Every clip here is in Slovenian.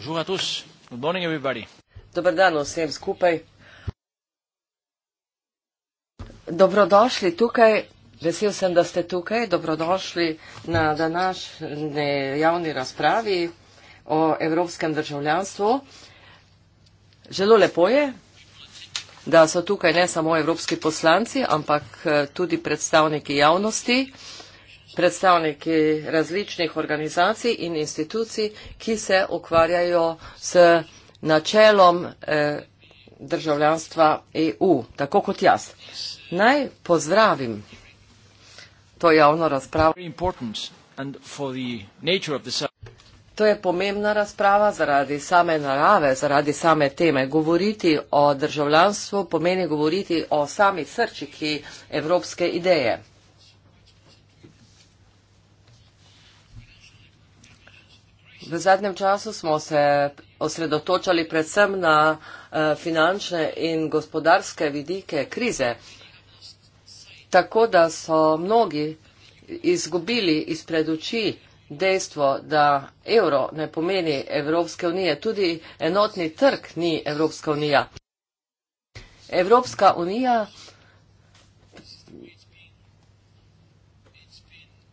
Bonjour à tous. Good morning, everybody. Dobar dan vsem skupaj. Dobrodošli tukaj. Vesel sem, da ste tukaj. Dobrodošli na današnji javni razpravi o evropskem državljanstvu. Želo lepo je, da so tukaj ne samo evropski poslanci, ampak eh, tudi predstavniki javnosti. Uh, predstavniki različnih organizacij in institucij, ki se ukvarjajo s načelom eh, državljanstva EU, tako kot jaz. Naj pozdravim to javno razpravo. To je pomembna razprava zaradi same narave, zaradi same teme. Govoriti o državljanstvu pomeni govoriti o sami srčiki evropske ideje. V zadnjem času smo se osredotočali predvsem na eh, finančne in gospodarske vidike krize, tako da so mnogi izgubili izpred oči dejstvo, da evro ne pomeni Evropske unije, tudi enotni trg ni Evropska unija. Evropska unija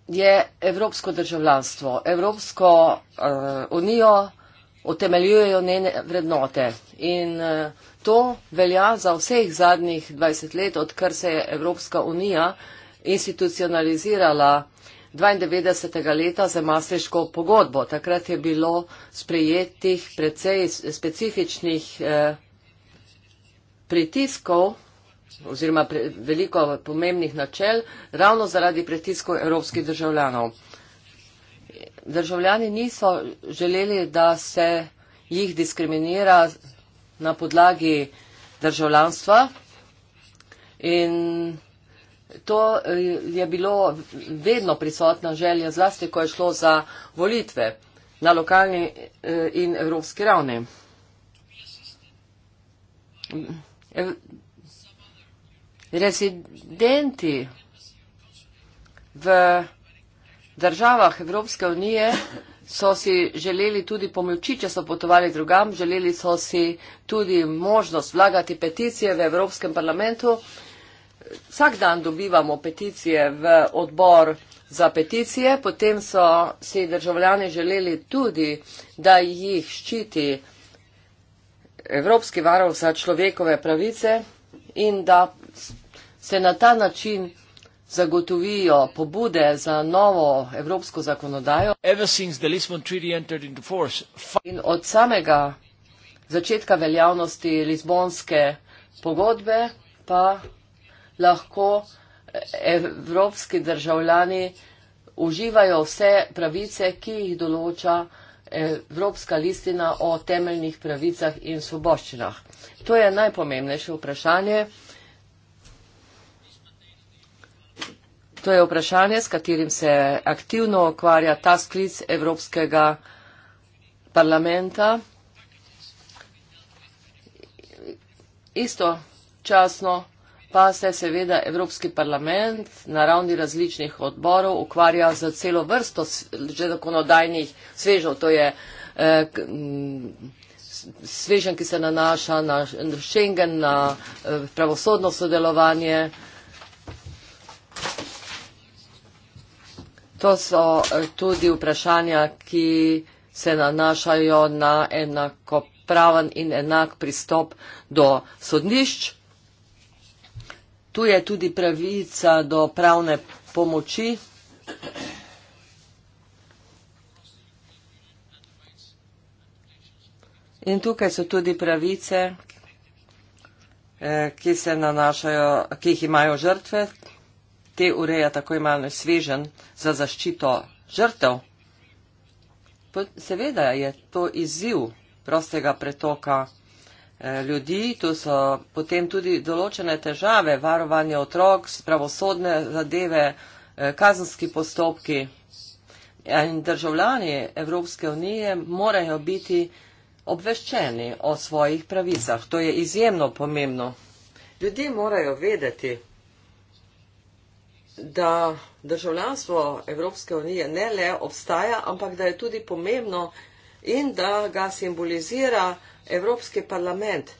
je evropsko državljanstvo. Evropsko uh, unijo utemeljujejo njene vrednote in uh, to velja za vseh zadnjih 20 let, odkar se je Evropska unija institucionalizirala 92. leta za Maastriško pogodbo. Takrat je bilo sprejetih precej specifičnih eh, pritiskov oziroma pre, veliko pomembnih načel, ravno zaradi pritiskov evropskih državljanov. Državljani niso želeli, da se jih diskriminira na podlagi državljanstva in to eh, je bilo vedno prisotna želja, zlasti ko je šlo za volitve na lokalni eh, in evropski ravni rezidenti v državah Evropske unije so si želeli tudi pomoči, če so potovali drugam, želeli so si tudi možnost vlagati peticije v Evropskem parlamentu. Vsak dan dobivamo peticije v odbor za peticije, potem so si državljani želeli tudi, da jih ščiti Evropski varov za človekove pravice in da se na ta način zagotovijo pobude za novo evropsko zakonodajo. Force, in od samega začetka veljavnosti Lizbonske pogodbe pa lahko eh, evropski državljani uživajo vse pravice, ki jih določa Evropska listina o temeljnih pravicah in svoboščinah. To je najpomembnejše vprašanje. To je vprašanje, s katerim se aktivno okvarja ta sklic Evropskega parlamenta. Istočasno pa se seveda Evropski parlament na ravni različnih odborov ukvarja z celo vrsto že zakonodajnih svežev. To je eh, svežen, ki se nanaša na Schengen, na eh, pravosodno sodelovanje. Eh, To so eh, tudi vprašanja, ki se nanašajo na enakopraven in enak pristop do sodnišč. Tu je tudi pravica do pravne pomoči. In tukaj so tudi pravice, eh, ki, ki jih imajo žrtve, te ureja tako imenovani svežen za zaščito žrtev. Seveda je to izziv prostega pretoka eh, ljudi, tu so potem tudi določene težave, varovanje otrok, pravosodne zadeve, eh, kazenski postopki. In državljani Evropske unije morajo biti obveščeni o svojih pravicah. To je izjemno pomembno. Ljudje morajo vedeti, da državljanstvo Evropske unije ne le obstaja, ampak da je tudi pomembno in da ga simbolizira Evropski parlament.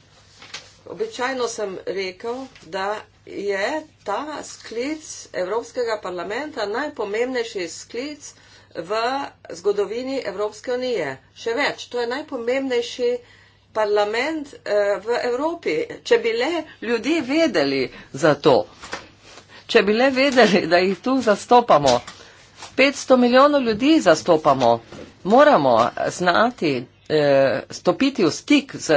Običajno sem rekel, da je ta sklic Evropskega parlamenta najpomembnejši sklic v zgodovini Evropske unije. Še več, to je najpomembnejši parlament eh, v Evropi, če bi le ljudje vedeli za to če bi le vedeli, da jih tu zastopamo. 500 milijonov ljudi zastopamo. Moramo znati eh, stopiti v stik z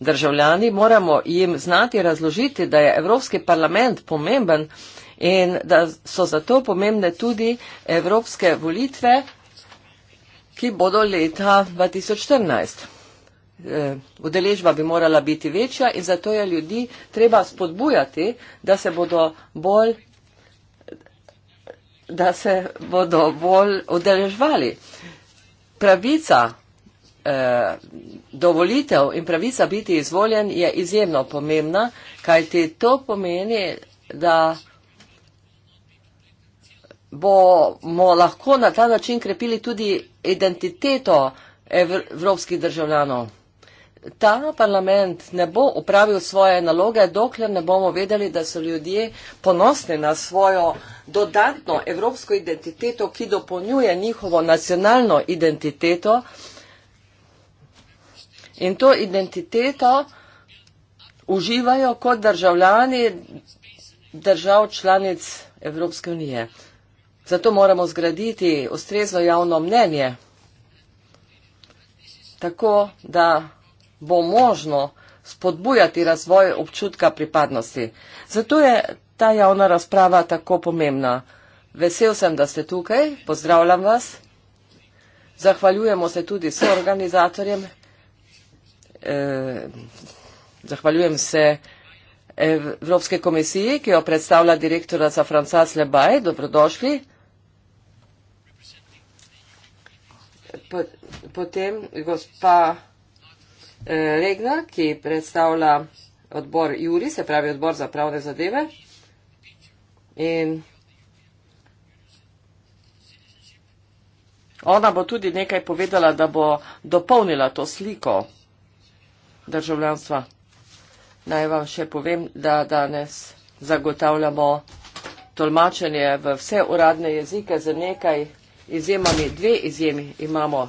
državljani, moramo jim znati razložiti, da je Evropski parlament pomemben in da so zato pomembne tudi Evropske volitve, ki bodo leta 2014. Eh, udeležba bi morala biti večja in zato je ljudi treba spodbujati, da se bodo bolj da se bodo bolj udeležvali. Pravica eh, dovolitev in pravica biti izvoljen je izjemno pomembna, kajti to pomeni, da bomo lahko na ta način krepili tudi identiteto evropskih državljanov ta parlament ne bo upravil svoje naloge, dokler ne bomo vedeli, da so ljudje ponosni na svojo dodatno evropsko identiteto, ki dopolnjuje njihovo nacionalno identiteto. In to identiteto uživajo kot državljani držav članic Evropske unije. Zato moramo zgraditi ustrezno javno mnenje, tako da bo možno spodbujati razvoj občutka pripadnosti. Zato je ta javna razprava tako pomembna. Vesel sem, da ste tukaj, pozdravljam vas. Zahvaljujemo se tudi soorganizatorjem. Eh, zahvaljujem se Evropske komisiji, ki jo predstavlja direktora za Francas Lebaj. Dobrodošli. Potem gospa Regnar, ki predstavlja odbor Juri, se pravi odbor za pravne zadeve. In ona bo tudi nekaj povedala, da bo dopolnila to sliko državljanstva. Naj vam še povem, da danes zagotavljamo tolmačenje v vse uradne jezike z nekaj izjemami. Dve izjemi imamo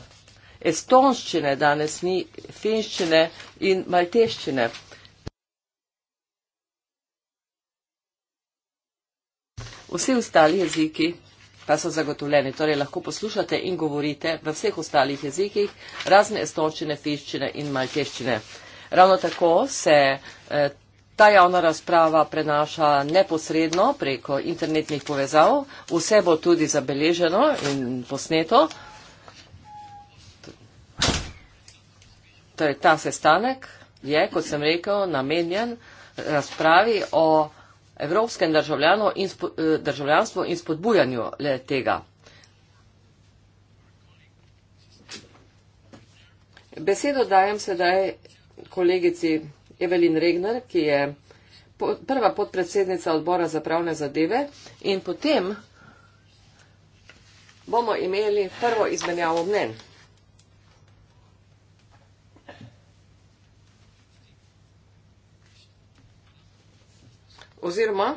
estonščine danes ni, finščine in malteščine. Vsi ostali jeziki pa so zagotovljeni, torej lahko poslušate in govorite v vseh ostalih jezikih razne estonščine, finščine in malteščine. Ravno tako se eh, ta javna razprava prenaša neposredno preko internetnih povezav. Vse bo tudi zabeleženo in posneto. Torej, ta sestanek je, kot sem rekel, namenjen razpravi o evropskem in eh, državljanstvu in spodbujanju le tega. Besedo dajem sedaj kolegici Evelin Regner, ki je prva podpredsednica odbora za pravne zadeve in potem bomo imeli prvo izmenjavo mnen. oziroma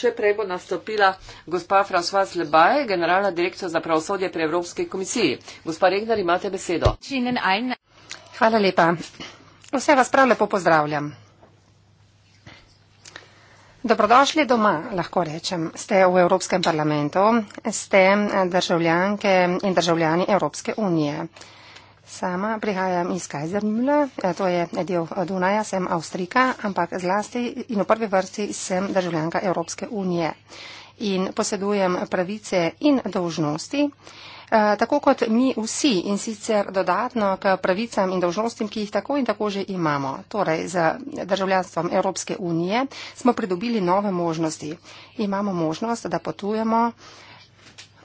še prej bo nastopila gospa Frasva Slebaj, generalna direktorica za pravosodje pri Evropski komisiji. Gospa Regnar, imate besedo. Hvala lepa. Vse vas prav lepo pozdravljam. Dobrodošli doma, lahko rečem. Ste v Evropskem parlamentu, ste eh, državljanke in državljani Evropske unije. Sama prihajam iz Kajzermühle, eh, to je del Dunaja, sem Avstrika, ampak zlasti in v prvi vrsti sem državljanka Evropske unije in posedujem pravice in dolžnosti, eh, tako kot mi vsi in sicer dodatno k pravicam in dolžnostim, ki jih tako in tako že imamo. Torej, z državljanstvom Evropske unije smo pridobili nove možnosti. Imamo možnost, da potujemo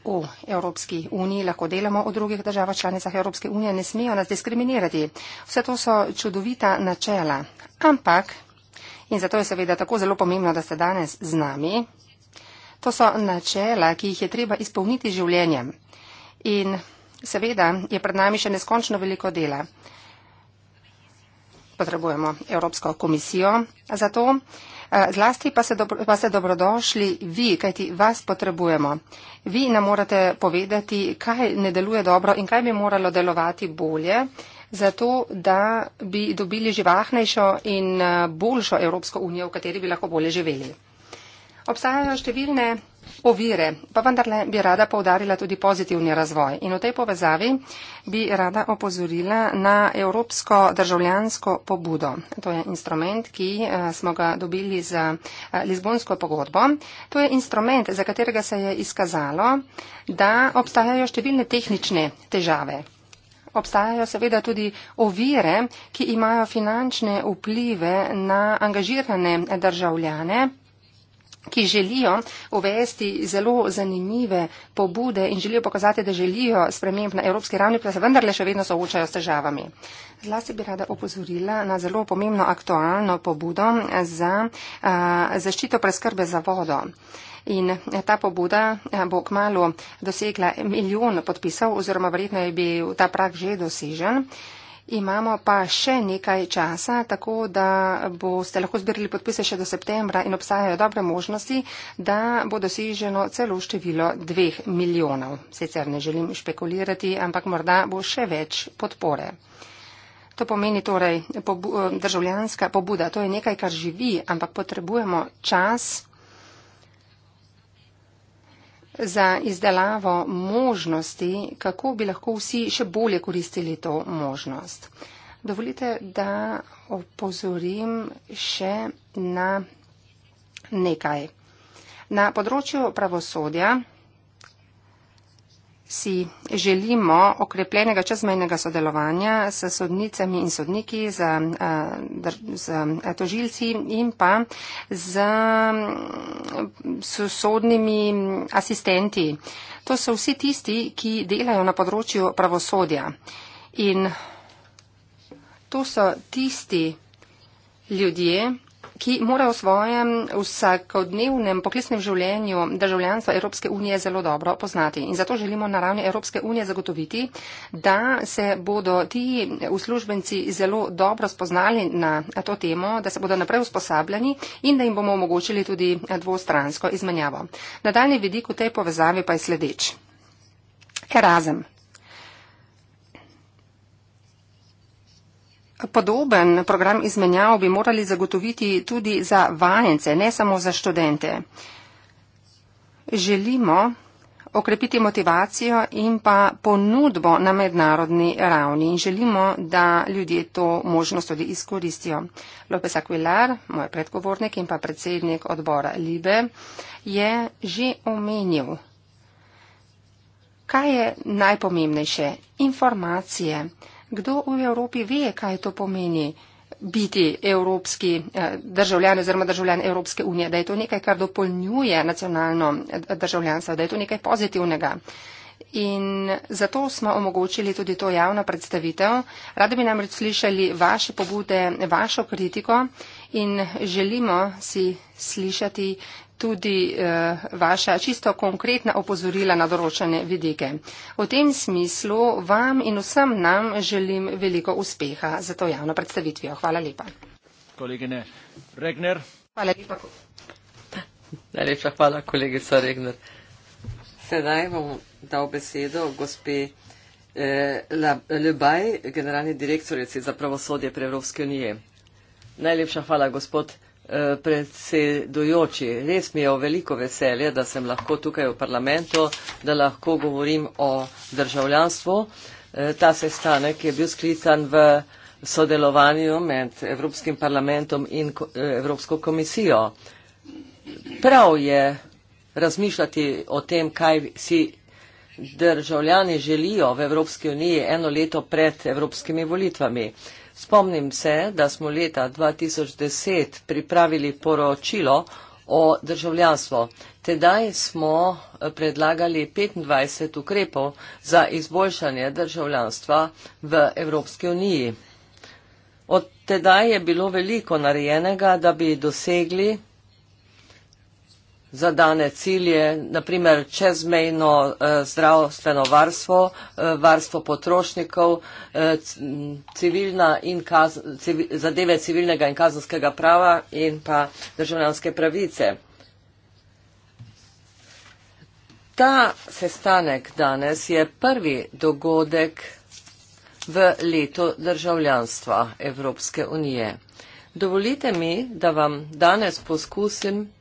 v Evropski uniji lahko delamo, v drugih državah članicah Evropske unije ne smejo nas diskriminirati. Vse to so čudovita načela. Ampak, in zato je seveda tako zelo pomembno, da ste danes z nami, to so načela, ki jih je treba izpolniti življenjem. In seveda je pred nami še neskončno veliko dela. Potrebujemo Evropsko komisijo za to. Zlasti pa, se dobro, pa ste dobrodošli vi, kajti vas potrebujemo. Vi nam morate povedati, kaj ne deluje dobro in kaj bi moralo delovati bolje, zato da bi dobili živahnejšo in boljšo Evropsko unijo, v kateri bi lahko bolje živeli. Obstajajo številne ovire, pa vendarle bi rada povdarila tudi pozitivni razvoj. In v tej povezavi bi rada opozorila na evropsko državljansko pobudo. To je instrument, ki eh, smo ga dobili za eh, Lizbonsko pogodbo. To je instrument, za katerega se je izkazalo, da obstajajo številne tehnične težave. Obstajajo seveda tudi ovire, ki imajo finančne vplive na angažirane državljane ki želijo uvesti zelo zanimive pobude in želijo pokazati, da želijo sprememb na evropski ravni, pa se vendarle še vedno soočajo s težavami. Zlasti bi rada opozorila na zelo pomembno aktualno pobudo za a, zaščito preskrbe za vodo. In ta pobuda bo kmalo dosegla milijon podpisov oziroma verjetno je bil ta prak že dosežen. Imamo pa še nekaj časa, tako da boste lahko zbirali podpise še do septembra in obstajajo dobre možnosti, da bo doseženo celo število dveh milijonov. Sicer ne želim špekulirati, ampak morda bo še več podpore. To pomeni torej pobu, eh, državljanska pobuda. To je nekaj, kar živi, ampak potrebujemo čas, za izdelavo možnosti, kako bi lahko vsi še bolje koristili to možnost. Dovolite, da opozorim še na nekaj. Na področju pravosodja si želimo okrepljenega čezmejnega sodelovanja s sodnicami in sodniki, z, eh, z eh, tožilci in pa z, z mm, sodnimi asistenti. To so vsi tisti, ki delajo na področju pravosodja. In to so tisti ljudje, ki mora v svojem vsakodnevnem poklesnem življenju državljanstva Evropske unije zelo dobro poznati. In zato želimo na ravni Evropske unije zagotoviti, da se bodo ti uslužbenci zelo dobro spoznali na to temo, da se bodo naprej usposabljani in da jim bomo omogočili tudi dvostransko izmenjavo. Nadaljni vidik v tej povezavi pa je sledeč. Erasmus. Podoben program izmenjav bi morali zagotoviti tudi za vajence, ne samo za študente. Želimo okrepiti motivacijo in pa ponudbo na mednarodni ravni in želimo, da ljudje to možnost tudi izkoristijo. Lopes Aquilar, moj predgovornik in pa predsednik odbora Libe, je že omenil, kaj je najpomembnejše informacije kdo v Evropi ve, kaj to pomeni biti evropski eh, državljan oziroma državljan Evropske unije, da je to nekaj, kar dopolnjuje nacionalno eh, državljanstvo, da je to nekaj pozitivnega. In zato smo omogočili tudi to javno predstavitev. Rade bi namreč slišali vaše pobude, vašo kritiko in želimo si slišati tudi eh, vaša čisto konkretna opozorila na določene vidike. V tem smislu vam in vsem nam želim veliko uspeha za to javno predstavitvijo. Hvala lepa. Kolegine Regner. Hvala lepa. Najlepša hvala, kolegica Regner. Sedaj bom dal besedo gospe eh, Lebaj, generalni direktorici za pravosodje pri Evropske unije. Najlepša hvala, gospod Eh, predsedujoči. Res mi je o veliko veselje, da sem lahko tukaj v parlamentu, da lahko govorim o državljanstvu. Eh, ta sestanek je bil sklican v sodelovanju med Evropskim parlamentom in eh, Evropsko komisijo. Prav je razmišljati o tem, kaj si državljani želijo v Evropski uniji eno leto pred evropskimi volitvami. Spomnim se, da smo leta 2010 pripravili poročilo o državljanstvu. Tedaj smo eh, predlagali 25 ukrepov za izboljšanje državljanstva v Evropski uniji. Od tedaj je bilo veliko narejenega, da bi dosegli zadane cilje, naprimer čezmejno eh, zdravstveno varstvo, eh, varstvo potrošnikov, eh, civilna in kaz, civil, zadeve civilnega in kazanskega prava in pa državljanske pravice. Ta sestanek danes je prvi dogodek v letu državljanstva Evropske unije. Dovolite mi, da vam danes poskusim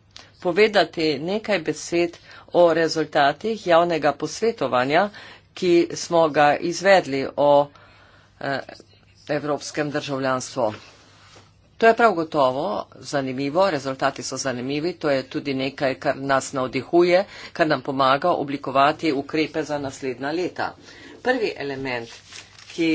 povedati nekaj besed o rezultatih javnega posvetovanja, ki smo ga izvedli o eh, evropskem državljanstvu. To je prav gotovo zanimivo, rezultati so zanimivi, to je tudi nekaj, kar nas navdihuje, kar nam pomaga oblikovati ukrepe za naslednja leta. Prvi element, ki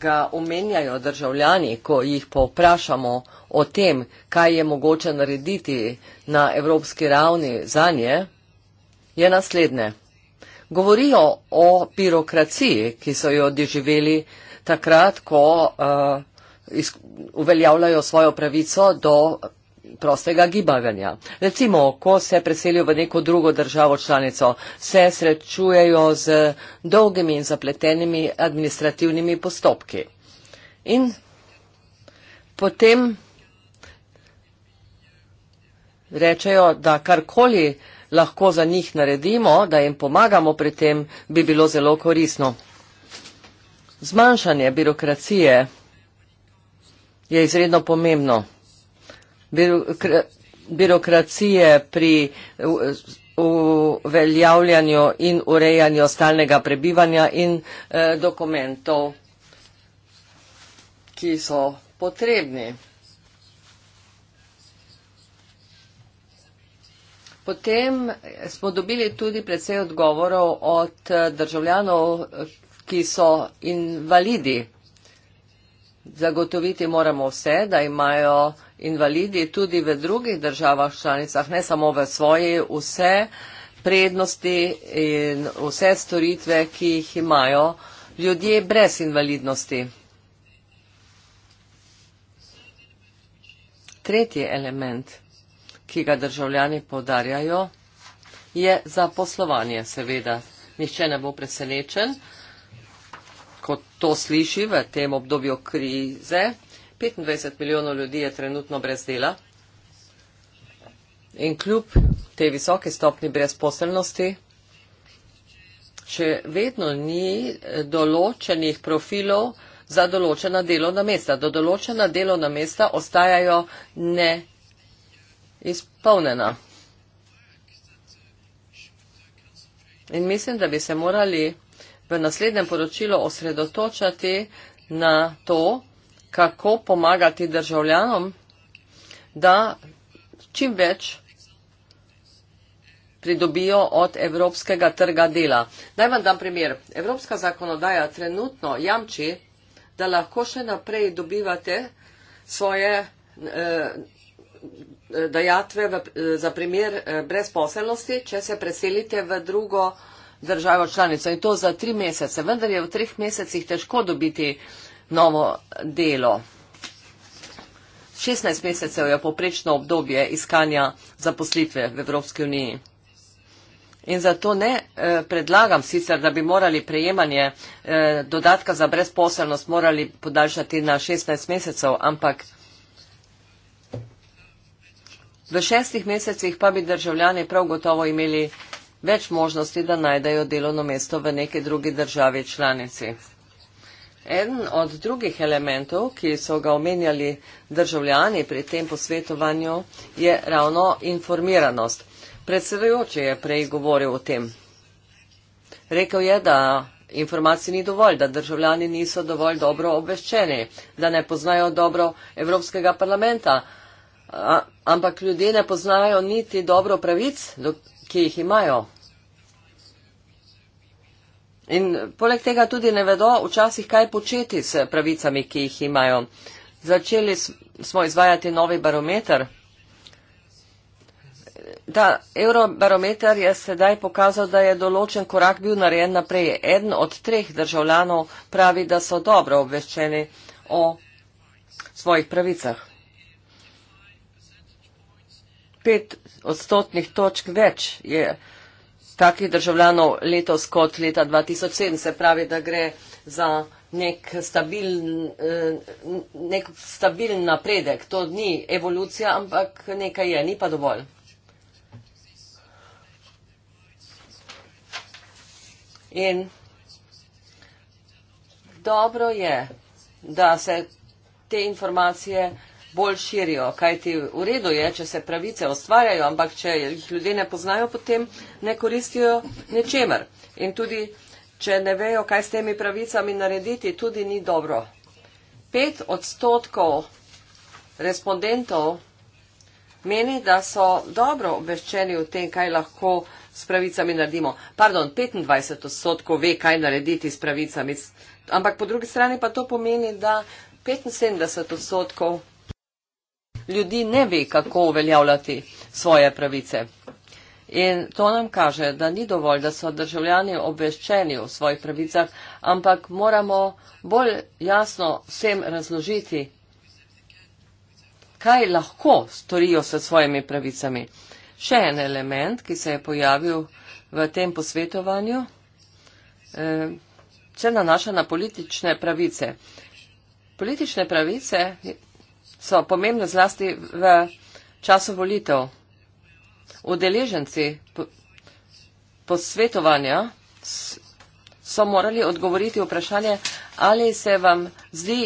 ga omenjajo državljani, ko jih povprašamo o tem, kaj je mogoče narediti na evropski ravni za nje, je naslednje. Govorijo o birokraciji, ki so jo doživeli takrat, ko uh, uveljavljajo svojo pravico do prostega gibavanja. Recimo, ko se preselijo v neko drugo državo članico, se srečujejo z dolgimi in zapletenimi administrativnimi postopki. In potem rečejo, da karkoli lahko za njih naredimo, da jim pomagamo pri tem, bi bilo zelo korisno. Zmanjšanje birokracije je izredno pomembno birokracije pri uveljavljanju in urejanju stalnega prebivanja in e, dokumentov, ki so potrebni. Potem smo dobili tudi predvsej odgovorov od e, državljanov, ki so invalidi. Zagotoviti moramo vse, da imajo invalidi tudi v drugih državah članicah, ne samo v svoji, vse prednosti in vse storitve, ki jih imajo ljudje brez invalidnosti. Tretji element, ki ga državljani povdarjajo, je zaposlovanje, seveda. Nihče ne bo presenečen ko to sliši v tem obdobju krize, 25 milijonov ljudi je trenutno brez dela. In kljub tej visoke stopni brezposelnosti, še vedno ni eh, določenih profilov za določena delovna mesta. Do določena delovna mesta ostajajo neizpolnjena. In mislim, da bi se morali v naslednjem poročilu osredotočati na to, kako pomagati državljanom, da čim več pridobijo od evropskega trga dela. Naj vam dam primer. Evropska zakonodaja trenutno jamči, da lahko še naprej dobivate svoje eh, eh, dajatve eh, za primer brezposelnosti, če se preselite v drugo državljanje državo članico in to za tri mesece. Vendar je v treh mesecih težko dobiti novo delo. 16 mesecev je poprečno obdobje iskanja zaposlitve v Evropski uniji. In zato ne eh, predlagam sicer, da bi morali prejemanje eh, dodatka za brezposelnost morali podaljšati na 16 mesecev, ampak v šestih mesecih pa bi državljani prav gotovo imeli več možnosti, da najdejo delovno mesto v neki drugi državi članici. Eden od drugih elementov, ki so ga omenjali državljani pri tem posvetovanju, je ravno informiranost. Predsedujoče je prej govoril o tem. Rekel je, da informacij ni dovolj, da državljani niso dovolj dobro obveščeni, da ne poznajo dobro Evropskega parlamenta, ampak ljudje ne poznajo niti dobro pravic, ki jih imajo. In poleg tega tudi ne vedo včasih, kaj početi s pravicami, ki jih imajo. Začeli smo izvajati novi barometer. Ta eurobarometer je sedaj pokazal, da je določen korak bil narejen naprej. Eden od treh državljanov pravi, da so dobro obveščeni o svojih pravicah. Pet odstotnih točk več je takih državljanov letos kot leta 2007, se pravi, da gre za nek stabilen eh, nek stabiln napredek. To ni evolucija, ampak nekaj je, ni pa dovolj. In dobro je, da se te informacije bolj širijo. Kaj ti v redu je, če se pravice ustvarjajo, ampak če jih ljudje ne poznajo, potem ne koristijo ničemer. In tudi, če ne vejo, kaj s temi pravicami narediti, tudi ni dobro. Pet odstotkov respondentov meni, da so dobro obveščeni v tem, kaj lahko s pravicami naredimo. Pardon, 25 odstotkov ve, kaj narediti s pravicami. Ampak po drugi strani pa to pomeni, da 75 odstotkov ljudi ne ve, kako uveljavljati svoje pravice. In to nam kaže, da ni dovolj, da so državljani obveščeni o svojih pravicah, ampak moramo bolj jasno vsem razložiti, kaj lahko storijo s svojimi pravicami. Še en element, ki se je pojavil v tem posvetovanju, eh, se nanaša na politične pravice. Politične pravice so pomembne zlasti v času volitev. Udeleženci posvetovanja so morali odgovoriti vprašanje, ali se vam zdi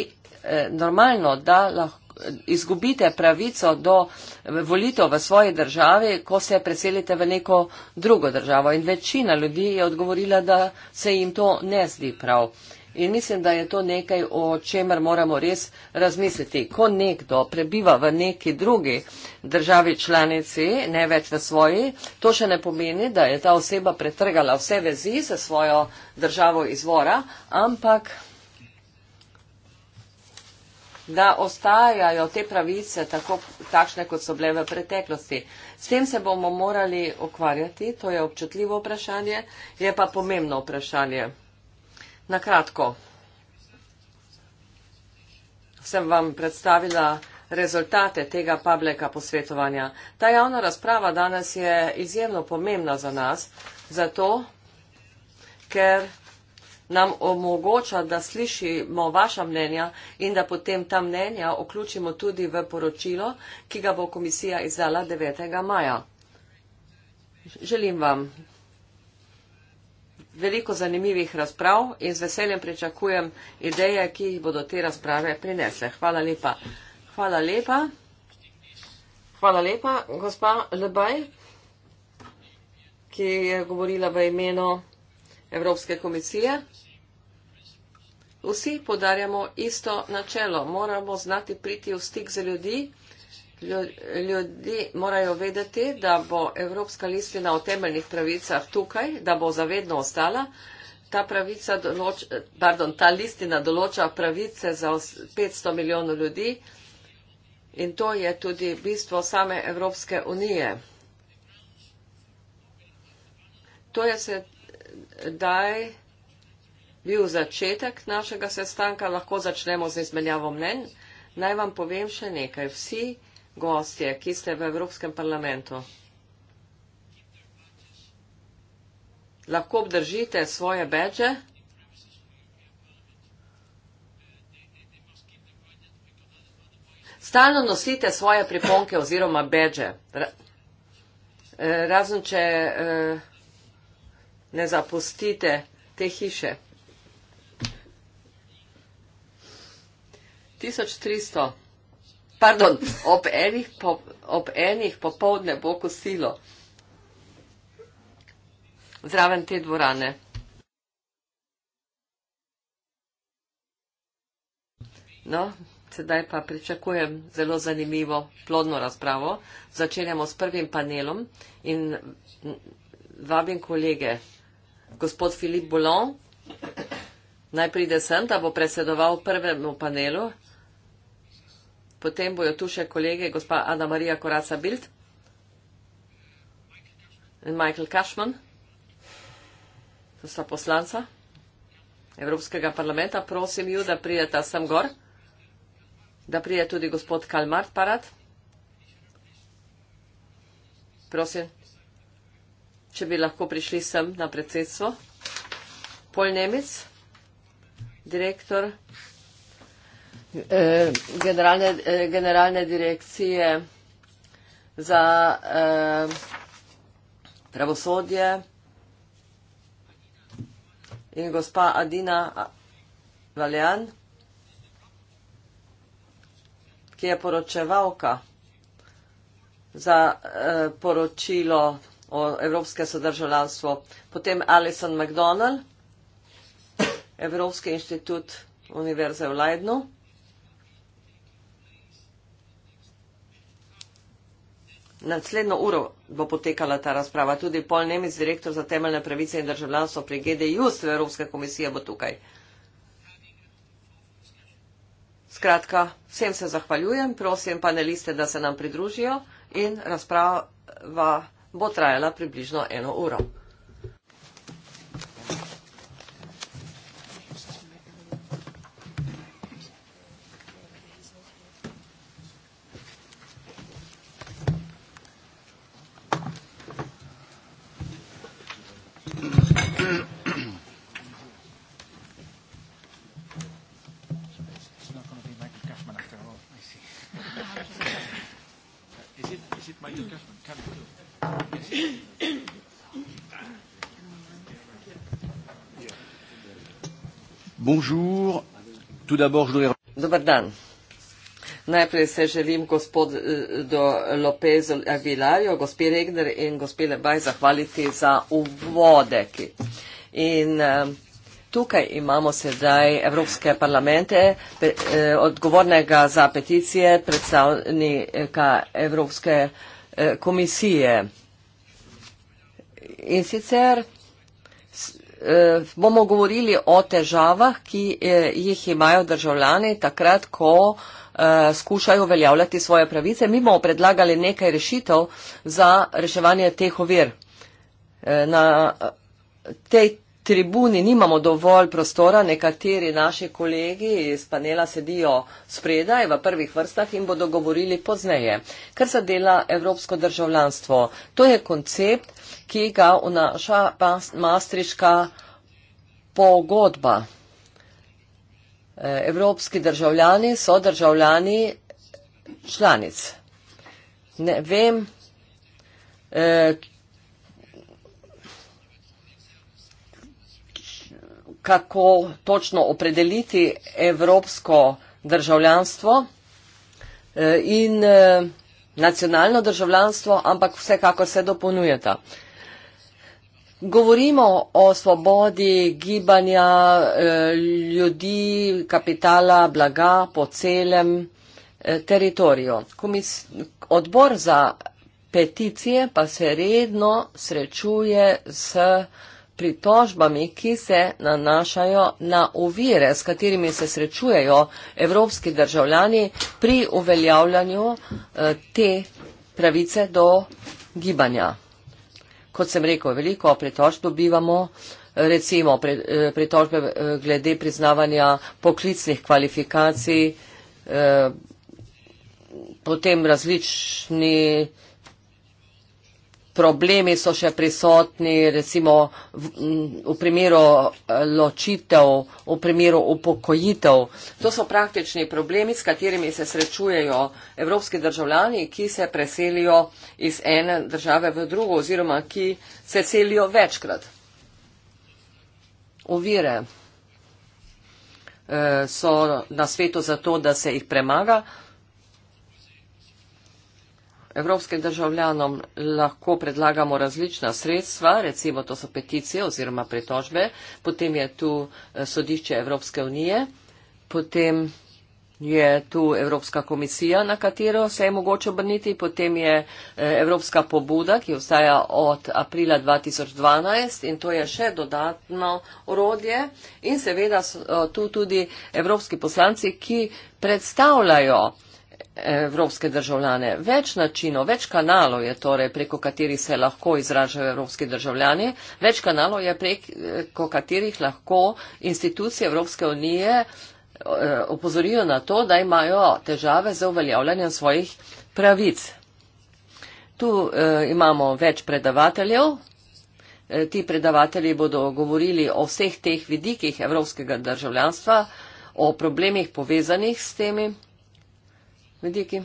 eh, normalno, da lahko eh, izgubite pravico do eh, volitev v svoji državi, ko se preselite v neko drugo državo. In večina ljudi je odgovorila, da se jim to ne zdi prav. In mislim, da je to nekaj, o čemer moramo res razmisliti. Ko nekdo prebiva v neki drugi državi članici, ne več v svoji, to še ne pomeni, da je ta oseba pretrgala vse vezi se svojo državo izvora, ampak da ostajajo te pravice tako, takšne, kot so bile v preteklosti. S tem se bomo morali ukvarjati, to je občutljivo vprašanje, je pa pomembno vprašanje. Na kratko sem vam predstavila rezultate tega pableka posvetovanja. Ta javna razprava danes je izjemno pomembna za nas, zato ker nam omogoča, da slišimo vaša mnenja in da potem ta mnenja vključimo tudi v poročilo, ki ga bo komisija izdala 9. maja. Želim vam veliko zanimivih razprav in z veseljem pričakujem ideje, ki jih bodo te razprave prinesle. Hvala lepa. Hvala lepa. Hvala lepa, gospa Lebaj, ki je govorila v imenu Evropske komisije. Vsi podarjamo isto načelo. Moramo znati priti v stik z ljudmi. Ljudje morajo vedeti, da bo Evropska listina o temeljnih pravicah tukaj, da bo zavedno ostala. Ta, določa, pardon, ta listina določa pravice za 500 milijonov ljudi in to je tudi bistvo same Evropske unije. To je sedaj bil začetek našega sestanka, lahko začnemo z izmenjavo mnen. Naj vam povem še nekaj. Vsi gostje, ki ste v Evropskem parlamentu. Lahko obdržite svoje beče. Stalno nosite svoje priponke oziroma beče. Razen, če eh, ne zapustite te hiše. 1300 pardon, ob enih, po, ob enih popovdne bo kosilo. Zraven te dvorane. No, sedaj pa pričakujem zelo zanimivo plodno razpravo. Začenjamo s prvim panelom in vabim kolege, gospod Filip Boulon, naj pride sem, da bo predsedoval prvemu panelu, Potem bojo tu še kolege, gospa Ana Marija Koraca Bild in Michael Cashman. To sta poslanca Evropskega parlamenta. Prosim ju, da prijeta sem gor, da prije tudi gospod Kalmart Parat. Prosim, če bi lahko prišli sem na predsedstvo. Pol Nemec, direktor Eh, generalne, eh, generalne direkcije za eh, pravosodje in gospa Adina Valjan, ki je poročevalka za eh, poročilo o evropske sodržavljanstvo. Potem Alison McDonald, Evropski inštitut Univerze v Leidnu. naslednjo uro bo potekala ta razprava. Tudi Pol Nemec, direktor za temeljne pravice in državljanstvo pri GDI-ju, Evropska komisija bo tukaj. Skratka, vsem se zahvaljujem, prosim paneliste, da se nam pridružijo in razprava bo trajala približno eno uro. tout d'abord, je voudrais. Dobardan. Najprej se želim gospod eh, do Lopezu Aguilarju, gospi Regner in gospi Lebaj zahvaliti za uvode. In eh, tukaj imamo sedaj Evropske parlamente, eh, odgovornega za peticije predstavnika Evropske komisije. In sicer Eh, bomo govorili o težavah, ki eh, jih imajo državljani takrat, ko eh, skušajo uveljavljati svoje pravice. Mi bomo predlagali nekaj rešitev za reševanje teh ovir. Na tej tribuni nimamo dovolj prostora, nekateri naši kolegi iz panela sedijo spredaj v prvih vrstah in bodo govorili pozneje. Kar zadela evropsko državljanstvo, to je koncept, ki ga vnaša Maastriška pogodba. Eh, evropski državljani so državljani članic. Ne vem, eh, kako točno opredeliti evropsko državljanstvo eh, in nacionalno državljanstvo, ampak vsekako se dopolnjujeta. Govorimo o svobodi gibanja eh, ljudi, kapitala, blaga po celem eh, teritoriju. Odbor za peticije pa se redno srečuje s pritožbami, ki se nanašajo na uvire, s katerimi se srečujejo evropski državljani pri uveljavljanju eh, te pravice do gibanja kot sem rekel, veliko pritožb dobivamo, recimo eh, pritožbe eh, glede priznavanja poklicnih kvalifikacij, eh, potem različni pritožbe, problemi so še prisotni, recimo v, v primeru eh, ločitev, v primeru upokojitev. To so praktični problemi, s katerimi se srečujejo evropski državljani, ki se preselijo iz ene države v drugo oziroma ki se selijo večkrat. Ovire eh, so na svetu zato, da se jih premaga evropskim državljanom lahko predlagamo različna sredstva, recimo to so peticije oziroma pritožbe, potem je tu eh, sodišče Evropske unije, potem je tu Evropska komisija, na katero se je mogoče obrniti, potem je eh, Evropska pobuda, ki obstaja od aprila 2012 in to je še dodatno orodje in seveda so eh, tu tudi evropski poslanci, ki predstavljajo evropske državljane. Več načinov, več kanalov je torej, preko katerih se lahko izražajo evropski državljani, več kanalov je preko katerih lahko institucije Evropske unije eh, opozorijo na to, da imajo težave za uveljavljanjem svojih pravic. Tu eh, imamo več predavateljev. Eh, ti predavatelji bodo govorili o vseh teh vidikih evropskega državljanstva, o problemih povezanih s temi vidiki.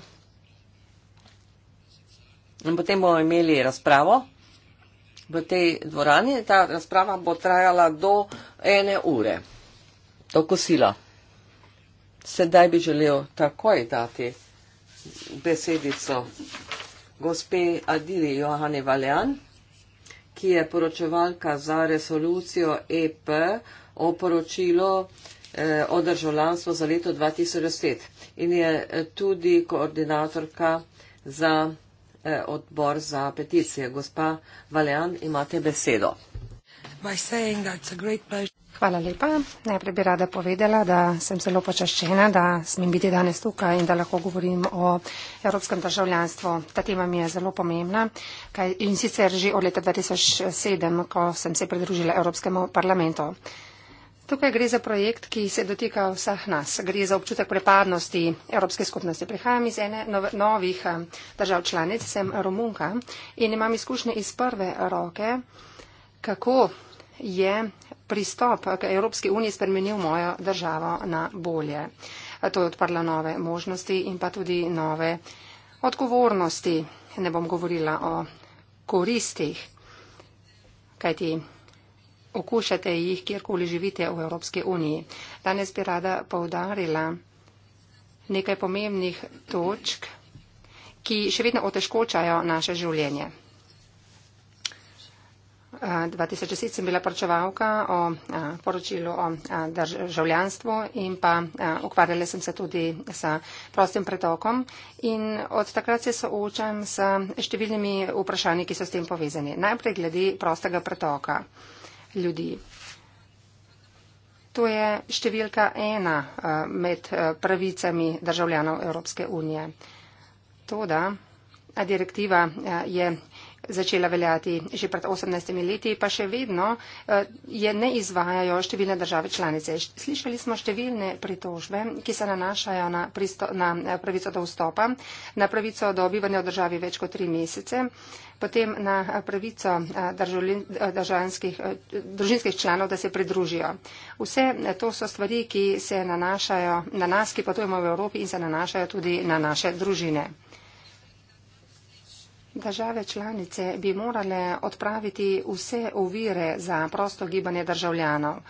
In potem bomo imeli razpravo v tej dvorani. Ta razprava bo trajala do ene ure, do kosila. Sedaj bi želel takoj dati besedico gospe Adili Johane Valjan, ki je poročevalka za resolucijo EP o poročilu Eh, o državljanstvu za leto 2010 in je eh, tudi koordinatorka za eh, odbor za peticije. Gospa Valjan, imate besedo. Hvala lepa. Najprej bi rada povedala, da sem zelo počaščena, da smem biti danes tukaj in da lahko govorim o evropskem državljanstvu. Ta tema mi je zelo pomembna in sicer že od leta 2007, ko sem se pridružila Evropskemu parlamentu. Tukaj gre za projekt, ki se dotika vseh nas. Gre za občutek prepadnosti Evropske skupnosti. Prihajam iz ene nov novih eh, držav članic, sem Romunka in imam izkušnje iz prve roke, kako je pristop k Evropski uniji spremenil mojo državo na bolje. To je odprlo nove možnosti in pa tudi nove odgovornosti. Ne bom govorila o koristih, kajti okušate jih kjerkoli živite v Evropski uniji. Danes bi rada povdarila nekaj pomembnih točk, ki še vedno otežkočajo naše življenje. 2010 sem bila pročevalka o poročilu o državljanstvu in pa ukvarjala sem se tudi s prostim pretokom in od takrat se soočam s številnimi vprašanji, ki so s tem povezani. Najprej glede prostega pretoka ljudi. To je številka ena eh, med eh, pravicami državljanov Evropske unije. To, da direktiva eh, je začela veljati že pred 18 leti, pa še vedno je ne izvajajo številne države članice. Slišali smo številne pritožbe, ki se nanašajo na, pristo, na pravico do vstopa, na pravico do obivanja v državi več kot tri mesece, potem na eh, pravico eh, eh, družinskih članov, da se pridružijo. Vse to so stvari, ki se nanašajo na nas, ki potujemo v Evropi in se nanašajo tudi na naše družine. Države članice bi morale odpraviti vse ovire za prosto gibanje državljanov.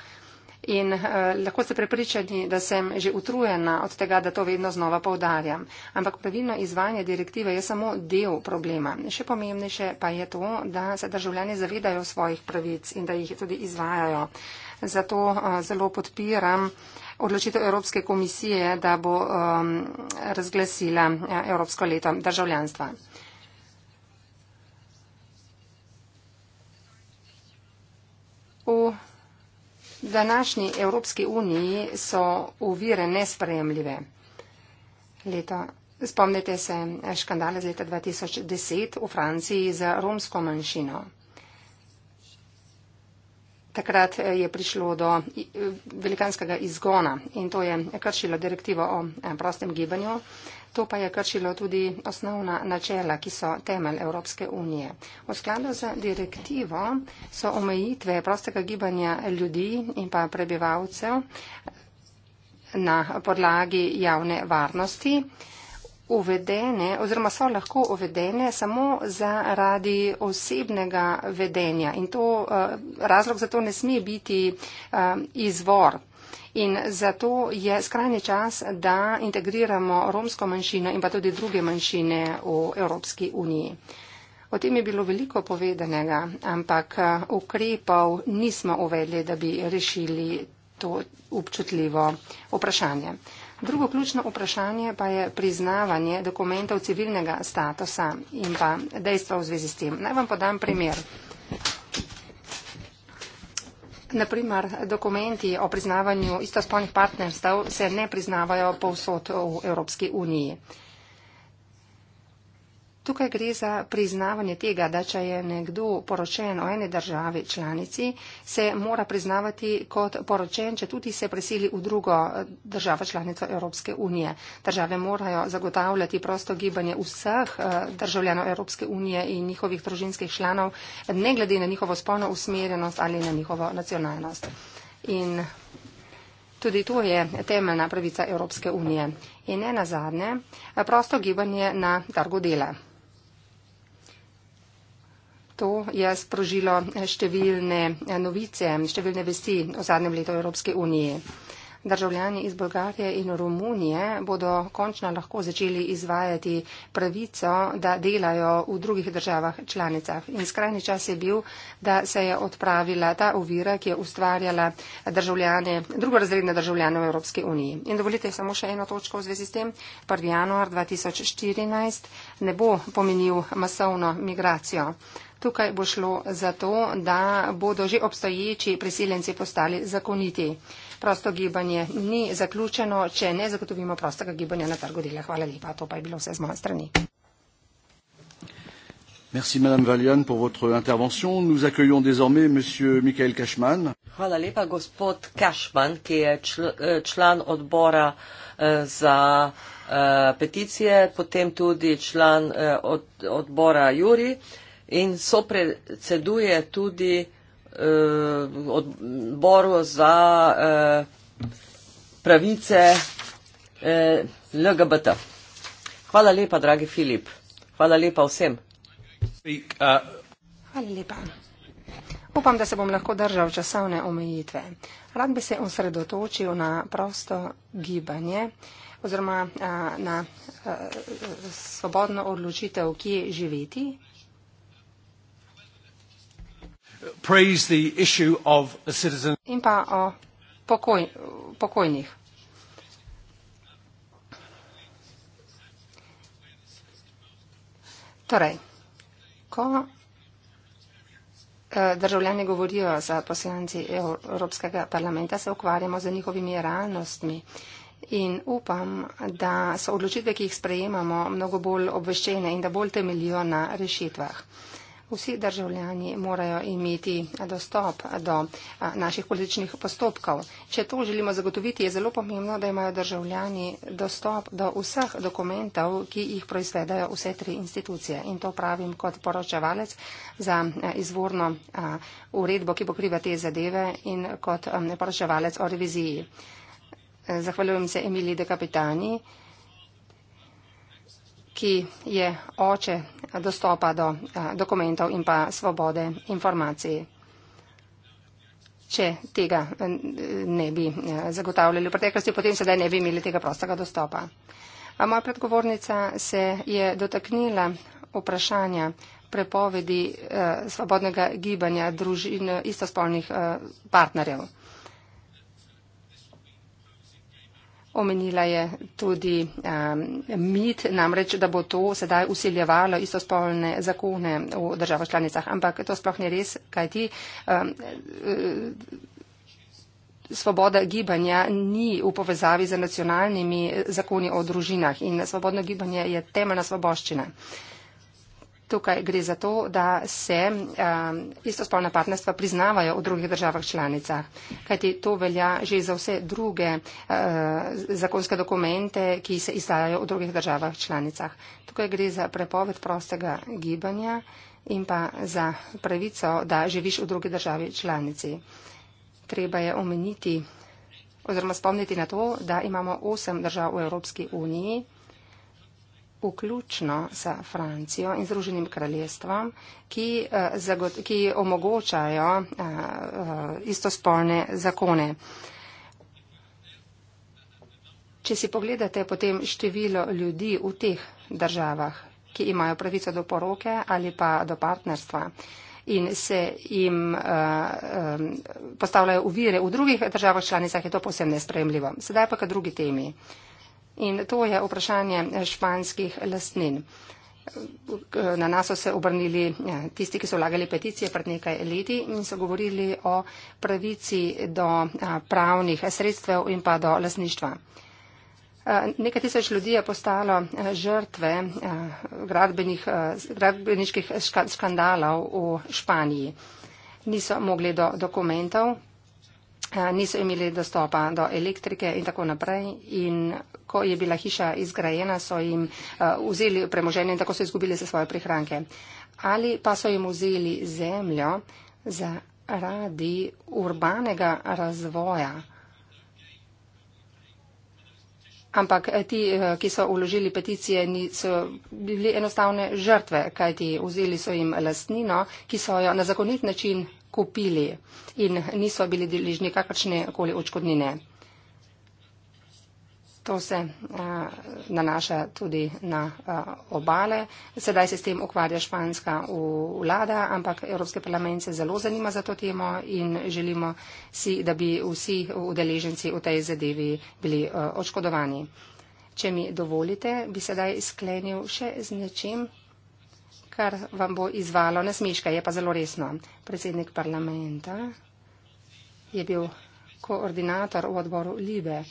In eh, lahko ste prepričani, da sem že utrujena od tega, da to vedno znova povdarjam. Ampak pravilno izvajanje direktive je samo del problema. Še pomembnejše pa je to, da se državljani zavedajo svojih pravic in da jih tudi izvajajo. Zato eh, zelo podpiram odločitev Evropske komisije, da bo eh, razglasila eh, Evropsko leto državljanstva. V današnji Evropski uniji so uvire nesprejemljive. Leto, spomnite se škandale z leta 2010 v Franciji za romsko manjšino. Takrat je prišlo do eh, velikanskega izgona in to je kršilo direktivo o eh, prostem gibanju. To pa je kršilo tudi osnovna načela, ki so temelj Evropske unije. V skladu z direktivo so omejitve prostega gibanja ljudi in pa prebivalcev na podlagi javne varnosti uvedene oziroma so lahko uvedene samo zaradi osebnega vedenja in to eh, razlog za to ne sme biti eh, izvor In zato je skrajni čas, da integriramo romsko manjšino in pa tudi druge manjšine v Evropski uniji. O tem je bilo veliko povedanega, ampak eh, ukrepov nismo uvedli, da bi rešili to občutljivo vprašanje. Drugo ključno vprašanje pa je priznavanje dokumentov civilnega statusa in pa dejstva v zvezi s tem. Naj vam podam primer. Naprimer, dokumenti o priznavanju istospolnih partnerstev se ne priznavajo povsod v Evropski uniji. Tukaj gre za priznavanje tega, da če je nekdo poročen o eni državi članici, se mora priznavati kot poročen, če tudi se presili v drugo eh, državo članico Evropske unije. Države morajo zagotavljati prosto gibanje vseh eh, državljanov Evropske unije in njihovih družinskih članov, ne glede na njihovo spolno usmerjenost ali na njihovo nacionalnost. In Tudi to je temeljna pravica Evropske unije. In ne nazadnje, prosto gibanje na trgu dela. To je sprožilo številne novice, številne vesti o zadnjem letu Evropske unije. Državljani iz Bolgarije in Romunije bodo končno lahko začeli izvajati pravico, da delajo v drugih državah članicah. In skrajni čas je bil, da se je odpravila ta ovira, ki je ustvarjala državljane, drugorazredne državljane v Evropske uniji. In dovolite samo še eno točko v zvezi s tem. 1. januar 2014 ne bo pomenil masovno migracijo. Tukaj bo šlo za to, da bodo že obstoječi priseljenci postali zakoniti. Prosto gibanje ni zaključeno, če ne zagotovimo prostega gibanja na trgu dela. Hvala lepa, to pa je bilo vse z moje strani. Merci madame Valian pour votre intervention. Nous accueillons désormais monsieur Michael Cashman. Hvala lepa gospod Cashman, ki je čl eh, član odbora eh, za eh, peticije, potem tudi član eh, od, odbora Juri. Eh, in sopredseduje tudi eh, odboru za eh, pravice eh, LGBT. Hvala lepa, dragi Filip. Hvala lepa vsem. Uh, Hvala lepa. Upam, da se bom lahko držal časovne omejitve. Rad bi se osredotočil na prosto gibanje oziroma eh, na eh, svobodno odločitev, kje živeti in pa o pokoj, pokojnih. Torej, ko eh, državljani govorijo za poslanci Evropskega parlamenta, se ukvarjamo z njihovimi realnostmi. In upam, da so odločitve, ki jih sprejemamo, mnogo bolj obveščene in da bolj temeljijo na rešitvah vsi državljani morajo imeti dostop do naših političnih postopkov. Če to želimo zagotoviti, je zelo pomembno, da imajo državljani dostop do vseh dokumentov, ki jih proizvedajo vse tri institucije. In to pravim kot poročevalec za izvorno uredbo, ki pokriva te zadeve in kot poročevalec o reviziji. Zahvaljujem se Emiliji de Capitani ki je oče dostopa do eh, dokumentov in pa svobode informacij. Če tega eh, ne bi eh, zagotavljali v preteklosti, potem sedaj ne bi imeli tega prostega dostopa. Moja predgovornica se je dotaknila vprašanja prepovedi svobodnega gibanja družin istospolnih partnerjev. Omenila je tudi um, mit, namreč, da bo to sedaj usiljevalo istospolne zakone v državah članicah, ampak to sploh ni res, kaj ti. Um, e, Svoboda gibanja ni v povezavi z nacionalnimi zakoni o družinah in svobodno gibanje je temeljna svoboščina. Uh, Tukaj gre za to, da se um, istospolna partnerstva priznavajo v drugih državah članicah, kajti to velja že za vse druge uh, zakonske dokumente, ki se izdajajo v drugih državah članicah. Tukaj gre za prepoved prostega gibanja in pa za pravico, da živiš v drugi državi članici. Treba je omeniti oziroma spomniti na to, da imamo osem držav v Evropski uniji vključno s Francijo in Združenim kraljestvom, ki, eh, ki omogočajo eh, eh, istospolne zakone. Če si pogledate potem število ljudi v teh državah, ki imajo pravico do poroke ali pa do partnerstva in se jim uh, um, postavljajo uvire v drugih državah članicah, je to posebno nespremljivo. Sedaj pa k drugi temi. Uh, In to je vprašanje španskih lastnin. Na nas so se obrnili eh, tisti, ki so vlagali peticije pred nekaj leti in so govorili o pravici do eh, pravnih sredstev in pa do lasništva. Eh, nekaj tisoč ljudi je postalo žrtve gradbeniških škandalov v Španiji. Niso mogli do dokumentov, Eh, niso imeli dostopa do elektrike in tako naprej. In ko je bila hiša izgrajena, so jim eh, vzeli premoženje in tako so izgubili se svoje prihranke. Ali pa so jim vzeli zemljo zaradi urbanega razvoja. Ampak eh, ti, ki so uložili peticije, niso bili enostavne žrtve, kajti vzeli so jim lastnino, ki so jo na zakonit način kupili in niso bili deležni kakršne koli očkodnine. To se a, eh, nanaša tudi na a, eh, obale. Sedaj se s tem ukvarja španska vlada, ampak Evropski parlament se zelo zanima za to temo in želimo si, da bi vsi udeleženci v tej zadevi bili a, eh, očkodovani. Če mi dovolite, bi sedaj sklenil še z nečim, kar vam bo izvalo nasmeška, je pa zelo resno. Predsednik parlamenta je bil koordinator v odboru Libe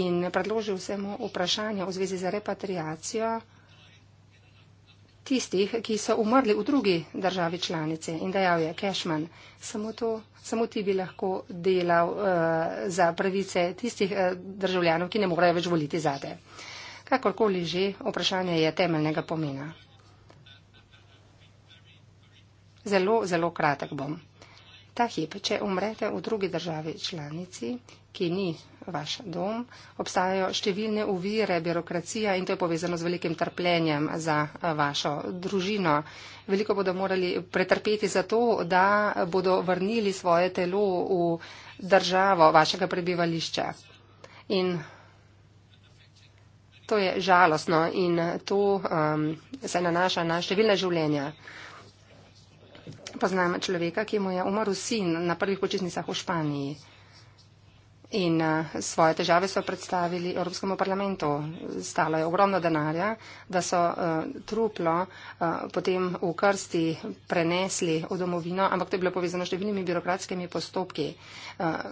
in predložil se mu vprašanje v zvezi z repatriacijo tistih, ki so umrli v drugi državi članice in dejal je Cashman, samo, to, samo ti bi lahko delal uh, za pravice tistih uh, državljanov, ki ne morejo več voliti zate. Kakorkoli že, vprašanje je temeljnega pomena. Zelo, zelo kratek bom. Ta hip, če umrete v drugi državi članici, ki ni vaš dom, obstajajo številne uvire, birokracija in to je povezano z velikim trpljenjem za eh, vašo družino. Veliko bodo morali pretrpeti za to, da bodo vrnili svoje telo v državo vašega prebivališča. In to je žalostno in to um, se nanaša na številne življenja poznam človeka, ki mu je umrl sin na prvih počitnicah v Španiji. In eh, svoje težave so predstavili Evropskemu parlamentu. Stalo je ogromno denarja, da so uh, truplo uh, potem v krsti prenesli v domovino, ampak to je bilo povezano s številnimi birokratskimi postopki. Uh,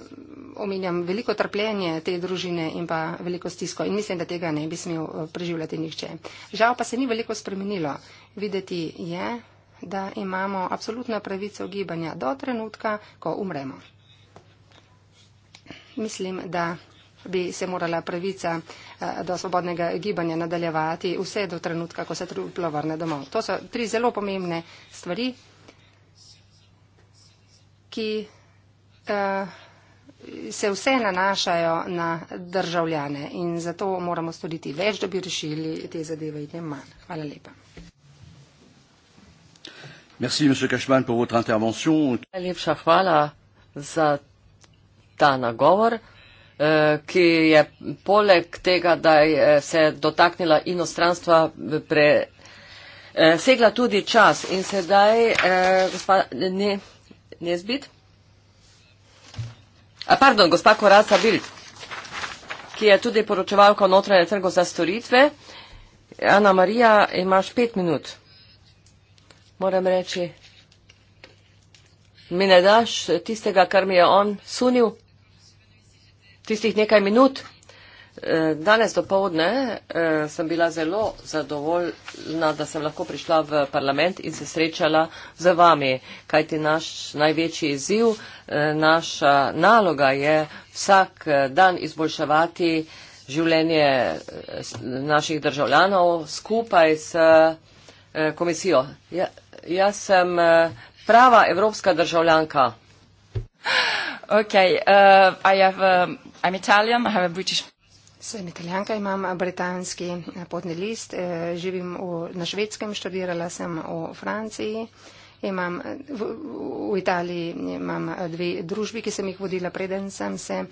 omenjam veliko trpljenje te družine in pa veliko stisko in mislim, da tega ne bi smel preživljati nihče. Žal pa se ni veliko spremenilo. Videti je. Yeah da imamo absolutno pravico gibanja do trenutka, ko umremo. Mislim, da bi se morala pravica eh, do svobodnega gibanja nadaljevati vse do trenutka, ko se truplo vrne domov. To so tri zelo pomembne stvari, ki eh, se vse nanašajo na državljane in zato moramo storiti več, da bi rešili te zadeve in manj. Hvala lepa. Merci, Monsieur Cashman, pour votre intervention. Najlepša hvala za ta nagovor, eh, ki je poleg tega, da je eh, se dotaknila inostranstva, eh, segla tudi čas. In sedaj, gospod ne, Nezbit, a pardon, gospa Koraca Bild, ki je tudi poročevalka notranje trgo za storitve, Ana Marija, imaš pet minut moram reči, mi ne daš tistega, kar mi je on sunil, tistih nekaj minut. E, danes do povdne e, sem bila zelo zadovoljna, da sem lahko prišla v parlament in se srečala z vami, kajti naš največji izziv, e, naša naloga je vsak dan izboljševati življenje naših državljanov skupaj s komisijo. Ja, jaz sem eh, prava evropska državljanka. Okay, uh, I have, um, I'm Italian, I have a British. Sem italijanka, imam britanski potni list, živim v, na švedskem, študirala sem v Franciji. Imam, v, v Italiji imam dve družbi, ki sem jih vodila, preden sem, se,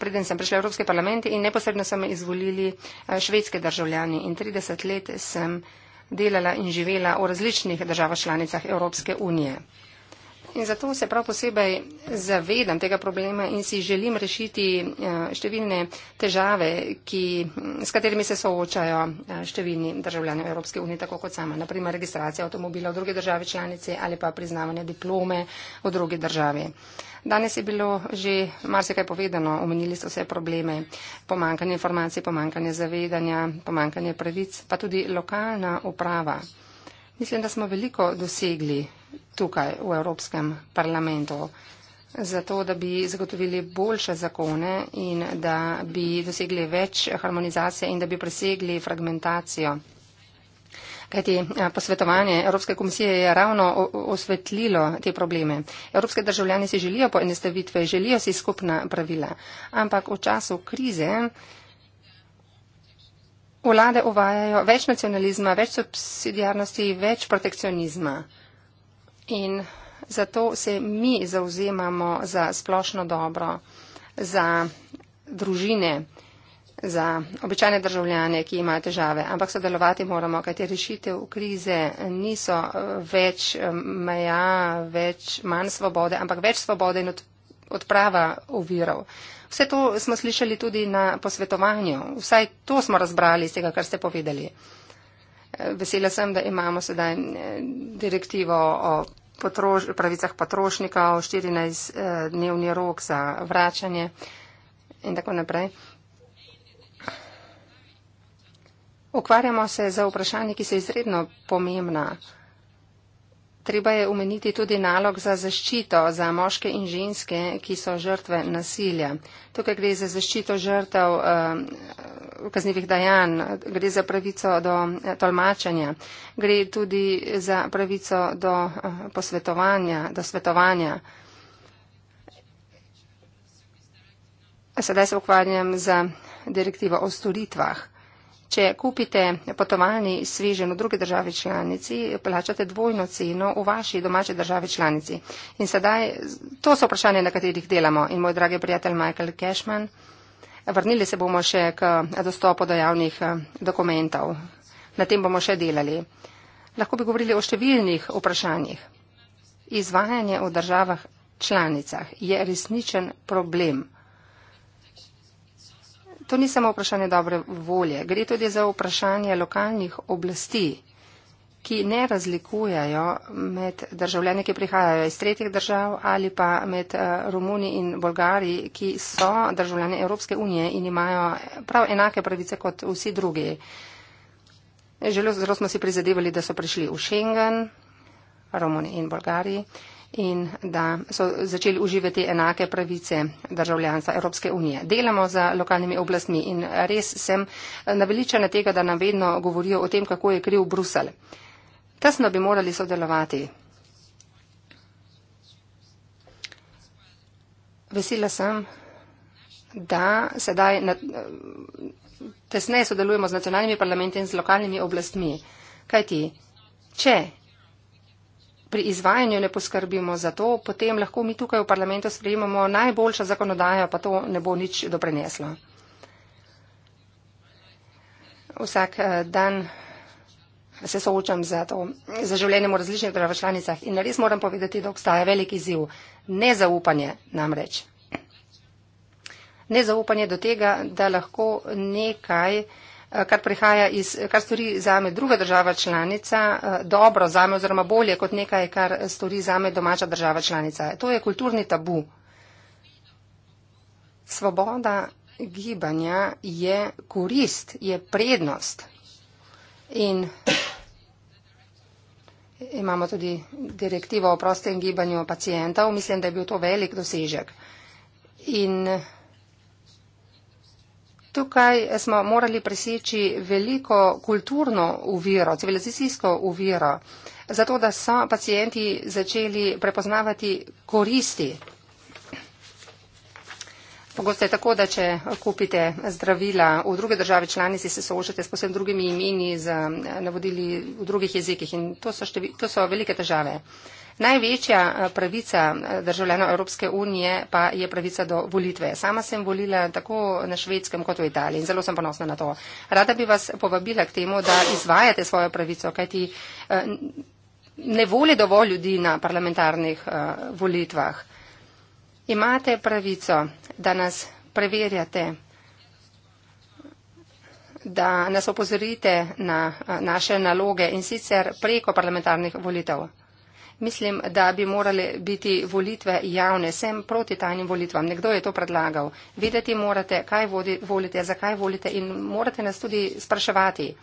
preden sem prišla v Evropski parlament in neposredno sem izvolili švedske državljani in 30 let sem delala in živela v različnih državah članicah Evropske unije. In zato se prav posebej zavedam tega problema in si želim rešiti eh, številne težave, ki, mm, s katerimi se soočajo eh, številni državljani Evropske unije, tako kot sama. Naprimer, registracija avtomobila v druge države članice ali pa priznavanje diplome v druge države. Danes je bilo že marsikaj povedano, omenili so vse probleme, pomankanje informacij, pomankanje zavedanja, pomankanje pravic, pa tudi lokalna uprava. Mislim, da smo veliko dosegli tukaj v Evropskem parlamentu. Zato, da bi zagotovili boljše zakone in da bi dosegli več harmonizacije in da bi presegli fragmentacijo. Kajti posvetovanje Evropske komisije je ravno osvetlilo te probleme. Evropske državljani si želijo poenestavitve, želijo si skupna pravila, ampak v času krize vlade uvajajo več nacionalizma, več subsidijarnosti, več protekcionizma in zato se mi zauzemamo za splošno dobro, za družine, za običajne državljane, ki imajo težave, ampak sodelovati moramo, kajte rešitev krize niso eh, več eh, meja, več manj svobode, ampak več svobode in odprava ovirov. Vse to smo slišali tudi na posvetovanju, vsaj to smo razbrali iz tega, kar ste povedali. Eh, vesela sem, da imamo sedaj direktivo o potrož, pravicah potrošnikov, 14-dnevni rok za vračanje in tako naprej. Ukvarjamo se za vprašanje, ki so izredno pomembna. Treba je omeniti tudi nalog za zaščito za moške in ženske, ki so žrtve nasilja. Tukaj gre za zaščito žrtev uh, kaznivih dajanj, gre za pravico do eh, tolmačanja, gre tudi za pravico do uh, posvetovanja, do svetovanja. Sedaj se ukvarjam za direktivo o storitvah. Če kupite potovalni sveženj v drugi državi članici, plačate dvojno ceno v vaši domači državi članici. In sedaj, to so vprašanje, na katerih delamo. In moj dragi prijatelj Michael Cashman, vrnili se bomo še k dostopu do javnih eh, dokumentov. Na tem bomo še delali. Lahko bi govorili o številnih vprašanjih. Izvajanje v državah članicah je resničen problem to ni samo vprašanje dobre volje, gre tudi za vprašanje lokalnih oblasti, ki ne razlikujajo med državljani, ki prihajajo iz tretjih držav ali pa med eh, Romuni in Bolgari, ki so državljani Evropske unije in imajo prav enake pravice kot vsi drugi. Zelo smo si prizadevali, da so prišli v Schengen, Romuni in Bolgari in da so začeli uživati enake pravice državljanstva Evropske unije. Delamo za lokalnimi oblastmi in res sem naveličena tega, da nam vedno govorijo o tem, kako je kriv Brusel. Tesno bi morali sodelovati. Vesela sem, da sedaj tesneje sodelujemo z nacionalnimi parlamenti in z lokalnimi oblastmi. Kaj ti? Če pri izvajanju ne poskrbimo za to, potem lahko mi tukaj v parlamentu sprejemamo najboljša zakonodaja, pa to ne bo nič doprineslo. Vsak eh, dan se soočam za to, za življenjem v različnih držav članicah in res moram povedati, da obstaja veliki ziv. Nezaupanje namreč. Nezaupanje do tega, da lahko nekaj Eh, kar prihaja iz, eh, kar stori zame druga država članica, eh, dobro zame oziroma bolje kot nekaj, kar stori zame domača država članica. To je kulturni tabu. Svoboda gibanja je korist, je prednost. In imamo tudi direktivo o prostem gibanju pacijentov, mislim, da je bil to velik dosežek. In Tukaj smo morali preseči veliko kulturno uviro, civilizacijsko uviro, zato da so pacijenti začeli prepoznavati koristi. Pogosto je tako, da če kupite zdravila v druge države članici, se soočate s posebno drugimi imeni, z navodili v drugih jezikih in to so, števi, to so velike težave. Največja eh, pravica eh, državljana Evropske unije pa je pravica do volitve. Sama sem volila tako na švedskem kot v Italiji in zelo sem ponosna na to. Rada bi vas povabila k temu, da izvajate svojo pravico, kajti eh, ne voli dovolj ljudi na parlamentarnih volitvah. Imate pravico, da nas preverjate da nas opozorite na naše naloge in sicer preko parlamentarnih volitev mislim, da bi morale biti volitve javne. Sem proti tajnim volitvam. Nekdo je to predlagal. Videti morate, kaj volite, zakaj volite in morate nas tudi spraševati.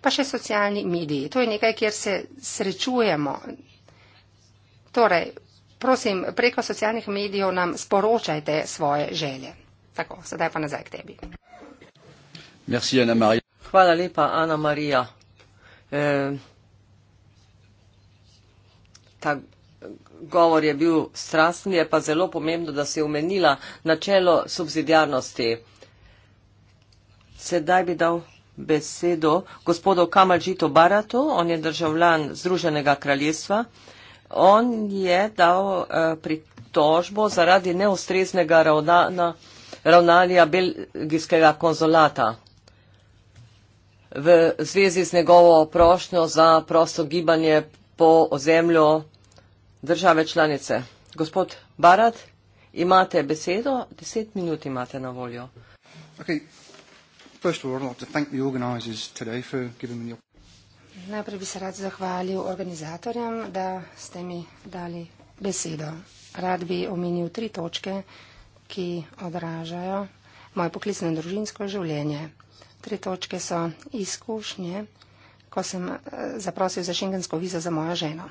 Pa še socialni mediji. To je nekaj, kjer se srečujemo. Torej, prosim, preko socialnih medijev nam sporočajte svoje želje. Tako, sedaj pa nazaj k tebi. Merci, Hvala lepa, Ana Marija. Eh, ta govor je bil strasten, je pa zelo pomembno, da si omenila načelo subsidijarnosti. Sedaj bi dal besedo gospodu Kamalžito Baratu, on je državljan Združenega kraljestva. On je dal eh, pritožbo zaradi neustreznega ravna, ravnanja belgijskega konzulata v zvezi z njegovo prošnjo za prosto gibanje po ozemlju države članice. Gospod Barat, imate besedo, deset minut imate na voljo. Okay. Najprej bi se rad zahvalil organizatorjem, da ste mi dali besedo. Rad bi omenil tri točke, ki odražajo moje poklicno in družinsko življenje. Tri točke so izkušnje, ko sem eh, zaprosil za šengensko vizo za mojo ženo.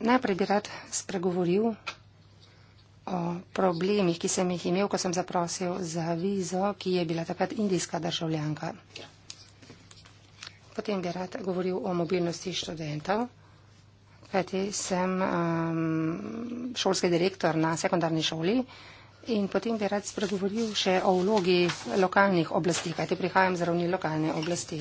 Najprej bi rad spregovoril o problemih, ki sem jih imel, ko sem zaprosil za vizo, ki je bila takrat indijska državljanka. Potem bi rad govoril o mobilnosti študentov, kajti sem um, šolski direktor na sekundarni šoli. Uh, In potem bi rad spregovoril še o vlogi lokalnih oblasti, kajte prihajam z ravni lokalne oblasti.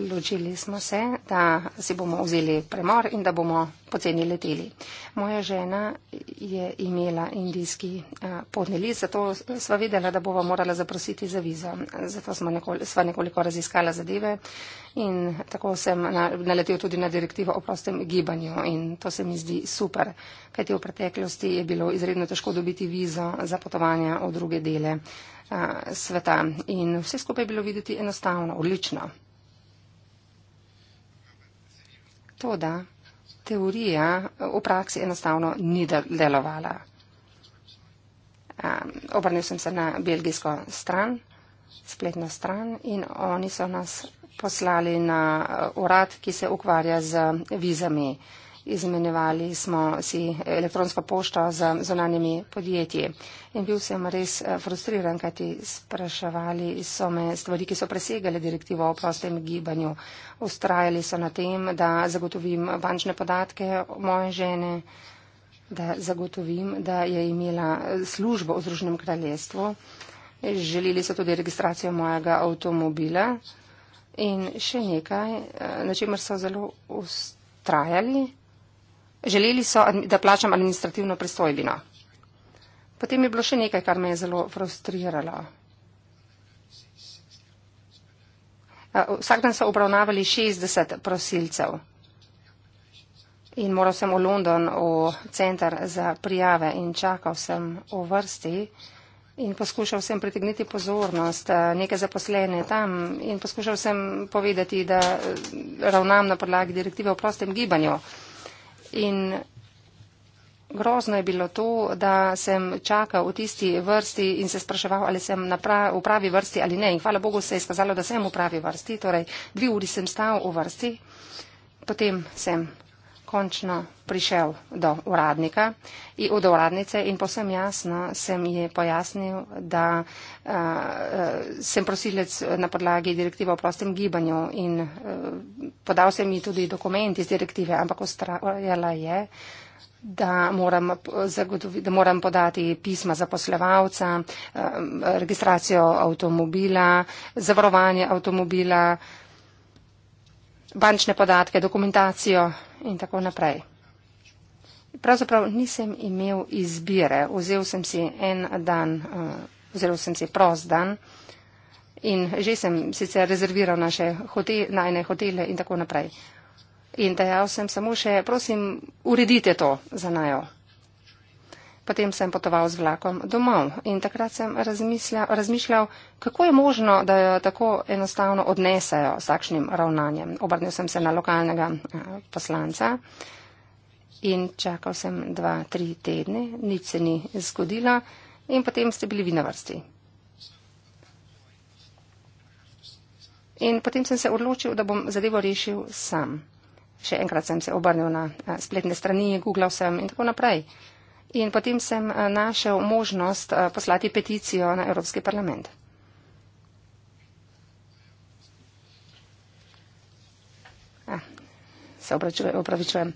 odločili smo se, da si bomo vzeli premor in da bomo poceni leteli. Moja žena je imela indijski eh, potni list, zato sva vedela, da bova morala zaprositi za vizo. Zato sva, nekol, sva nekoliko raziskala zadeve in tako sem naletel tudi na direktivo o prostem gibanju in to se mi zdi super, kajti v preteklosti je bilo izredno težko dobiti vizo za potovanja v druge dele eh, sveta. In vse skupaj je bilo videti enostavno, odlično. To, da teorija eh, v praksi enostavno ni delovala. Um, obrnil sem se na belgijsko stran, spletno stran in oni so nas poslali na eh, urad, ki se ukvarja z vizami. Uh, izmenjevali smo si elektronsko pošto z zonanjimi podjetji. In bil sem res eh, frustriran, kajti spraševali so me stvari, ki so presegale direktivo o prostem gibanju. Ustrajali so na tem, da zagotovim bančne podatke moje žene, da zagotovim, da je imela eh, službo v Združenem kraljestvu. Želeli so tudi registracijo mojega avtomobila. In še nekaj, eh, na čemer so zelo ustrajali. Želeli so, da plačam administrativno pristojbino. Potem je bilo še nekaj, kar me je zelo frustriralo. Vsak dan so obravnavali 60 prosilcev in moral sem v London v centr za prijave in čakal sem v vrsti in poskušal sem pritegniti pozornost neke zaposlene tam in poskušal sem povedati, da ravnam na podlagi direktive o prostem gibanju in grozno je bilo to, da sem čakal v tisti vrsti in se spraševal, ali sem v pravi vrsti ali ne. In hvala Bogu se je skazalo, da sem v pravi vrsti. Torej, dve uri sem stal v vrsti, potem sem končno prišel do uradnika in od uradnice in posem jasno sem ji pojasnil, da uh, sem prosilec na podlagi direktive o prostem gibanju in uh, podal sem ji tudi dokument iz direktive, ampak ustrajala je, da moram, da moram podati pisma zaposlevalca, uh, registracijo avtomobila, zavarovanje avtomobila, bančne podatke, dokumentacijo in tako naprej. Pravzaprav nisem imel izbire, vzel sem si en dan, oziroma eh, sem si prost dan in že sem sicer rezerviral naše hotel, najne hotele in tako naprej. In dejal sem samo še, prosim, uredite to za najo. Potem sem potoval z vlakom domov in takrat sem razmišljal, razmišljal kako je možno, da jo tako enostavno odnesajo s takšnim ravnanjem. Obrnil sem se na lokalnega eh, poslanca in čakal sem dva, tri tedne, nič se ni zgodilo in potem ste bili vi na vrsti. In potem sem se odločil, da bom zadevo rešil sam. Še enkrat sem se obrnil na eh, spletne strani, googlal sem in tako naprej. In potem sem eh, našel možnost eh, poslati peticijo na Evropski parlament. Ah, se opravičujem.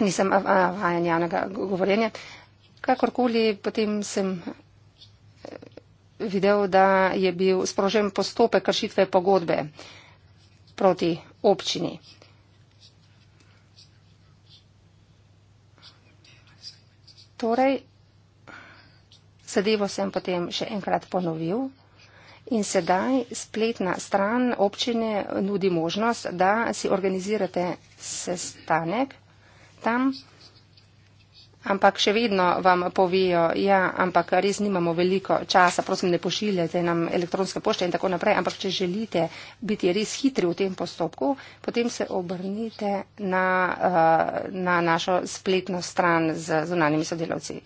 Nisem vajen javnega govorjenja. Kakorkoli potem sem eh, videl, da je bil sprožen postopek kršitve pogodbe proti občini. Torej, zadevo sem potem še enkrat ponovil in sedaj spletna stran občine nudi možnost, da si organizirate sestanek tam. Ampak še vedno vam povejo, ja, ampak res nimamo veliko časa, prosim, ne pošiljate nam elektronske pošte in tako naprej. Ampak če želite biti res hitri v tem postopku, potem se obrnite na, eh, na našo spletno stran z zunanimi sodelavci.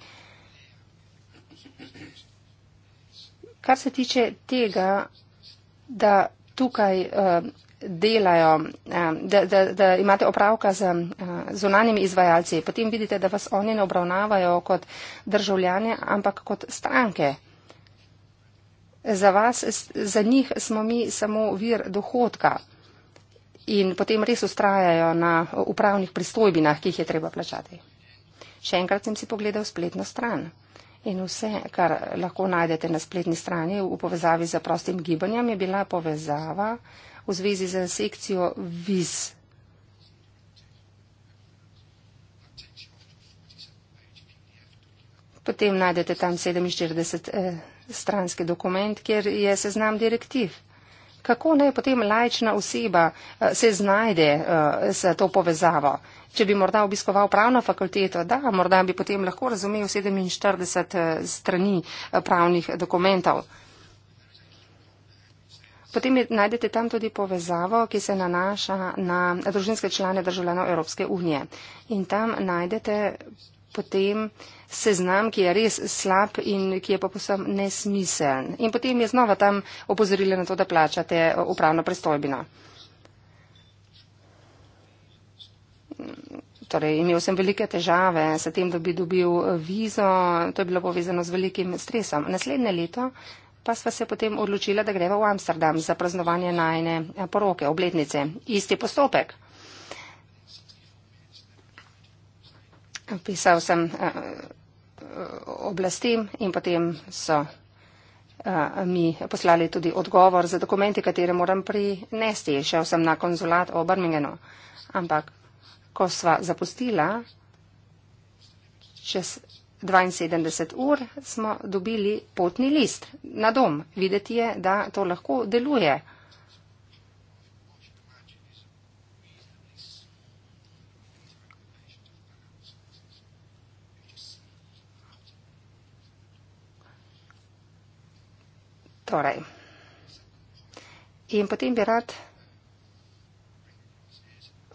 Kar se tiče tega, da tukaj eh, delajo, eh, da, da, da imate opravka z eh, zunanimi izvajalci, potem vidite, da vas oni ne obravnavajo kot državljane, ampak kot stranke. Za vas, za njih smo mi samo vir dohodka in potem res ustrajajo na upravnih pristojbinah, ki jih je treba plačati. Še enkrat sem si pogledal spletno stran. In vse, kar lahko najdete na spletni strani v povezavi z prostim gibanjem, je bila povezava uh, v zvezi z sekcijo viz. Potem najdete tam 47 eh, stranski dokument, kjer je seznam direktiv. Kako naj potem lajčna oseba eh, se znajde eh, s to povezavo? Če bi morda obiskoval pravno fakulteto, da, morda bi potem lahko razumel 47 strani pravnih dokumentov. Potem je, najdete tam tudi povezavo, ki se nanaša na družinske člane državljanov Evropske unije. In tam najdete potem seznam, ki je res slab in ki je pa posem nesmiseln. In potem je znova tam opozorila na to, da plačate eh, upravno prestojbino. Torej, imel sem velike težave s tem, da bi dobil vizo. To je bilo povezano z velikim stresom. Naslednje leto pa sva se potem odločila, da greva v Amsterdam za praznovanje najne eh, poroke, obletnice. Isti postopek. Pisal sem uh, eh, eh, oblastim in potem so mi poslali tudi odgovor za dokumenti, katere moram prinesti. Šel sem na konzulat v Birminghamu, ampak ko sva zapustila, čez 72 ur smo dobili potni list na dom. Videti je, da to lahko deluje. Torej. In potem bi rad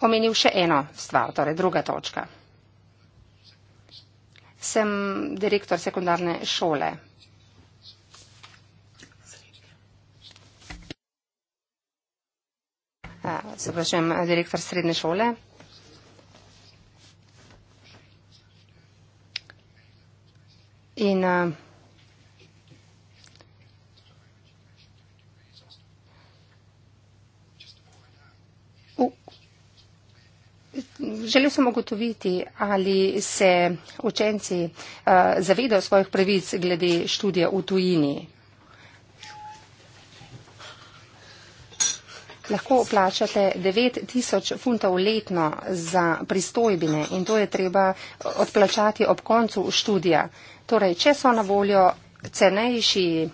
omenil še eno stvar, torej druga točka sem direktor sekundarne šole. Se vprašujem, direktor srednje šole. In uh, želel sem ugotoviti, ali se učenci eh, zavedajo svojih pravic glede študija v tujini. Lahko plačate 9000 funtov letno za pristojbine in to je treba odplačati ob koncu študija. Torej, če so na voljo cenejši,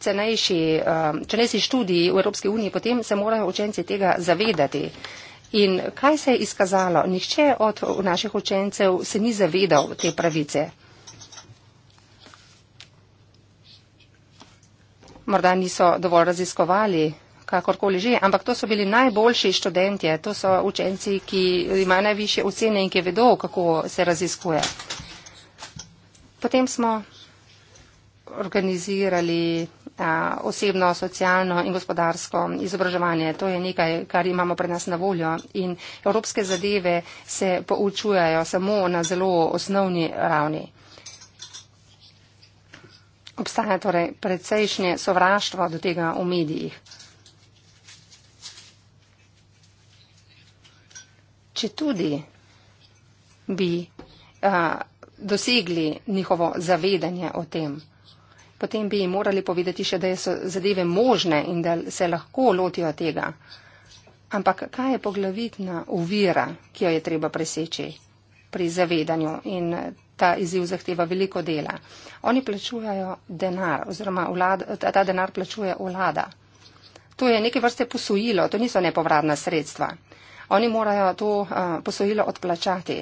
cenejši, eh, cenejši študiji v Evropski uniji, potem se morajo učenci tega zavedati. In kaj se je izkazalo? Nihče od naših učencev se ni zavedal te pravice. Morda niso dovolj raziskovali, kakorkoli že, ampak to so bili najboljši študentje, to so učenci, ki imajo najviše ocene in ki vedo, kako se raziskuje. Potem smo organizirali a, osebno, socialno in gospodarsko izobraževanje. To je nekaj, kar imamo pred nas na voljo. In evropske zadeve se poučujajo samo na zelo osnovni ravni. Obstaja torej precejšnje sovraštvo do tega v medijih. Če tudi bi a, dosegli njihovo zavedanje o tem, potem bi jim morali povedati še, da so zadeve možne in da se lahko lotijo tega. Ampak kaj je poglavitna uvira, ki jo je treba preseči pri zavedanju in ta izziv zahteva veliko dela? Oni plačujejo denar oziroma vlada, ta denar plačuje vlada. To je neke vrste posojilo, to niso nepovratna sredstva. Oni morajo to uh, posojilo odplačati,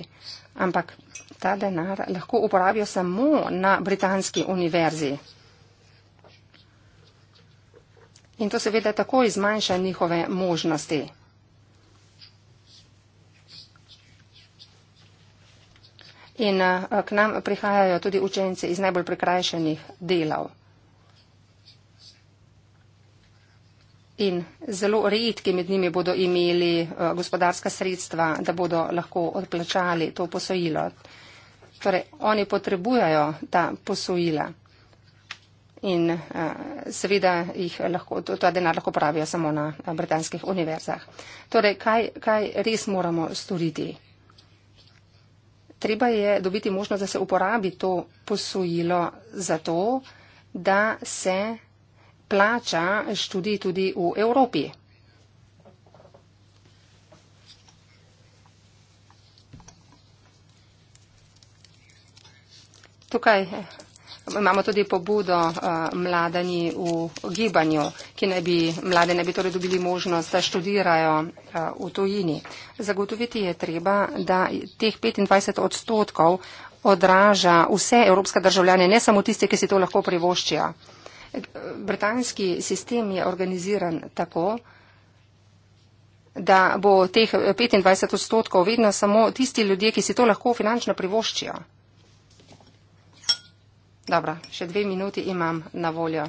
ampak ta denar lahko uporabijo samo na britanski univerzi. In to seveda tako izmanjša njihove možnosti. In eh, k nam prihajajo tudi učenci iz najbolj prikrajšenih delov. In zelo redki med njimi bodo imeli eh, gospodarska sredstva, da bodo lahko odplačali to posojilo. Torej, oni potrebujajo ta posojila in uh, seveda jih lahko, to, ta denar lahko pravijo samo na britanskih univerzah. Torej, kaj, kaj res moramo storiti? Treba je dobiti možnost, da se uporabi to posojilo za to, da se plača študij tudi v Evropi. Tukaj eh, imamo tudi pobudo eh, mladeni v gibanju, ki naj bi mlade ne bi torej dobili možnost, da študirajo eh, v tujini. Zagotoviti je treba, da teh 25 odstotkov odraža vse evropske državljane, ne samo tiste, ki si to lahko privoščijo. Britanski sistem je organiziran tako, da bo teh 25 odstotkov vedno samo tisti ljudje, ki si to lahko finančno privoščijo. Dobro, še dve minuti imam na voljo.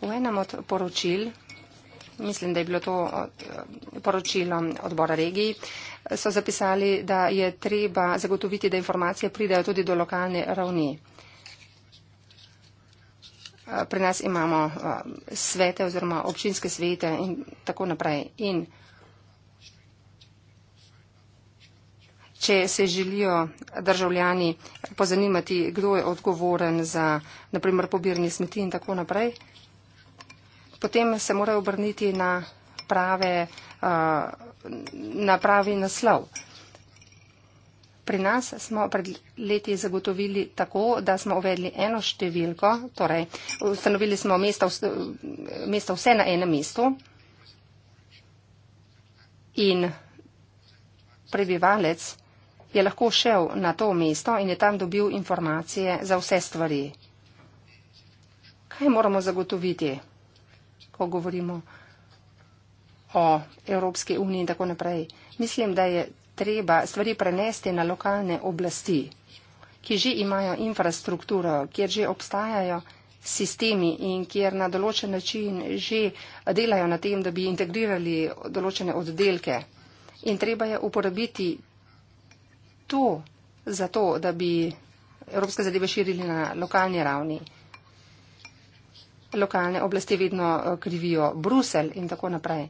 V enem od poročil, mislim, da je bilo to eh, poročilo odbora regiji, so zapisali, da je treba zagotoviti, da informacije pridejo tudi do lokalne ravni. Eh, pri nas imamo eh, svete oziroma občinske svete in tako naprej. In tako naprej. če se želijo državljani pozanimati, kdo je odgovoren za naprimer pobiranje smeti in tako naprej, potem se morajo obrniti na, prave, na pravi naslov. Pri nas smo pred leti zagotovili tako, da smo uvedli eno številko, torej ustanovili smo mesta, mesta vse na enem mestu in prebivalec je lahko šel na to mesto in je tam dobil informacije za vse stvari. Kaj moramo zagotoviti, ko govorimo o Evropski uniji in tako naprej? Mislim, da je treba stvari prenesti na lokalne oblasti, ki že imajo infrastrukturo, kjer že obstajajo sistemi in kjer na določen način že delajo na tem, da bi integrirali določene oddelke. In treba je uporabiti to za to, da bi evropske zadeve širili na lokalni ravni? Lokalne oblasti vedno eh, krivijo Brusel in tako naprej.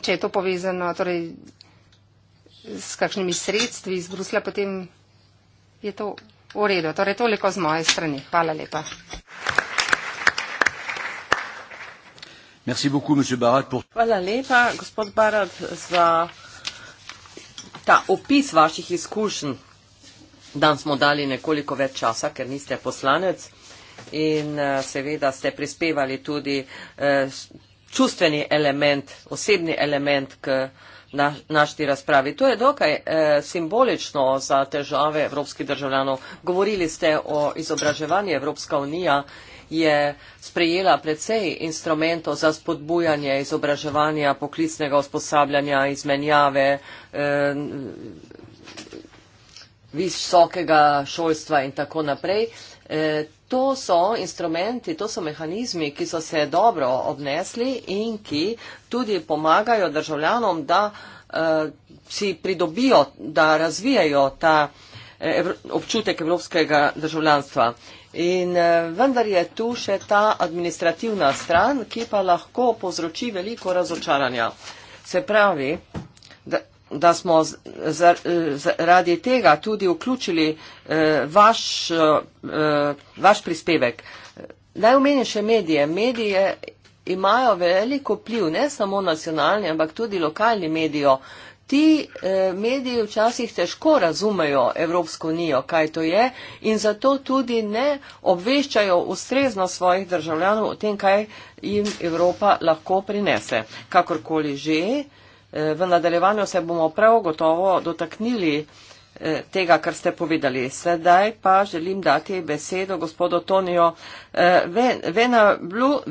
Če je to povezano torej, s kakšnimi sredstvi iz Brusla, potem je to v redu. Torej, toliko z moje strani. Hvala lepa. Hvala lepa, gospod Barad, za ta opis vaših izkušenj. Dan smo dali nekoliko več časa, ker niste poslanec in eh, seveda ste prispevali tudi eh, čustveni element, osebni element k našti razpravi. To je dokaj eh, simbolično za težave evropskih državljanov. Govorili ste o izobraževanju Evropska unija in je sprejela precej instrumentov za spodbujanje izobraževanja, poklicnega usposabljanja, izmenjave, eh, visokega šolstva in tako naprej. Eh, to so instrumenti, to so mehanizmi, ki so se dobro obnesli in ki tudi pomagajo državljanom, da eh, si pridobijo, da razvijajo ta eh, občutek evropskega državljanstva. Eh, In eh, vendar je tu še ta administrativna stran, ki pa lahko povzroči veliko razočaranja. Se pravi, da, da smo eh, zaradi tega tudi vključili eh, vaš, eh, vaš prispevek. Naj omenim še medije. Medije imajo veliko pliv, ne samo nacionalni, ampak tudi lokalni medijo. Eh, ti eh, mediji včasih težko razumejo Evropsko unijo, kaj to je in zato tudi ne obveščajo ustrezno svojih državljanov o tem, kaj jim Evropa lahko prinese. Kakorkoli že, eh, v nadaljevanju se bomo prav gotovo dotaknili eh, tega, kar ste povedali. Sedaj pa želim dati besedo gospodu Tonijo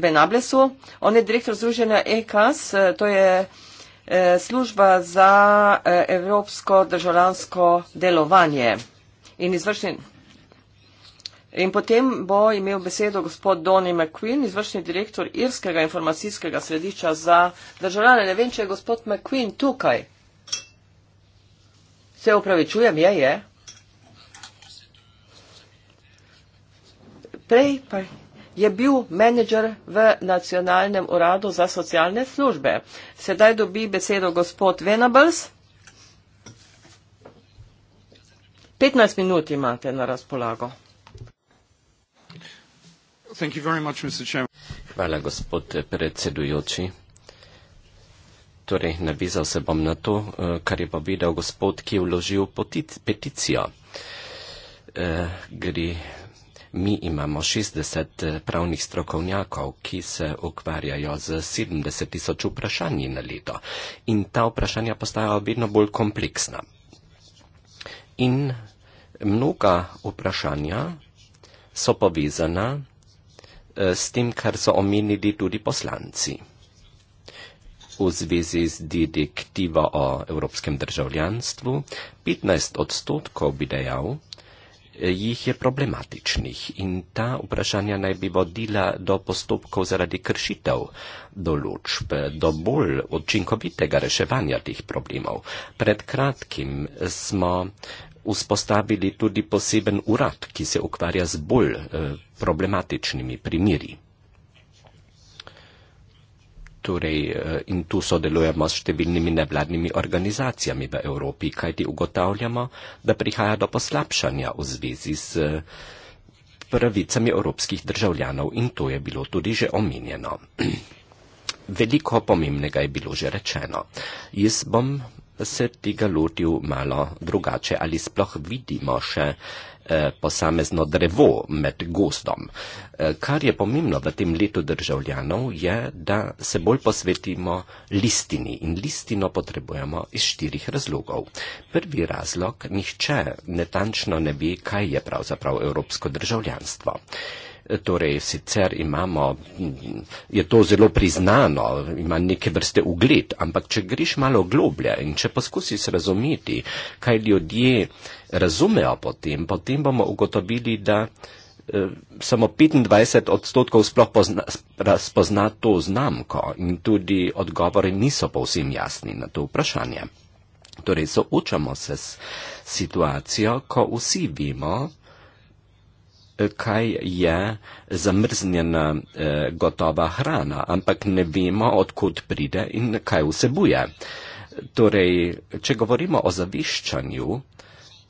Venablesu. On je direktor združenja EKAS, to je Eh, služba za eh, evropsko državljansko delovanje in izvršni In potem bo imel besedo gospod Donny McQueen, izvršni direktor Irskega informacijskega središča za državljane. Ne vem, če je gospod McQueen tukaj. Se upravičujem, je, je. Prej, prej je bil menedžer v nacionalnem uradu za socialne službe. Sedaj dobi besedo gospod Venables. 15 minut imate na razpolago. Thank you very much, Mr. Hvala, gospod predsedujoči. Torej, navizal se bom na to, eh, kar je pa videl gospod, ki je vložil petit, peticijo. Eh, gre Mi imamo 60 eh, pravnih strokovnjakov, ki se ukvarjajo z 70 tisoč vprašanji na leto in ta vprašanja postajajo vedno bolj kompleksna. In mnoga vprašanja so povezana eh, s tem, kar so omenili tudi poslanci v zvezi z direktivo o evropskem državljanstvu, 15 odstotkov bi dejal, jih je problematičnih in ta vprašanja naj bi vodila do postopkov zaradi kršitev določb, do bolj učinkovitega reševanja teh problemov. Pred kratkim smo vzpostavili tudi poseben urad, ki se ukvarja z bolj eh, problematičnimi primiri torej, eh, in tu sodelujemo s številnimi nevladnimi organizacijami v Evropi, kajti ugotavljamo, da prihaja do poslabšanja v zvezi s eh, pravicami evropskih državljanov in to je bilo tudi že omenjeno. Veliko pomembnega je bilo že rečeno. Jaz bom se tega lotil malo drugače ali sploh vidimo še eh, posamezno drevo med gozdom. Eh, kar je pomembno v tem letu državljanov, je, da se bolj posvetimo listini in listino potrebujemo iz štirih razlogov. Prvi razlog, nihče netančno ne ve, kaj je pravzaprav evropsko državljanstvo torej sicer imamo, je to zelo priznano, ima neke vrste ugled, ampak če greš malo globlje in če poskusiš razumeti, kaj ljudje razumejo potem, potem bomo ugotovili, da eh, samo 25 odstotkov sploh razpozna to znamko in tudi odgovori niso povsem jasni na to vprašanje. Torej, soočamo se s situacijo, ko vsi vemo, kaj je zamrznjena e, gotova hrana, ampak ne vemo, odkud pride in kaj vsebuje. Torej, če govorimo o zaviščanju,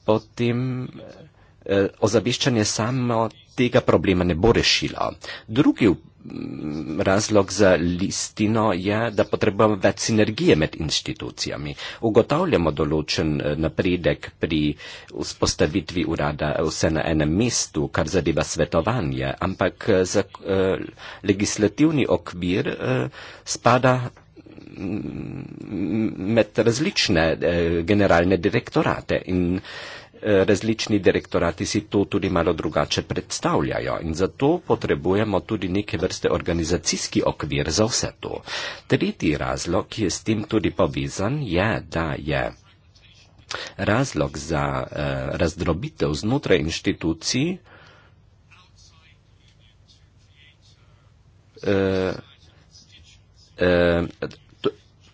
potem e, eh, ozaviščanje samo tega problema ne bo rešilo. Drugi razlog za listino je, da potrebujemo več sinergije med inštitucijami. Ugotavljamo določen eh, napredek pri vzpostavitvi urada eh, vse na enem mestu, kar zadeva svetovanje, ampak eh, za legislativni okvir spada mm, med različne generalne direktorate. In različni direktorati si to tudi malo drugače predstavljajo in zato potrebujemo tudi neke vrste organizacijski okvir za vse to. Tretji razlog, ki je s tem tudi povezan, je, da je razlog za eh, razdrobitev znotraj inštitucij eh, eh,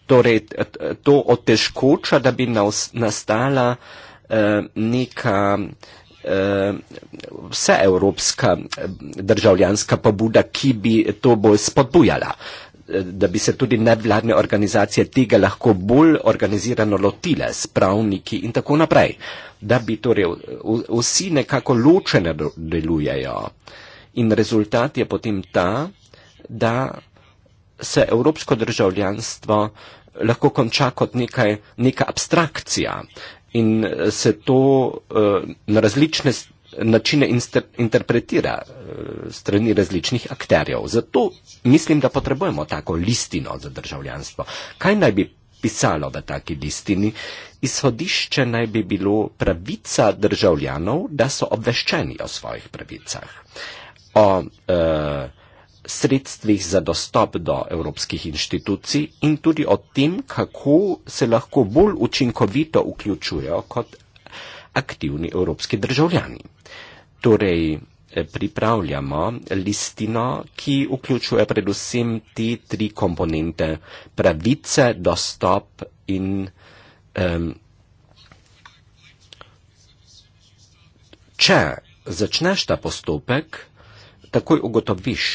Torej, eh, to otežkoča, da bi nastala eh, Eh, neka eh, vseevropska eh, državljanska pobuda, ki bi to bolj spodbujala, da bi se tudi nevladne organizacije tega lahko bolj organizirano lotile s pravniki in tako naprej, da bi torej vsi nekako ločene delujejo. In rezultat je potem ta, da se evropsko državljanstvo lahko konča kot nekaj, neka abstrakcija, in eh, se to eh, na različne načine interpretira eh, strani različnih akterjev. Zato mislim, da potrebujemo tako listino za državljanstvo. Kaj naj bi pisalo v taki listini? Izhodišče naj bi bilo pravica državljanov, da so obveščeni o svojih pravicah. O, uh, sredstvih za dostop do evropskih inštitucij in tudi o tem, kako se lahko bolj učinkovito vključujejo kot aktivni evropski državljani. Torej, eh, pripravljamo listino, ki vključuje predvsem te tri komponente pravice, dostop in um, če začneš ta postopek, takoj ugotoviš,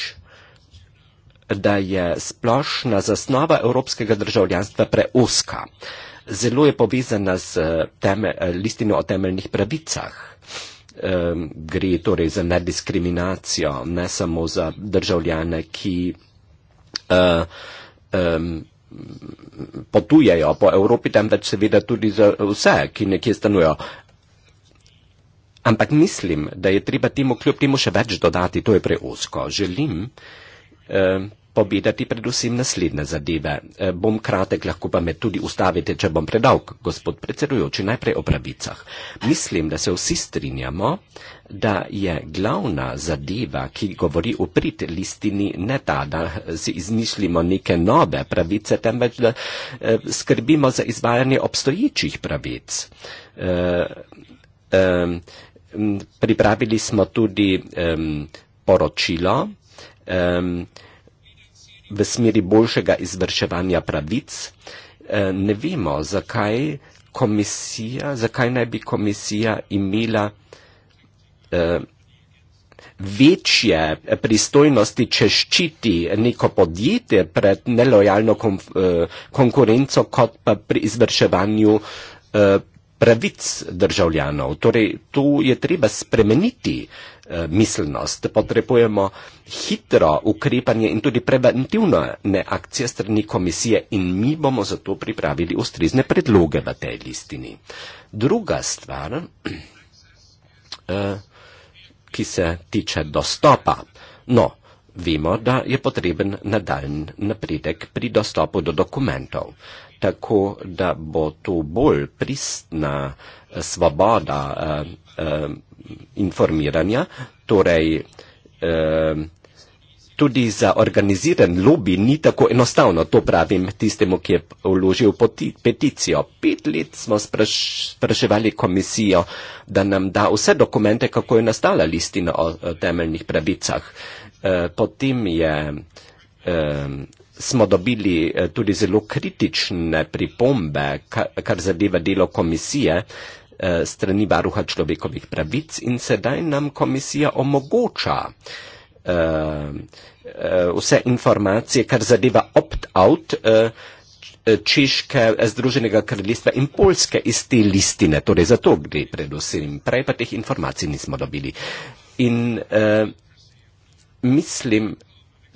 da je splošna zasnova evropskega državljanstva preuska. Zelo je povezana z eh, teme, eh, listino o temeljnih pravicah. Gre torej za nediskriminacijo, ne samo za državljane, ki uh, um, potujejo po Evropi, temveč seveda tudi za vse, ki nekje stanujejo. Ampak mislim, da je treba temu kljub temu še več dodati, to je preosko. Želim, uh, Ehm, povedati predvsem naslednje zadeve. Ehm, bom kratek, lahko pa me tudi ustavite, če bom predolg, gospod predsedujoči, najprej o pravicah. Mislim, da se vsi strinjamo, da je glavna zadeva, ki govori o prid listini, ne ta, da si izmišljimo neke nove pravice, temveč da ehm, skrbimo za izvajanje obstoječih pravic. Pripravili smo tudi poročilo, um, v smeri boljšega izvrševanja pravic. Ne vemo, zakaj komisija, zakaj naj bi komisija imela eh, večje pristojnosti, če ščiti neko podjetje pred nelojalno konf, eh, konkurenco, kot pa pri izvrševanju eh, pravic državljanov. Torej, tu je treba spremeniti eh, miselnost, potrebujemo hitro ukrepanje in tudi preventivno neakcije strani komisije in mi bomo zato pripravili ustrizne predloge v tej listini. Druga stvar, eh, ki se tiče dostopa. No, vemo, da je potreben nadaljn napredek pri dostopu do dokumentov tako da bo to bolj pristna eh, svoboda eh, eh, informiranja, torej eh, tudi za organiziran lobby ni tako enostavno, to pravim tistemu, ki je vložil poti, peticijo. Pet let smo spraševali komisijo, da nam da vse dokumente, kako je nastala listina o, o temeljnih pravicah. Eh, potem je. Eh, smo dobili eh, tudi zelo kritične pripombe, kar zadeva delo komisije eh, strani varuha človekovih pravic in sedaj nam komisija omogoča eh, vse informacije, kar zadeva opt-out Češke, Združenega kraljestva in Polske iz te listine. Torej za to gre predvsem. Prej pa teh informacij nismo dobili. In eh, mislim,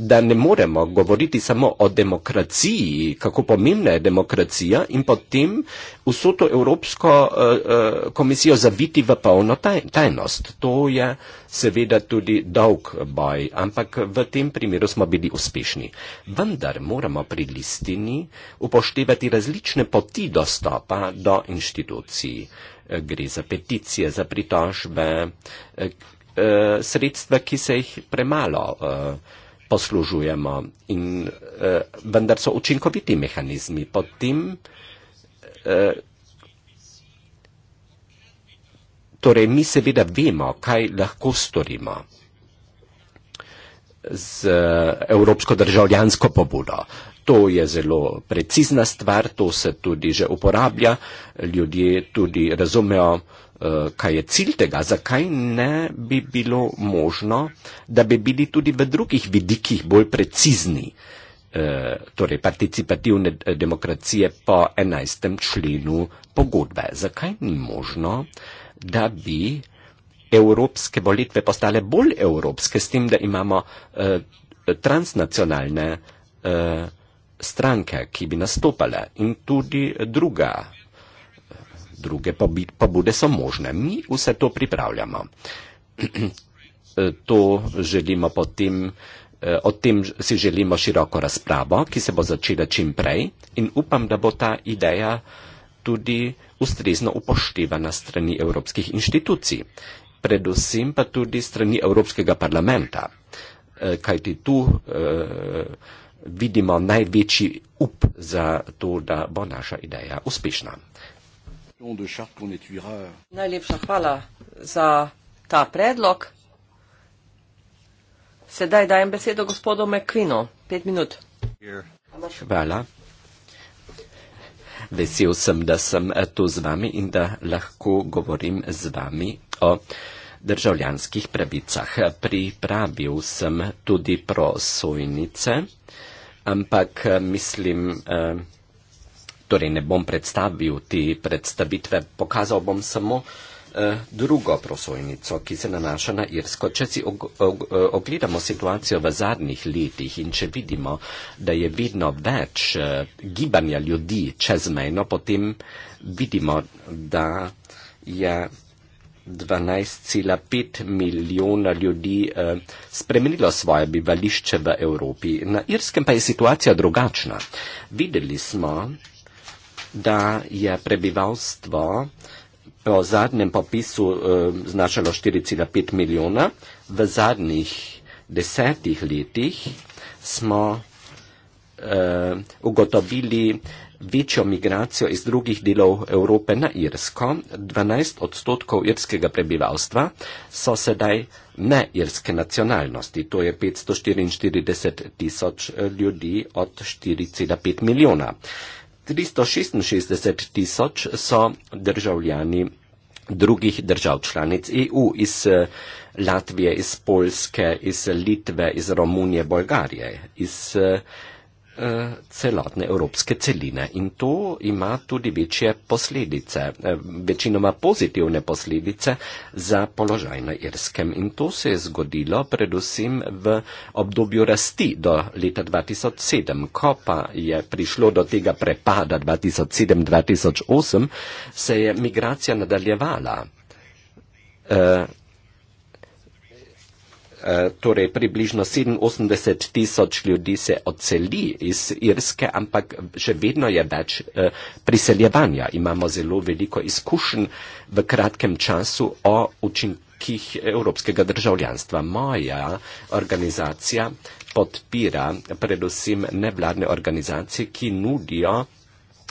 da ne moremo govoriti samo o demokraciji, kako pomembna je demokracija in potem vso to Evropsko eh, eh, komisijo zaviti v polno tajnost. To je seveda tudi dolg boj, ampak v tem primeru smo bili uspešni. Vendar moramo pri listini upoštevati različne poti dostopa do inštitucij. Eh, gre za peticije, za pritožbe, sredstva, ki se jih premalo poslužujemo, in, eh, vendar so učinkoviti mehanizmi. Potem, eh, torej mi seveda vemo, kaj lahko storimo z eh, evropsko državljansko pobudo. To je zelo precizna stvar, to se tudi že uporablja, ljudje tudi razumejo, eh, Eh, kaj je cilj tega, zakaj ne bi bilo možno, da bi bili tudi v drugih vidikih bolj precizni, eh, torej participativne eh, demokracije po 11. členu pogodbe. Zakaj ni možno, da bi evropske volitve postale bolj evropske s tem, da imamo transnacionalne stranke, ki bi nastopale in tudi druga druge pa, bi, pa bude so možne. Mi vse to pripravljamo. E, to želimo potem, e, o tem si želimo široko razpravo, ki se bo začela čim prej in upam, da bo ta ideja tudi ustrezno upoštevana strani evropskih inštitucij, predvsem pa tudi strani Evropskega parlamenta, e, kajti tu vidimo največji up za to, da bo naša ideja uspešna. Najlepša hvala za ta predlog. Sedaj dajem besedo gospodu Mekvino. Pet minut. Hvala. Vesel sem, da sem eh, tu z vami in da lahko govorim z vami o državljanskih pravicah. Pripravil sem tudi prosojnice, ampak eh, mislim, eh, torej ne bom predstavil te predstavitve, pokazal bom samo eh, drugo prosojnico, ki se nanaša na Irsko. Če si og, og, eh, ogledamo situacijo v zadnjih letih in če vidimo, da je vedno več eh, gibanja ljudi čezmejno, potem vidimo, da je 12,5 milijona ljudi spremenilo svoje bivališče v Evropi. Na Irskem pa je situacija drugačna. Videli smo, da je prebivalstvo po zadnjem popisu uh, značalo 4,5 milijona, v zadnjih desetih letih smo uh, ugotovili večjo migracijo iz drugih delov Evrope na Irsko. 12 odstotkov irskega prebivalstva so sedaj ne irske nacionalnosti. To je 544 tisoč eh, ljudi od 4,5 milijona. Uh, 366 tisoč so državljani drugih držav članic EU iz eh, Latvije, iz Polske, iz Litve, iz Romunije, Bolgarije, iz uh, Eh, celotne evropske celine. In to ima tudi večje posledice, eh, večinoma pozitivne posledice za položaj na Irskem. In to se je zgodilo predvsem v obdobju rasti do leta 2007. Ko pa je prišlo do tega prepada 2007-2008, se je migracija nadaljevala. Eh, Eh, torej približno 87 tisoč ljudi se odseli iz Irske, ampak še vedno je več eh, priseljevanja. Imamo zelo veliko izkušenj v kratkem času o učinkih evropskega državljanstva. Moja organizacija podpira predvsem nevladne organizacije, ki nudijo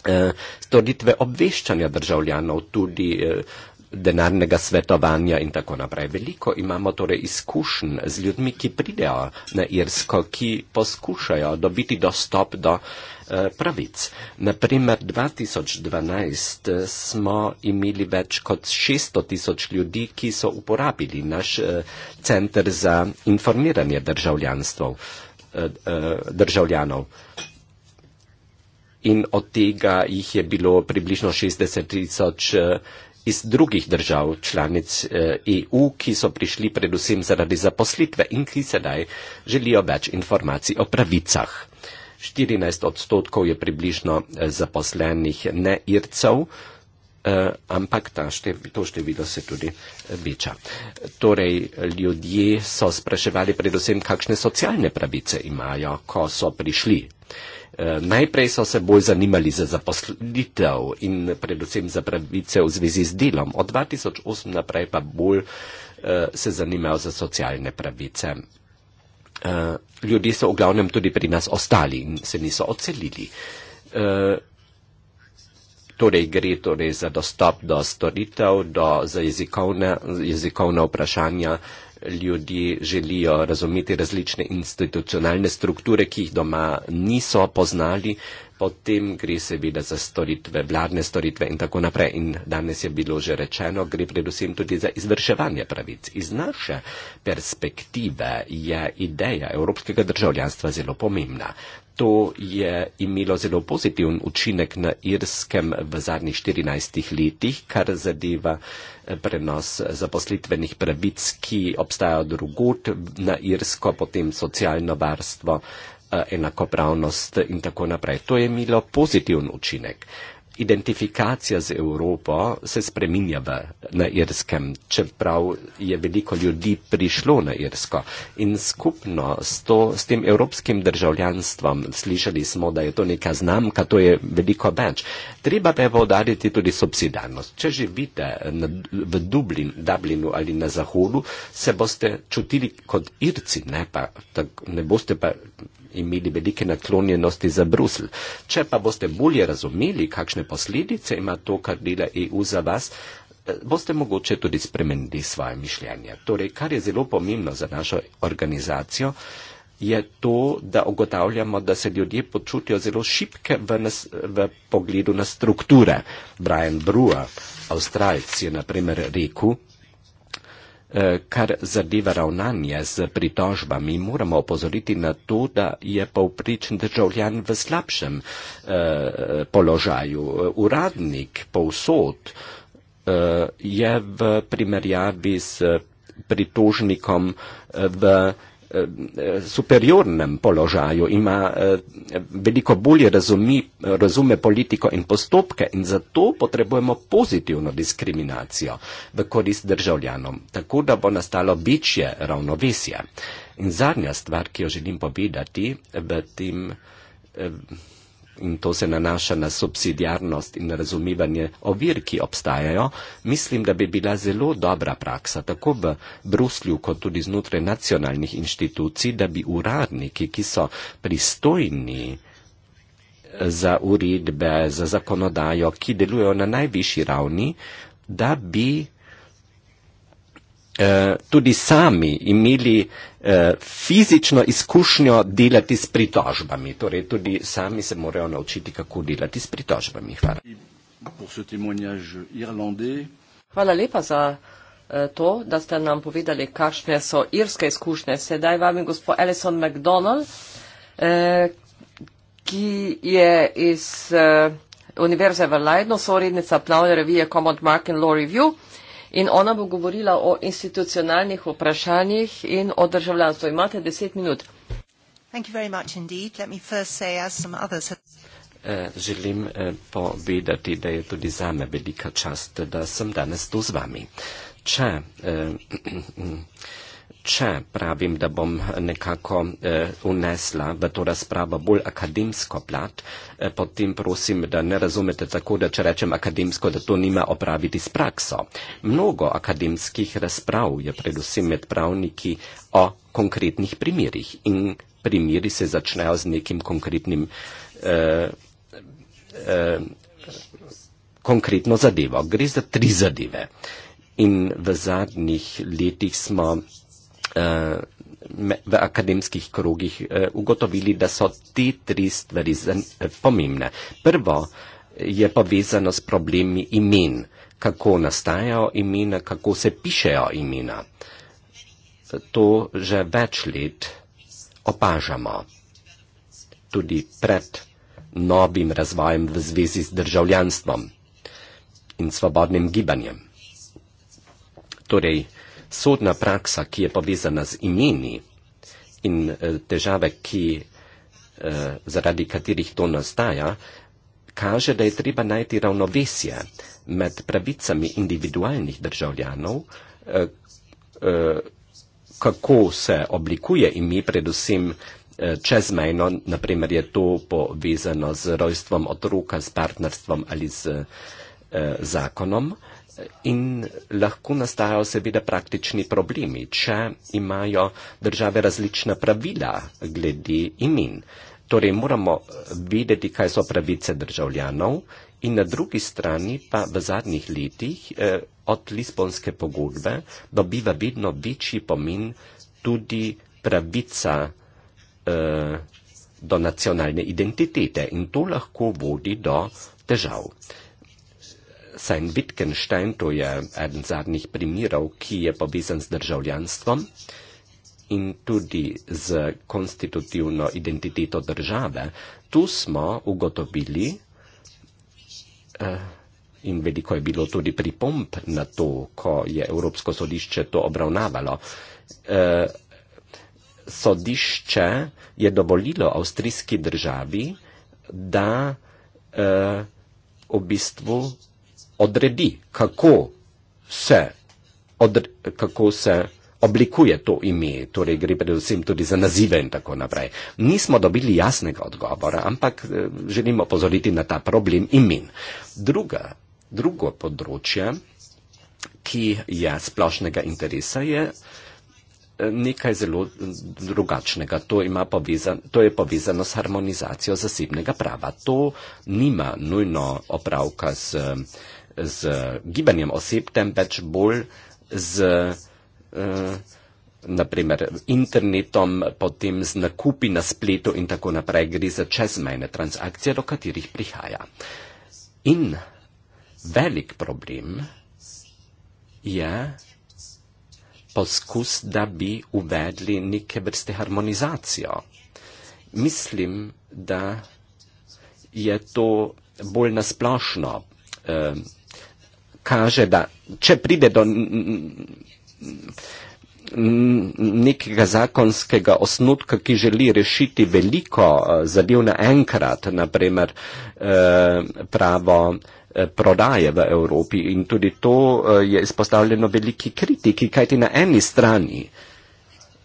eh, storitve obveščanja državljanov tudi eh, denarnega svetovanja in tako naprej. Veliko imamo torej izkušenj z ljudmi, ki pridejo na Irsko, ki poskušajo dobiti dostop do eh, pravic. Naprimer, 2012 eh, smo imeli več kot 600 tisoč ljudi, ki so uporabili naš eh, centr za informiranje eh, eh, državljanov. In od tega jih je bilo približno 60 tisoč eh, iz drugih držav članic EU, eh, e ki so prišli predvsem zaradi zaposlitve in ki sedaj želijo več informacij o pravicah. 14 odstotkov je približno eh, zaposlenih ne Ircev, eh, ampak štev, to število se tudi veča. Torej, ljudje so spraševali predvsem, kakšne socialne pravice imajo, ko so prišli. Eh, najprej so se bolj zanimali za zaposlitev in predvsem za pravice v zvezi z delom, od 2008 naprej pa bolj eh, se zanimajo za socialne pravice. Eh, ljudje so v glavnem tudi pri nas ostali in se niso odselili. Torej gre torej za dostop do storitev, do, za jezikovne, jezikovne vprašanja, uh, ljudi želijo razumeti različne institucionalne strukture, ki jih doma niso poznali, potem gre seveda za storitve, vladne storitve in tako naprej. In danes je bilo že rečeno, gre predvsem tudi za izvrševanje pravic. Iz naše perspektive je ideja evropskega državljanstva zelo pomembna to je imelo zelo pozitiven učinek na Irskem v zadnjih 14 letih, kar zadeva eh, prenos eh, zaposlitvenih pravic, ki obstajajo drugot na Irsko, potem socialno varstvo, eh, enakopravnost in tako naprej. To je imelo pozitiven učinek identifikacija z Evropo se spreminja v, na Irskem, čeprav je veliko ljudi prišlo na Irsko. In skupno s, to, s tem evropskim državljanstvom slišali smo, da je to neka znamka, to je veliko več. Treba pa je povdariti tudi subsidarnost. Če živite na, v Dublin, Dublinu ali na Zahodu, se boste čutili kot Irci, ne pa tako, ne boste pa imeli velike naklonjenosti za Brusel. Če pa boste bolje razumeli, kakšne posledice ima to, kar dela EU za vas, eh, boste mogoče tudi spremenili svoje mišljenje. Torej, kar je zelo pomembno za našo organizacijo, je to, da ogotavljamo, da se ljudje počutijo zelo šipke v, nas, v pogledu na strukture. Brian Brewer, avstralc, je naprimer rekel, Eh, kar zadeva ravnanje z pritožbami, moramo opozoriti na to, da je povpričen državljan v slabšem eh, položaju. Uradnik povsod eh, je v primerjavi s pritožnikom v Eh, superiornem položaju, ima eh, veliko bolje razumi, razume politiko in postopke in zato potrebujemo pozitivno diskriminacijo v korist državljanom, tako da bo nastalo večje ravnovesje. In zadnja stvar, ki jo želim povedati v tem. Eh, in to se nanaša na subsidijarnost in razumivanje ovir, ki obstajajo, mislim, da bi bila zelo dobra praksa tako v Bruslju kot tudi znotraj nacionalnih inštitucij, da bi uradniki, ki so pristojni za uredbe, za zakonodajo, ki delujejo na najvišji ravni, da bi Eh, tudi sami imeli eh, fizično izkušnjo delati s pritožbami. Torej, tudi sami se morajo naučiti, kako delati s pritožbami. Hvala. Hvala lepa za eh, to, da ste nam povedali, kakšne so irske izkušnje. Sedaj vami gospod Alison McDonald, ki je iz Univerze v Leidnu, sorednica plavne revije Common Mark and Law Review in ona bo govorila o institucionalnih vprašanjih in o državljanstvu. Imate deset minut. Eh, želim eh, povedati, da je tudi zame velika čast, da sem danes tu z vami. Če eh, eh če pravim, da bom eh, nekako eh, unesla v to razpravo bolj akademsko plat, eh, potem prosim, da ne razumete tako, da če rečem akademsko, da to nima opraviti s prakso. Mnogo akademskih razprav je predvsem med pravniki o konkretnih primerjih in primeri se začnejo z nekim konkretnim. Konkretno zadevo. Gre za tri zadeve. In v zadnjih letih smo Eh, v akademskih krogih eh, ugotovili, da so te tri stvari eh, pomembne. Prvo je povezano s problemi imen, kako nastajajo imena, kako se pišejo imena. To že več let opažamo. Tudi pred novim razvojem v zvezi z državljanstvom in svobodnim gibanjem. Torej, sodna praksa, ki je povezana z imeni in eh, težave, ki, eh, zaradi katerih to nastaja, kaže, da je treba najti ravnovesje med pravicami individualnih državljanov, eh, kako se oblikuje ime, predvsem čezmejno, naprimer je to povezano z rojstvom otroka, s partnerstvom ali z zakonom in lahko nastajajo seveda praktični problemi, če imajo države različna pravila glede imen. Torej moramo vedeti, kaj so pravice državljanov in na drugi strani pa v zadnjih letih eh, od Lisbonske pogodbe dobiva vedno večji pomen tudi pravica eh, do nacionalne identitete in to lahko vodi do težav. Sein Wittgenstein, to je eden zadnjih primerov, ki je povezan z državljanstvom in tudi z konstitutivno identiteto države, tu smo ugotovili eh, in veliko je bilo tudi pripomp na to, ko je Evropsko sodišče to obravnavalo. Eh, sodišče je dovolilo avstrijski državi, da eh, v bistvu odredi, kako se, odre, kako se oblikuje to ime, torej gre predvsem tudi za nazive in tako naprej. Nismo dobili jasnega odgovora, ampak eh, želimo pozoriti na ta problem imen. Druga, drugo področje, ki je splošnega interesa, je eh, nekaj zelo eh, drugačnega. To, povezan, to je povezano s harmonizacijo zasebnega prava. To nima nujno opravka z uh, z gibanjem oseb, temveč bolj z eh, naprimer internetom, potem z nakupi na spletu in tako naprej. Gre za čezmejne transakcije, do katerih prihaja. In velik problem je poskus, da bi uvedli neke vrste harmonizacijo. Mislim, da je to bolj nasplošno eh, kaže, da če pride do nekega zakonskega osnutka, ki želi rešiti veliko eh, zadev naenkrat, naprimer eh, pravo eh, prodaje v Evropi in tudi to je izpostavljeno veliki kritiki, kajti na eni strani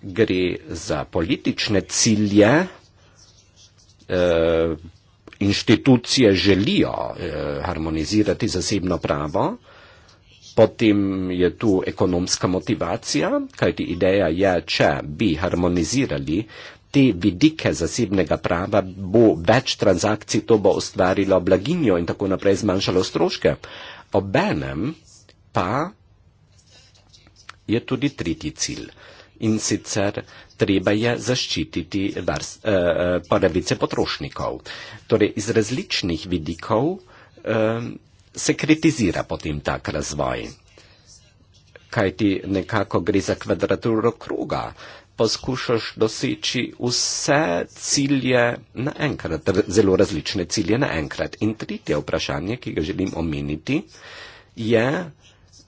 gre za politične cilje, inštitucije želijo eh, harmonizirati zasebno pravo, potem je tu ekonomska motivacija, kajti ideja je, če bi harmonizirali te vidike zasebnega prava, bo več transakcij, to bo ustvarilo blaginjo in tako naprej zmanjšalo stroške. Obenem pa je tudi tretji cilj. In sicer treba je zaščititi vars, eh, eh pravice potrošnikov. Torej, iz različnih vidikov eh, se kritizira potem tak razvoj. Kaj ti nekako gre za kvadraturo kroga? Poskušaš doseči vse cilje naenkrat, zelo različne cilje naenkrat. In tretje vprašanje, ki ga želim omeniti, je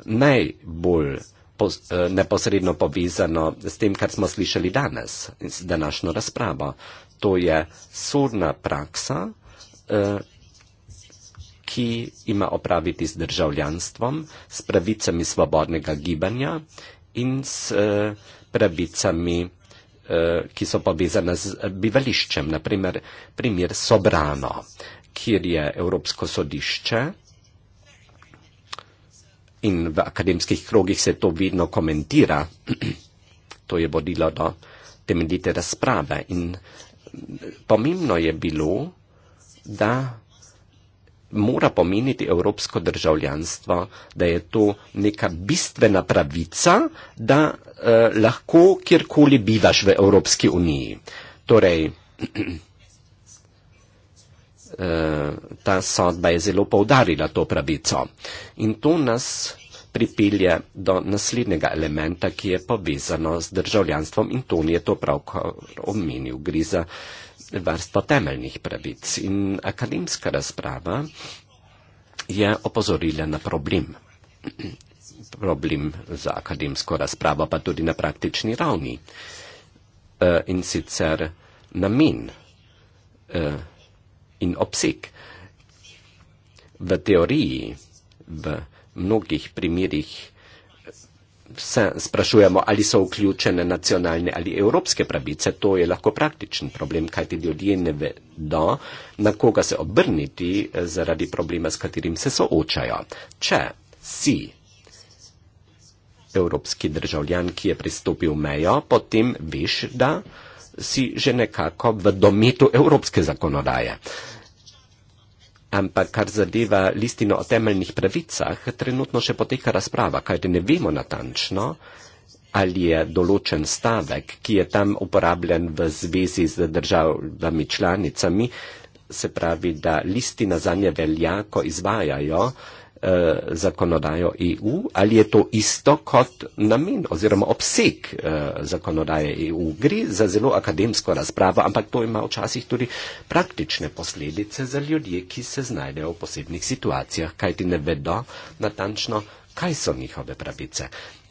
najbolj pos, eh, neposredno povezano s tem, kar smo slišali danes, z današnjo razpravo. To je sodna praksa, eh, ki ima opraviti z državljanstvom, s pravicami svobodnega gibanja in s eh, pravicami, ki so povezane z bivališčem, naprimer primer Sobrano, kjer je Evropsko sodišče in v akademskih krogih se to vedno komentira. To je vodilo do temeljite razprave in pomembno je bilo, da mora pomeniti evropsko državljanstvo, da je to neka bistvena pravica, da eh, lahko kjerkoli bivaš v Evropski uniji. Torej, ta sodba je zelo povdarila to pravico. In to nas pripelje do naslednjega elementa, ki je povezano z državljanstvom in to je to pravkar omenil, gre za vrsto temeljnih pravic. In akademska razprava je opozorila na problem. Problem za akademsko razpravo pa tudi na praktični ravni. E, in sicer namen e, in obseg. V teoriji, v mnogih primerjih se sprašujemo, ali so vključene nacionalne ali evropske pravice. To je lahko praktičen problem, kajti ljudje ne vedo, na koga se obrniti eh, zaradi problema, s katerim se soočajo. Če si evropski državljan, ki je pristopil mejo, potem veš, da si že nekako v domitu evropske zakonodaje. Ampak kar zadeva listino o temeljnih pravicah, trenutno še poteka razprava, kajti ne vemo natančno, ali je določen stavek, ki je tam uporabljen v zvezi z državami članicami, se pravi, da listina zanje velja, ko izvajajo uh, eh, zakonodajo EU, ali je to isto kot namen oziroma obseg eh, zakonodaje EU. Gre za zelo akademsko razpravo, ampak to ima včasih tudi praktične posledice za ljudje, ki se znajdejo v posebnih situacijah, kajti ne vedo natančno, kaj so njihove pravice.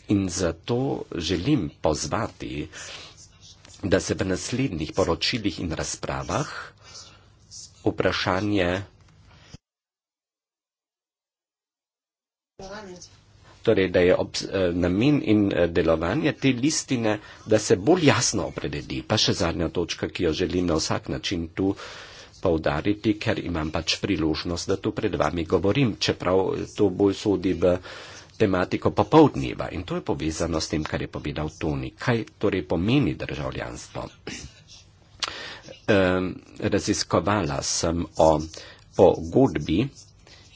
In zato želim pozvati, da se v naslednjih poročilih in razpravah vprašanje Torej, da je ob, eh, namen in eh, delovanje te listine, da se bolj jasno opredeli. Pa še zadnja točka, ki jo želim na vsak način tu povdariti, ker imam pač priložnost, da tu pred vami govorim, čeprav to bolj sodi v tematiko popovdneva. In to je povezano s tem, kar je povedal Toni. Kaj torej pomeni državljanstvo? Eh, raziskovala sem o pogodbi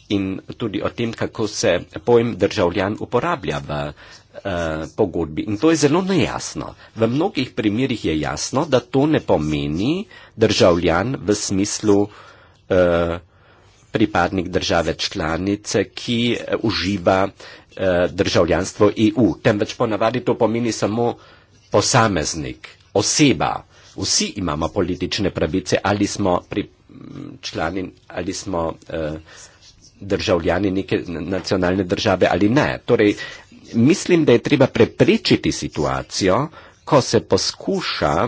in tudi o tem, kako se pojem državljan uporablja v uh, pogodbi. In to je zelo nejasno. V mnogih primerjih je jasno, da to ne pomeni državljan v smislu uh, pripadnik države članice, ki eh, uživa uh, državljanstvo EU. Temveč ponavadi to pomeni samo posameznik, oseba. Vsi imamo politične pravice, ali smo pri, m, člani, ali smo. Uh, državljani neke nacionalne države ali ne. Torej, mislim, da je treba preprečiti situacijo, ko se poskuša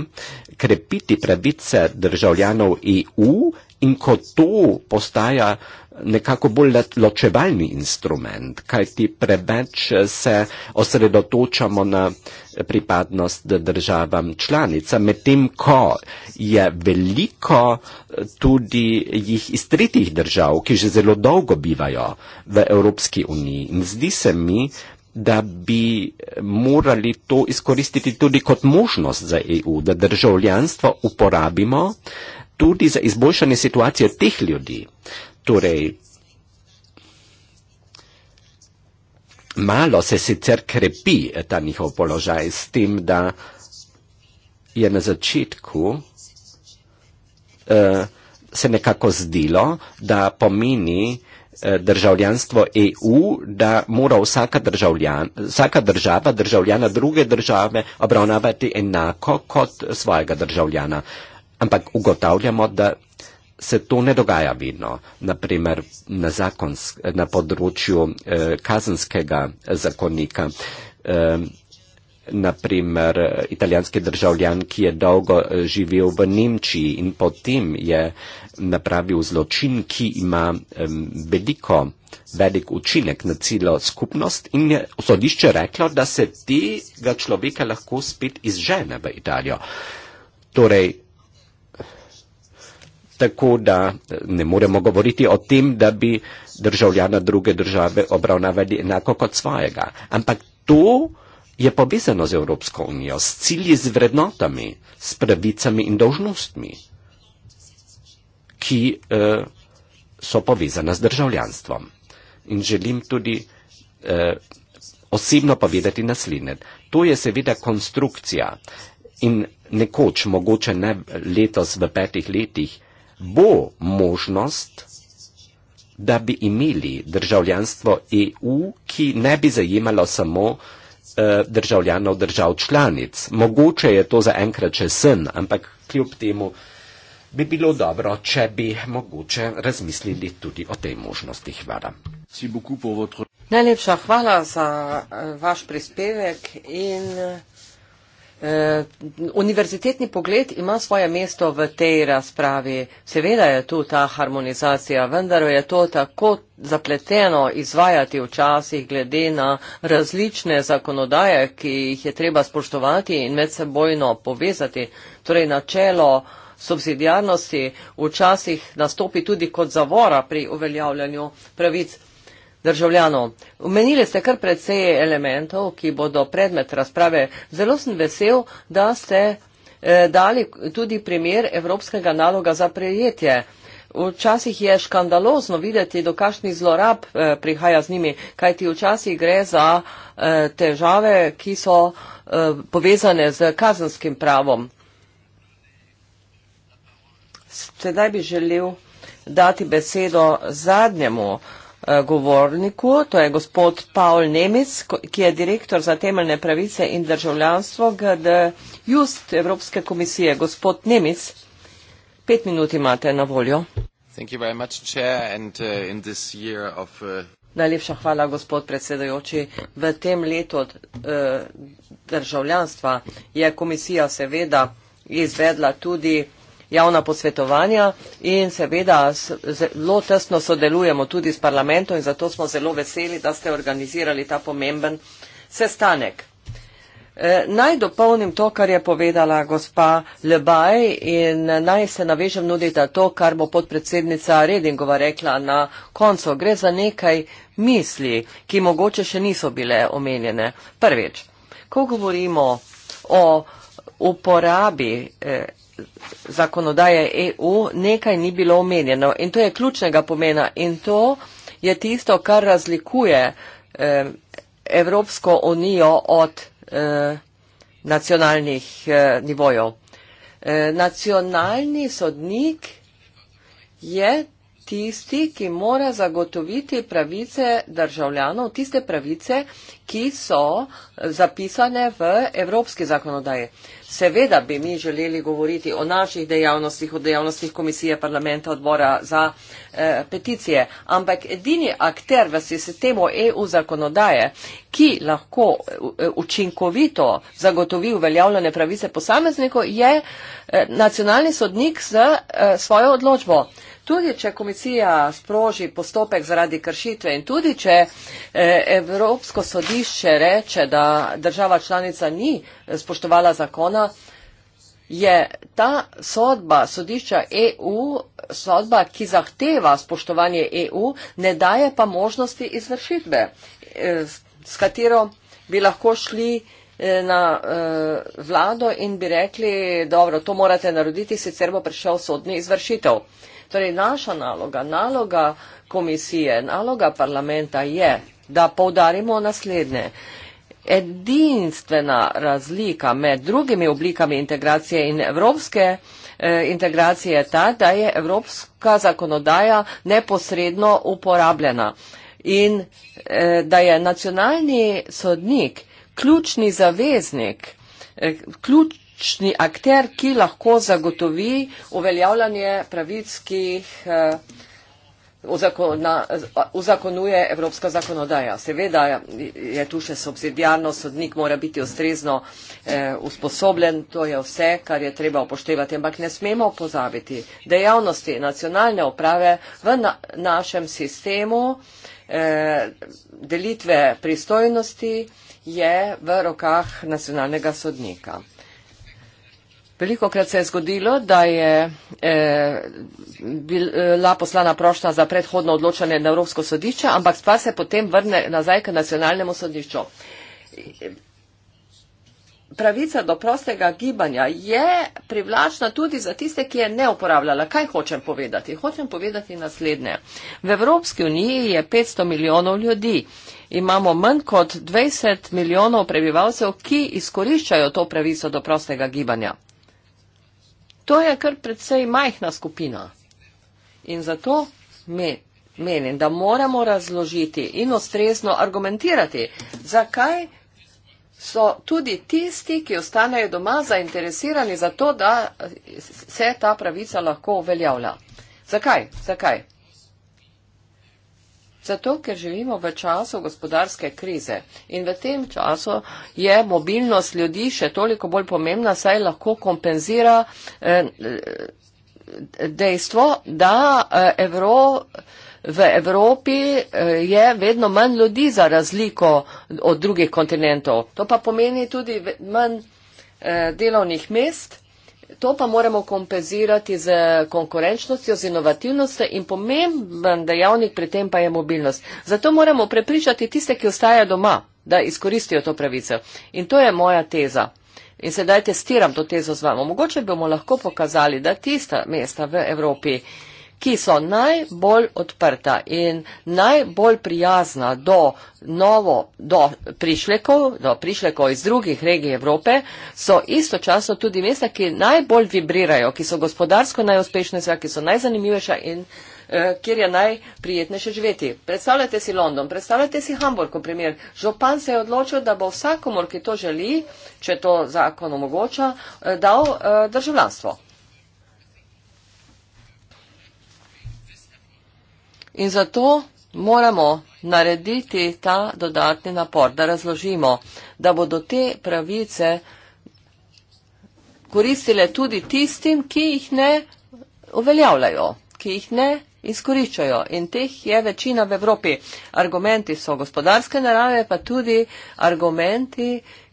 krepiti pravice državljanov EU in ko to postaja uh, nekako bolj ločevalni instrument, kajti preveč eh, se osredotočamo na pripadnost državam članicam, medtem ko je veliko eh, tudi jih iz tretjih držav, ki že zelo dolgo bivajo v Evropski uniji. In zdi se mi, da bi morali to izkoristiti tudi kot možnost za EU, da državljanstvo uporabimo tudi za izboljšanje situacije teh ljudi torej malo se sicer krepi ta njihov položaj s tem, da je na začetku eh, se nekako zdilo, da pomeni eh, državljanstvo EU, da mora vsaka, državljan, vsaka država državljana druge države obravnavati enako kot svojega državljana. Ampak ugotavljamo, da se to ne dogaja vidno, naprimer na, zakons, na področju eh, kazenskega zakonika. Eh, naprimer, italijanski državljan, ki je dolgo eh, živel v Nemčiji in potem je napravil zločin, ki ima eh, veliko, velik učinek na celo skupnost in je sodišče reklo, da se tega človeka lahko spet izžene v Italijo. Torej, tako da eh, ne moremo govoriti o tem, da bi državljana druge države obravnavali enako kot svojega. Ampak to je povezano z Evropsko unijo, s cilji, z vrednotami, s pravicami in dožnostmi, ki eh, so povezane z državljanstvom. In želim tudi eh, osebno povedati naslednje. To je seveda konstrukcija. In nekoč, mogoče ne letos v petih letih, bo možnost, da bi imeli državljanstvo EU, ki ne bi zajemalo samo eh, državljanov držav članic. Mogoče je to za enkrat še sen, ampak kljub temu bi bilo dobro, če bi mogoče razmislili tudi o tej možnosti. Hvala. Najlepša hvala za eh, vaš prispevek in. Eh, univerzitetni pogled ima svoje mesto v tej razpravi. Seveda je tu ta harmonizacija, vendar je to tako zapleteno izvajati včasih glede na različne zakonodaje, ki jih je treba spoštovati in medsebojno povezati. Torej načelo subsidijarnosti včasih nastopi tudi kot zavora pri uveljavljanju pravic državljanov. Umenili ste kar predvsej elementov, ki bodo predmet razprave. Zelo sem vesel, da ste eh, dali tudi primer evropskega naloga za prejetje. Včasih je škandalozno videti, do kakšnih zlorab eh, prihaja z njimi, kajti včasih gre za eh, težave, ki so povezane z kazanskim pravom. Sedaj bi želel dati besedo zadnjemu. Eh, govorniku, to je gospod Paul Nemec, ki je direktor za temeljne pravice in državljanstvo GD Just Evropske komisije. Gospod Nemec, pet minut imate na voljo. Much, chair, and, uh, of, uh... Najlepša hvala, gospod predsedajoči. V tem letu uh, državljanstva je komisija seveda izvedla tudi javna posvetovanja in seveda zelo tesno sodelujemo tudi s parlamentom in zato smo zelo veseli, da ste organizirali ta pomemben sestanek. E, naj dopolnim to, kar je povedala gospa Lebaj in naj se navežem nuditi to, kar bo podpredsednica Redingova rekla na koncu. Gre za nekaj misli, ki mogoče še niso bile omenjene. Prvič, ko govorimo o uporabi e, zakonodaje EU nekaj ni bilo omenjeno in to je ključnega pomena in to je tisto, kar razlikuje eh, Evropsko unijo od eh, nacionalnih eh, nivojev. Eh, nacionalni sodnik je tisti, ki mora zagotoviti pravice državljanov, tiste pravice, ki so zapisane v evropski zakonodaji. Eh, Seveda bi mi želeli govoriti o naših dejavnostih, o dejavnostih komisije parlamenta odbora za eh, peticije, ampak edini akter v sistemu EU zakonodaje, ki lahko eh, učinkovito zagotovi uveljavljene pravice posamezniku, je eh, nacionalni sodnik z eh, svojo odločbo. Tudi, če komisija sproži postopek zaradi kršitve in tudi, če eh, Evropsko sodišče reče, da država članica ni spoštovala zakona, je ta sodba sodišča EU, sodba, ki zahteva spoštovanje EU, ne daje pa možnosti izvršitve, eh, s katero bi lahko šli eh, na eh, vlado in bi rekli, dobro, to morate narediti, sicer bo prišel sodni izvršitev. Torej, naša naloga, naloga komisije, naloga parlamenta je, da povdarimo naslednje edinstvena razlika med drugimi oblikami integracije in evropske eh, integracije je ta, da je evropska zakonodaja neposredno uporabljena in eh, da je nacionalni sodnik ključni zaveznik, eh, ključni akter, ki lahko zagotovi uveljavljanje pravic, ki jih vsega. Uzakonuje evropska zakonodaja. Seveda je tu še subsidijarnost, sodnik mora biti ustrezno eh, usposobljen, to je vse, kar je treba upoštevati. Ampak ne smemo pozabiti dejavnosti nacionalne uprave v na našem sistemu eh, delitve pristojnosti je v rokah nacionalnega sodnika. Veliko krat se je zgodilo, da je eh, eh bila poslana prošla za predhodno odločanje na Evropsko sodišče, ampak stvar se potem vrne nazaj k nacionalnemu sodišču. Pravica do prostega gibanja je privlačna tudi za tiste, ki je ne uporabljala. Kaj hočem povedati? Hočem povedati naslednje. V Evropski uniji je 500 milijonov ljudi. Imamo manj kot 20 milijonov prebivalcev, ki izkoriščajo to pravico do prostega gibanja. To je kar predvsej majhna skupina. In zato me, menim, da moramo razložiti in ustrezno argumentirati, zakaj so tudi tisti, ki ostanejo doma, zainteresirani za to, da se ta pravica lahko uveljavlja. Zakaj? Zakaj? Zato, ker živimo v času gospodarske krize in v tem času je mobilnost ljudi še toliko bolj pomembna, saj lahko kompenzira eh, dejstvo, da eh, evro, v Evropi eh, je vedno manj ljudi za razliko od drugih kontinentov. To pa pomeni tudi manj delovnih mest to pa moramo kompenzirati z konkurenčnostjo, z inovativnostjo in pomemben dejavnik pri tem pa je mobilnost. Zato moramo prepričati tiste, ki ostaja doma, da izkoristijo to pravico. In to je moja teza. In sedaj testiram to tezo z vami. Mogoče bomo lahko pokazali, da tista mesta v Evropi, uh, ki so najbolj odprta in najbolj prijazna do novo, do prišlekov, do prišlekov iz drugih regij Evrope, so istočasno tudi mesta, ki najbolj vibrirajo, ki so gospodarsko najuspešnejša, ki so najzanimivejša in eh, kjer je najprijetnejše živeti. Predstavljate si London, predstavljate si Hamburg, kot primer. Župan se je odločil, da bo vsakomor, ki to želi, če to zakon omogoča, eh, dal eh, državljanstvo. In zato moramo narediti ta dodatni napor, da razložimo, da bodo te pravice koristile tudi tistim, ki jih ne uveljavljajo, ki jih ne izkoriščajo. In teh je večina v Evropi. Argumenti so gospodarske narave, pa tudi argumenti,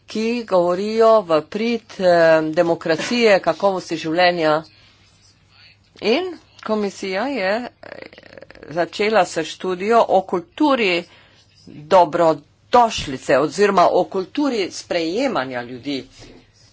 ki govorijo v prid eh, demokracije, kakovosti življenja. In komisija je začela s študijo o kulturi dobrodošlice oziroma o kulturi sprejemanja ljudi.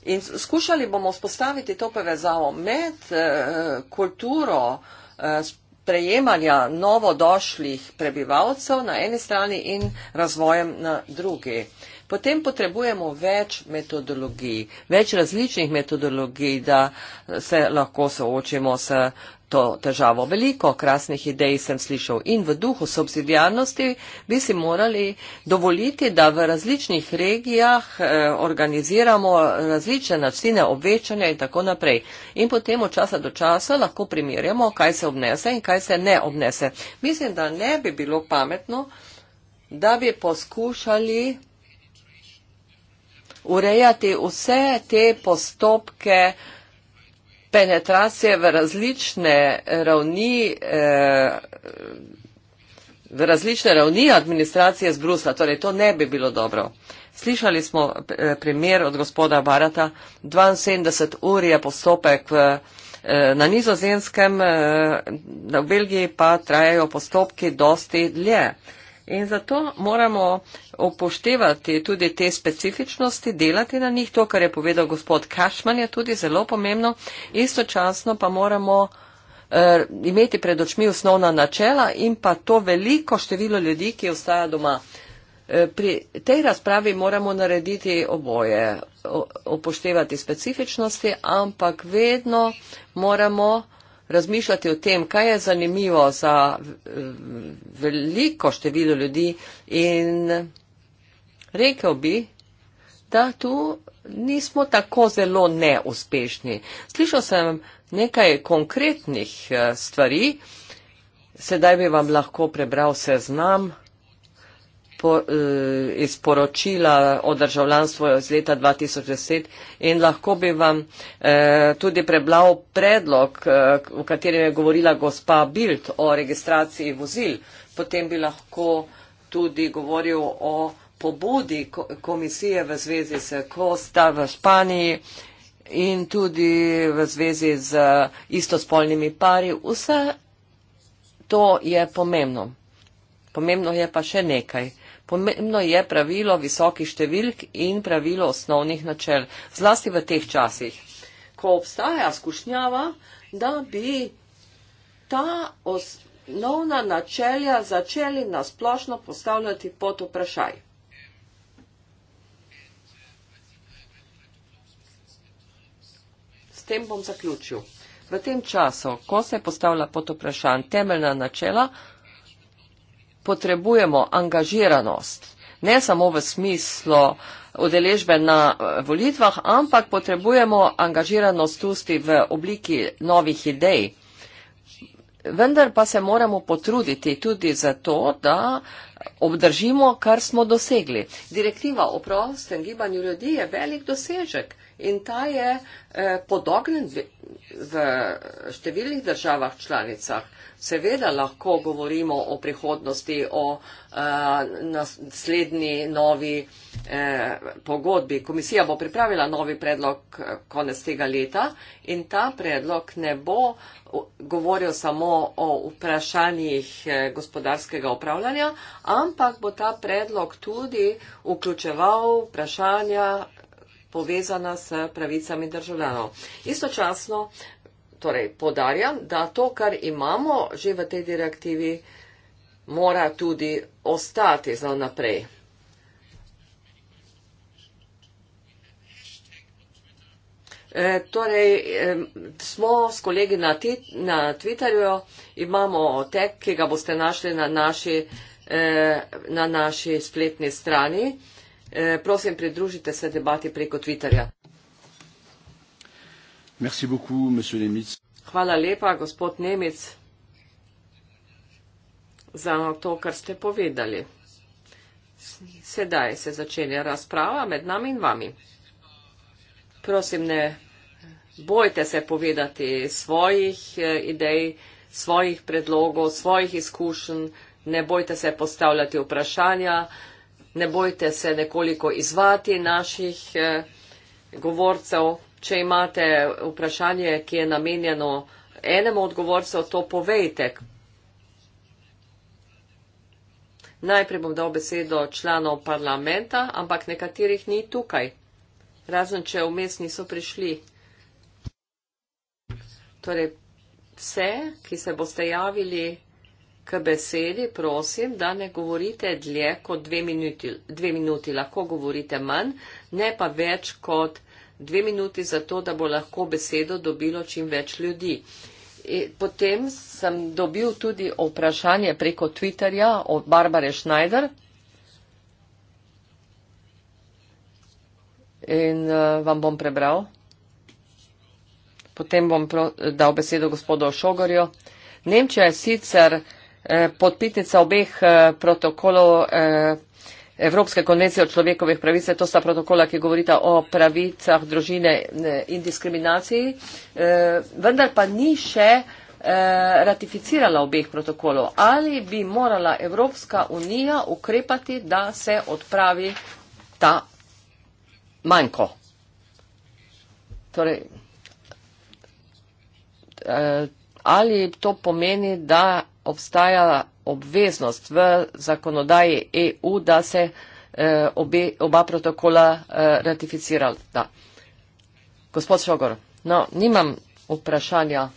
In skušali bomo spostaviti to povezavo med eh, kulturo eh, sprejemanja novodošlih prebivalcev na eni strani in razvojem na drugi. Potem potrebujemo več metodologij, več različnih metodologij, da se lahko soočimo s eh, to težavo. Veliko krasnih idej sem slišal in v duhu subsidijarnosti bi si morali dovoliti, da v različnih regijah eh, organiziramo različne načine obvečanja in tako naprej. In potem od časa do časa lahko primerjamo, kaj se obnese in kaj se ne obnese. Mislim, da ne bi bilo pametno, da bi poskušali urejati vse te postopke, penetracije v različne ravni. Eh, v različne ravni administracije z Brusla. Torej, to ne bi bilo dobro. Slišali smo eh, primer od gospoda Barata, 72 ur je postopek eh, na nizozemskem, eh, v Belgiji pa trajajo postopki dosti dlje. In zato moramo upoštevati tudi te specifičnosti, delati na njih, to, kar je povedal gospod Kašman, je tudi zelo pomembno. Istočasno pa moramo eh, imeti pred očmi osnovna načela in pa to veliko število ljudi, ki ostaja doma. Eh, pri tej razpravi moramo narediti oboje, upoštevati specifičnosti, ampak vedno moramo razmišljati o tem, kaj je zanimivo za eh, veliko število ljudi in rekel bi, da tu nismo tako zelo neuspešni. Slišal sem nekaj konkretnih eh, stvari, sedaj bi vam lahko prebral seznam. Eh, iz poročila o državljanstvu iz leta 2010 in lahko bi vam eh, tudi preblal predlog, eh, v katerem je govorila gospa Bild o registraciji vozil, potem bi lahko tudi govoril o pobudi komisije v zvezi s Kosta v Španiji in tudi v zvezi z istospolnimi pari. Vse to je pomembno. Pomembno je pa še nekaj. Pomembno je pravilo visokih številk in pravilo osnovnih načel, zlasti v teh časih, ko obstaja skušnjava, da bi ta osnovna načelja začeli nasplošno postavljati pod vprašaj. S tem bom zaključil. V tem času, ko se postavlja pod vprašanj temeljna načela, potrebujemo angažiranost, ne samo v smislu udeležbe na eh, volitvah, ampak potrebujemo angažiranost tudi v obliki novih idej. Vendar pa se moramo potruditi tudi za to, da obdržimo, kar smo dosegli. Direktiva o prostem gibanju ljudi je velik dosežek in ta je eh, podognen v, v številnih državah članicah. Seveda lahko govorimo o prihodnosti, o eh, naslednji novi eh, pogodbi. Komisija bo pripravila novi predlog eh, konec tega leta in ta predlog ne bo govoril samo o vprašanjih eh, gospodarskega upravljanja, ampak bo ta predlog tudi vključeval vprašanja povezana s pravicami državljanov. Istočasno torej podarjam, da to, kar imamo že v tej direktivi, mora tudi ostati za naprej. E, torej, e, smo s kolegi na, ti, na Twitterju, imamo tek, ki ga boste našli na naši, e, na naši spletni strani. E, prosim, pridružite se debati preko Twitterja. Merci beaucoup, monsieur Nemitz. Hvala lepa, gospod Nemec, za to, kar ste povedali. Sedaj se začenja razprava med nami in vami. Prosim, ne bojte se povedati svojih eh, idej, svojih predlogov, svojih izkušenj, ne bojte se postavljati vprašanja, ne bojte se nekoliko izvati naših eh, govorcev. Če imate vprašanje, ki je namenjeno enemu od govorcev, to povejte. Najprej bom dal besedo članov parlamenta, ampak nekaterih ni tukaj, razen če vmes niso prišli. Torej, vse, ki se boste javili k besedi, prosim, da ne govorite dlje kot dve minuti, dve minuti. lahko govorite manj, ne pa več kot dve minuti za to, da bo lahko besedo dobilo čim več ljudi. E, potem sem dobil tudi vprašanje preko Twitterja od Barbare Schneider. In e, vam bom prebral. Potem bom dal besedo gospodu Šogorju. Nemčija je sicer e, podpitnica obeh protokolov Evropske konvencije o človekovih pravicah, to sta protokola, ki govorita o pravicah družine in diskriminaciji, eh, vendar pa ni še eh, ratificirala obeh protokolov. Ali bi morala Evropska unija ukrepati, da se odpravi ta manjko? Torej, eh, ali to pomeni, da obstaja obveznost v zakonodaji EU, da se eh, obe, oba protokola eh, ratificirala. Gospod Šogor, no, nimam vprašanja.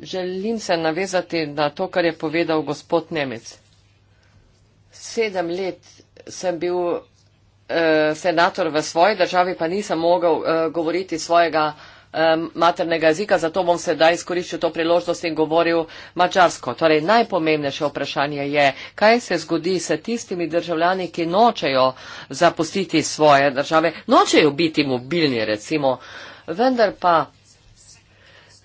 Želim se navezati na to, kar je povedal gospod Nemec. Sedem let sem bil eh, senator v svoji državi, pa nisem mogel eh, govoriti svojega eh, Um, maternega jezika, zato bom sedaj izkoriščil to priložnost in govoril mačarsko. Torej, najpomembnejše vprašanje je, kaj se zgodi s tistimi državljani, ki nočejo zapustiti svoje države, nočejo biti mobilni, recimo, vendar pa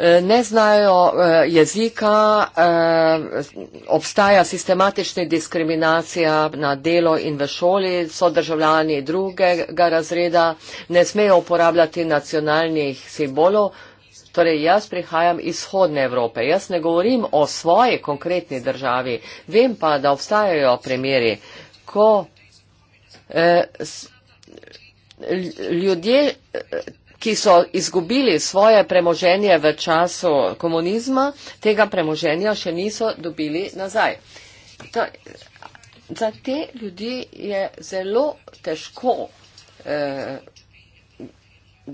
Eh, ne znajo eh, jezika, eh, obstaja sistematična diskriminacija na delo in v šoli, so državljani drugega razreda, ne smejo uporabljati nacionalnih simbolov. Torej, jaz prihajam iz vzhodne Evrope, jaz ne govorim o svoji konkretni državi, vem pa, da obstajajo primeri, ko eh, ljudje ki so izgubili svoje premoženje v času komunizma, tega premoženja še niso dobili nazaj. To, za te ljudi je zelo težko, eh,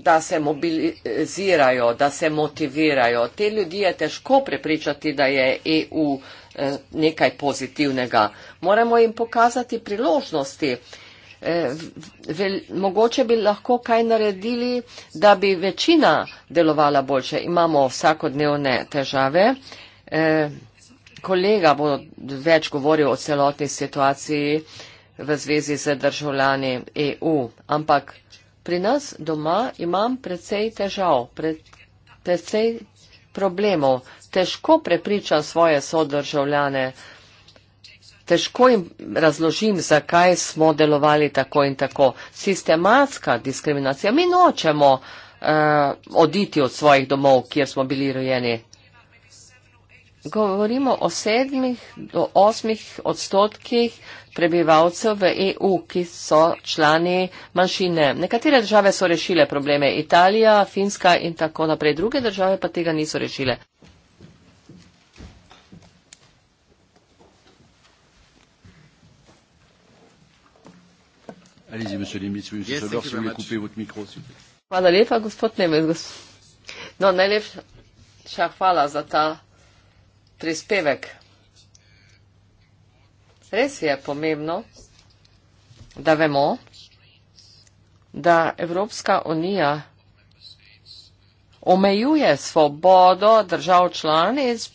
da se mobilizirajo, da se motivirajo. Te ljudi je težko prepričati, da je EU eh, nekaj pozitivnega. Moramo jim pokazati priložnosti. Eh, Eh, vel, mogoče bi lahko kaj naredili, da bi večina delovala boljše. Imamo vsakodnevne težave. Eh, kolega bo več govoril o celotni situaciji v zvezi z državljani EU, ampak pri nas doma imam precej težav, precej problemov. Težko prepričam svoje sodržavljane, težko jim razložim, zakaj smo delovali tako in tako. Sistematska diskriminacija. Mi nočemo uh, oditi od svojih domov, kjer smo bili rojeni. Govorimo o sedmih do osmih odstotkih prebivalcev v EU, ki so člani manjšine. Nekatere države so rešile probleme, Italija, Finska in tako naprej, druge države pa tega niso rešile. Allez-y, monsieur Limits, oui, yes, si vous voulez couper votre micro. Si vous hvala lepa, gospod Nemec. No, najlepša hvala za ta prispevek. Res je pomembno, da vemo, da Evropska unija omejuje svobodo držav članic,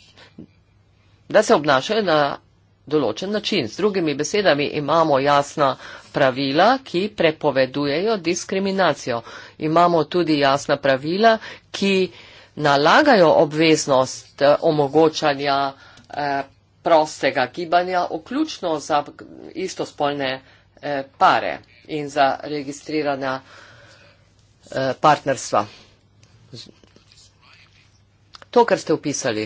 da se obnašajo na določen način. Z drugimi besedami imamo jasna pravila, ki prepovedujejo diskriminacijo. Imamo tudi jasna pravila, ki nalagajo obveznost eh, omogočanja eh, prostega gibanja, vključno za istospolne eh, pare in za registrirana partnerstva. To, kar ste upisali,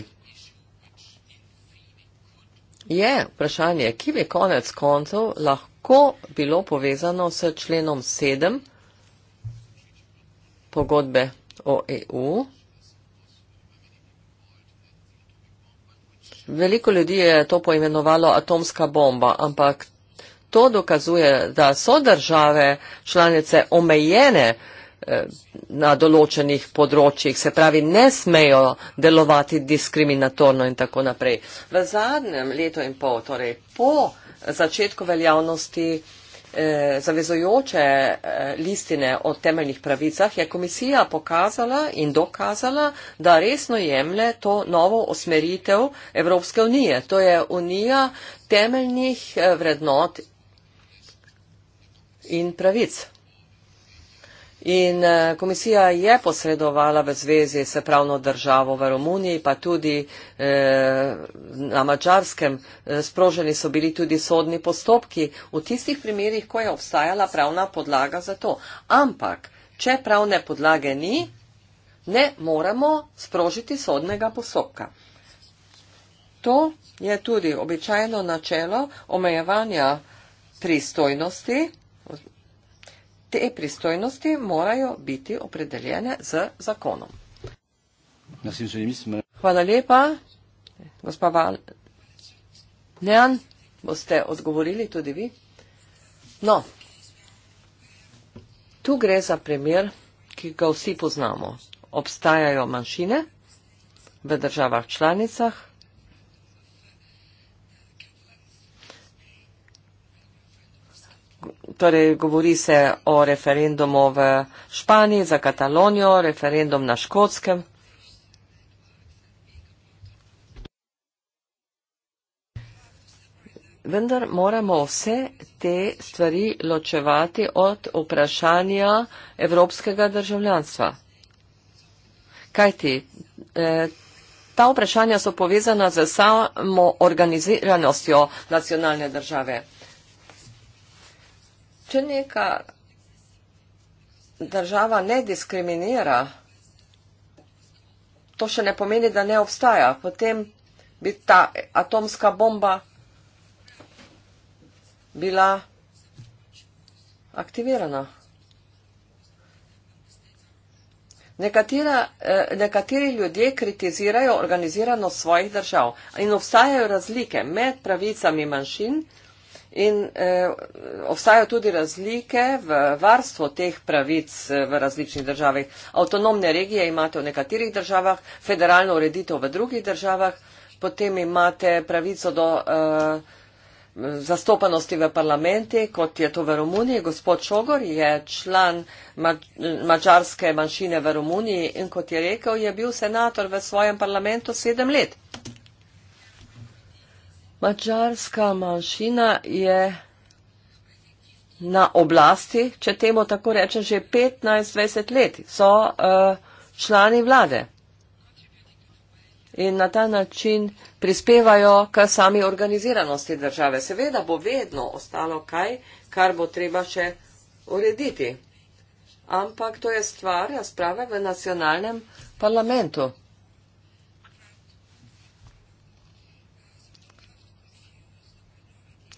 je vprašanje, ki bi konec koncev lahko lahko bilo povezano s členom 7 pogodbe o EU. Veliko ljudi je to poimenovalo atomska bomba, ampak to dokazuje, da so države članice omejene eh, na določenih področjih, se pravi, ne smejo delovati diskriminatorno in tako naprej. V zadnjem letu in pol, torej po začetku veljavnosti eh, zavezojoče eh, listine o temeljnih pravicah je komisija pokazala in dokazala, da resno jemlje to novo osmeritev Evropske unije. To je unija temeljnih eh, vrednot in pravic. In eh, komisija je posredovala v zvezi s pravno državo v Romuniji, pa tudi eh, na Mačarskem eh, sproženi so bili tudi sodni postopki v tistih primerjih, ko je obstajala pravna podlaga za to. Ampak, če pravne podlage ni, ne moremo sprožiti sodnega postopka. To je tudi običajno načelo omejevanja pristojnosti Te pristojnosti morajo biti opredeljene z zakonom. Hvala lepa. Gospa Valjan, boste odgovorili tudi vi? No, tu gre za primer, ki ga vsi poznamo. Obstajajo manjšine v državah članicah, torej govori se o referendumu v Španiji za Katalonijo, referendum na Škotskem. Vendar moramo vse te stvari ločevati od vprašanja evropskega državljanstva. Kajti, eh, ta vprašanja so povezana z samo organiziranostjo nacionalne države če neka država ne diskriminira, to še ne pomeni, da ne obstaja. Potem bi ta atomska bomba bila aktivirana. Nekatera, eh, nekateri ljudje kritizirajo organiziranost svojih držav in obstajajo razlike med pravicami manjšin In eh, obstajajo tudi razlike v varstvu teh pravic eh, v različnih državah. Avtonomne regije imate v nekaterih državah, federalno ureditev v drugih državah, potem imate pravico do eh, zastopanosti v parlamenti, kot je to v Romuniji. Gospod Šogor je član mačarske manjšine v Romuniji in kot je rekel, je bil senator v svojem parlamentu sedem let. Mačarska manjšina je na oblasti, če temu tako rečem, že 15-20 let, so uh, člani vlade in na ta način prispevajo k sami organiziranosti države. Seveda bo vedno ostalo kaj, kar bo treba še urediti. Ampak to je stvar razprave v nacionalnem parlamentu.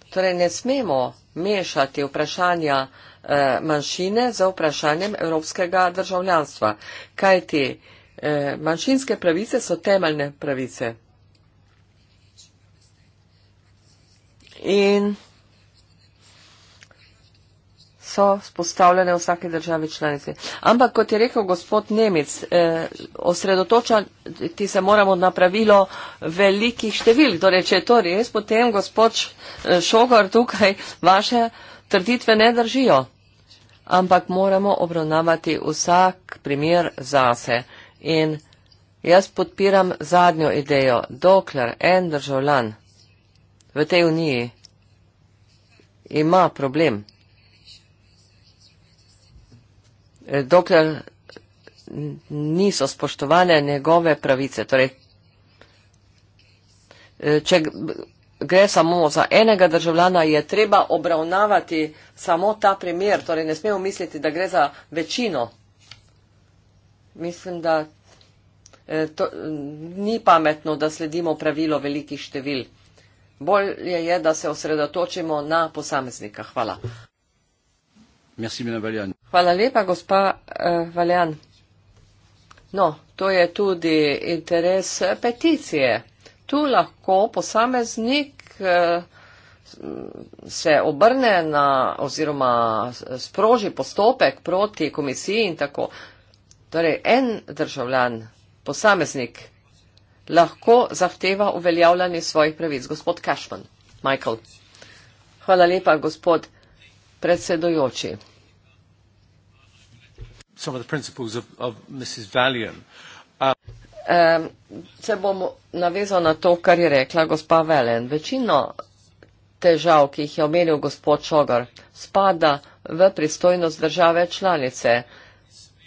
Torej ne smemo mešati vprašanja eh, manjšine za vprašanjem evropskega državljanstva, kajti eh, manjšinske pravice so temeljne pravice. In so spostavljene vsake države članice. Ampak, kot je rekel gospod Nemec, eh, osredotočati se moramo na pravilo velikih številk. Torej, če je to res, potem gospod eh, Šogor tukaj vaše trditve ne držijo. Ampak moramo obravnavati vsak primer zase. In jaz podpiram zadnjo idejo, dokler en državljan v tej uniji ima problem. dokler niso spoštovane njegove pravice. Torej, eh, če gre samo za enega državljana, je treba obravnavati samo ta primer. Torej, ne smemo misliti, da gre za večino. Mislim, da eh, to, mm, ni pametno, da sledimo pravilo velikih števil. Bolje je, da se osredotočimo na posameznika. Hvala. Merci, Hvala lepa, gospa uh, Valjan. No, to je tudi interes eh, peticije. Tu lahko posameznik eh, se obrne na oziroma sproži postopek proti komisiji in tako. Torej, en državljan, posameznik, lahko zahteva uveljavljanje svojih pravic. Gospod Kašman, Michael. Hvala lepa, gospod predsedojoči some of the principles of, of Mrs. Valium. Um, se bom navezal na to, kar je rekla gospa Velen. Večino težav, ki jih je omenil gospod Čogar, spada v pristojnost države članice.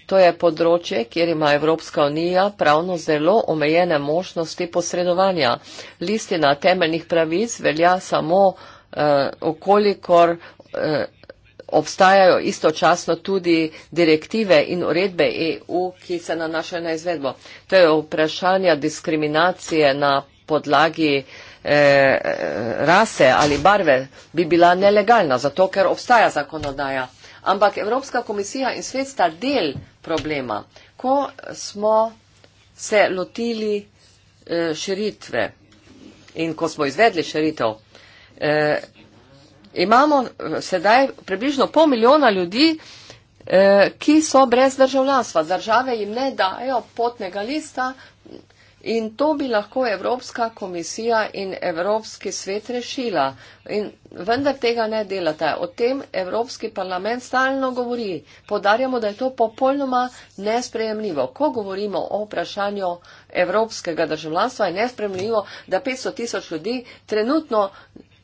To je področje, kjer ima Evropska unija pravno zelo omejene možnosti posredovanja. Listina temeljnih pravic velja samo, uh, eh, okolikor. Uh, eh, obstajajo istočasno tudi direktive in uredbe EU, ki se nanašajo na izvedbo. To je vprašanje diskriminacije na podlagi eh, rase ali barve, bi bila nelegalna, zato ker obstaja zakonodaja. Ampak Evropska komisija in svet sta del problema. Ko smo se lotili eh, širitve in ko smo izvedli širitev, eh, imamo eh, sedaj približno pol milijona ljudi, eh, ki so brez državljanstva. Države jim ne dajo potnega lista in to bi lahko Evropska komisija in Evropski svet rešila. In vendar tega ne delate. O tem Evropski parlament stalno govori. Podarjamo, da je to popolnoma nespremljivo. Ko govorimo o vprašanju evropskega državljanstva, je nespremljivo, da 500 tisoč ljudi trenutno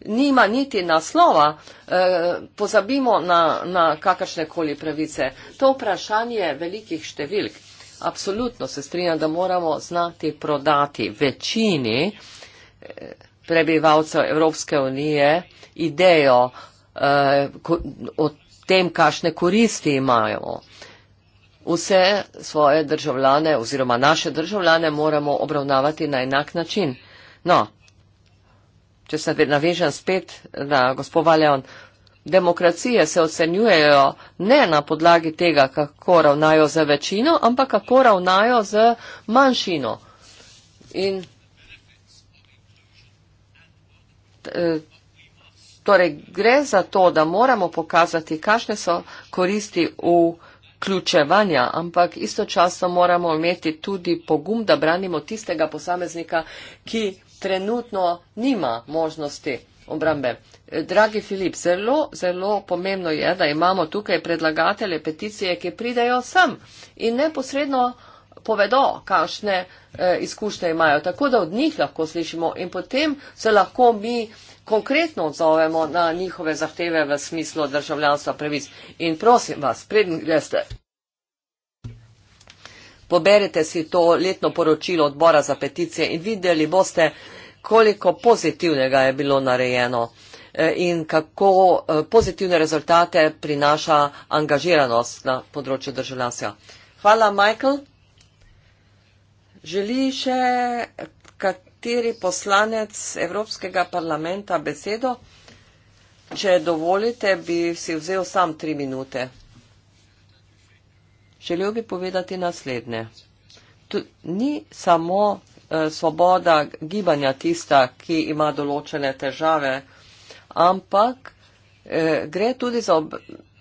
nima niti naslova, eh, pozabimo na, na kakršne koli pravice. To vprašanje velikih številk. Absolutno se strinjam, da moramo znati prodati večini eh, prebivalcev Evropske unije idejo eh, o tem, kakšne koristi imajo. Vse svoje državljane oziroma naše državljane moramo obravnavati na enak način. No, če se navežem spet na gospoda Leon, demokracije se ocenjujejo ne na podlagi tega, kako ravnajo za večino, ampak kako ravnajo za manjšino. In eh, torej gre za to, da moramo pokazati, kakšne so koristi v ključevanja, ampak istočasno moramo imeti tudi pogum, da branimo tistega posameznika, ki trenutno nima možnosti obrambe. Eh, dragi Filip, zelo, zelo pomembno je, da imamo tukaj predlagatelje peticije, ki pridejo sem in neposredno povedo, kakšne eh, izkušnje imajo, tako da od njih lahko slišimo in potem se lahko mi konkretno odzovemo na njihove zahteve v smislu državljanstva pravic. In prosim vas, predn greste. Poberite si to letno poročilo odbora za peticije in videli boste, koliko pozitivnega je bilo narejeno eh, in kako eh, pozitivne rezultate prinaša angažiranost na področju državljanstva. Hvala, Michael. Želi še kateri poslanec Evropskega parlamenta besedo? Če dovolite, bi si vzel sam tri minute. Želel bi povedati naslednje. Tu, ni samo eh, svoboda gibanja tista, ki ima določene težave, ampak eh, gre tudi za, ob,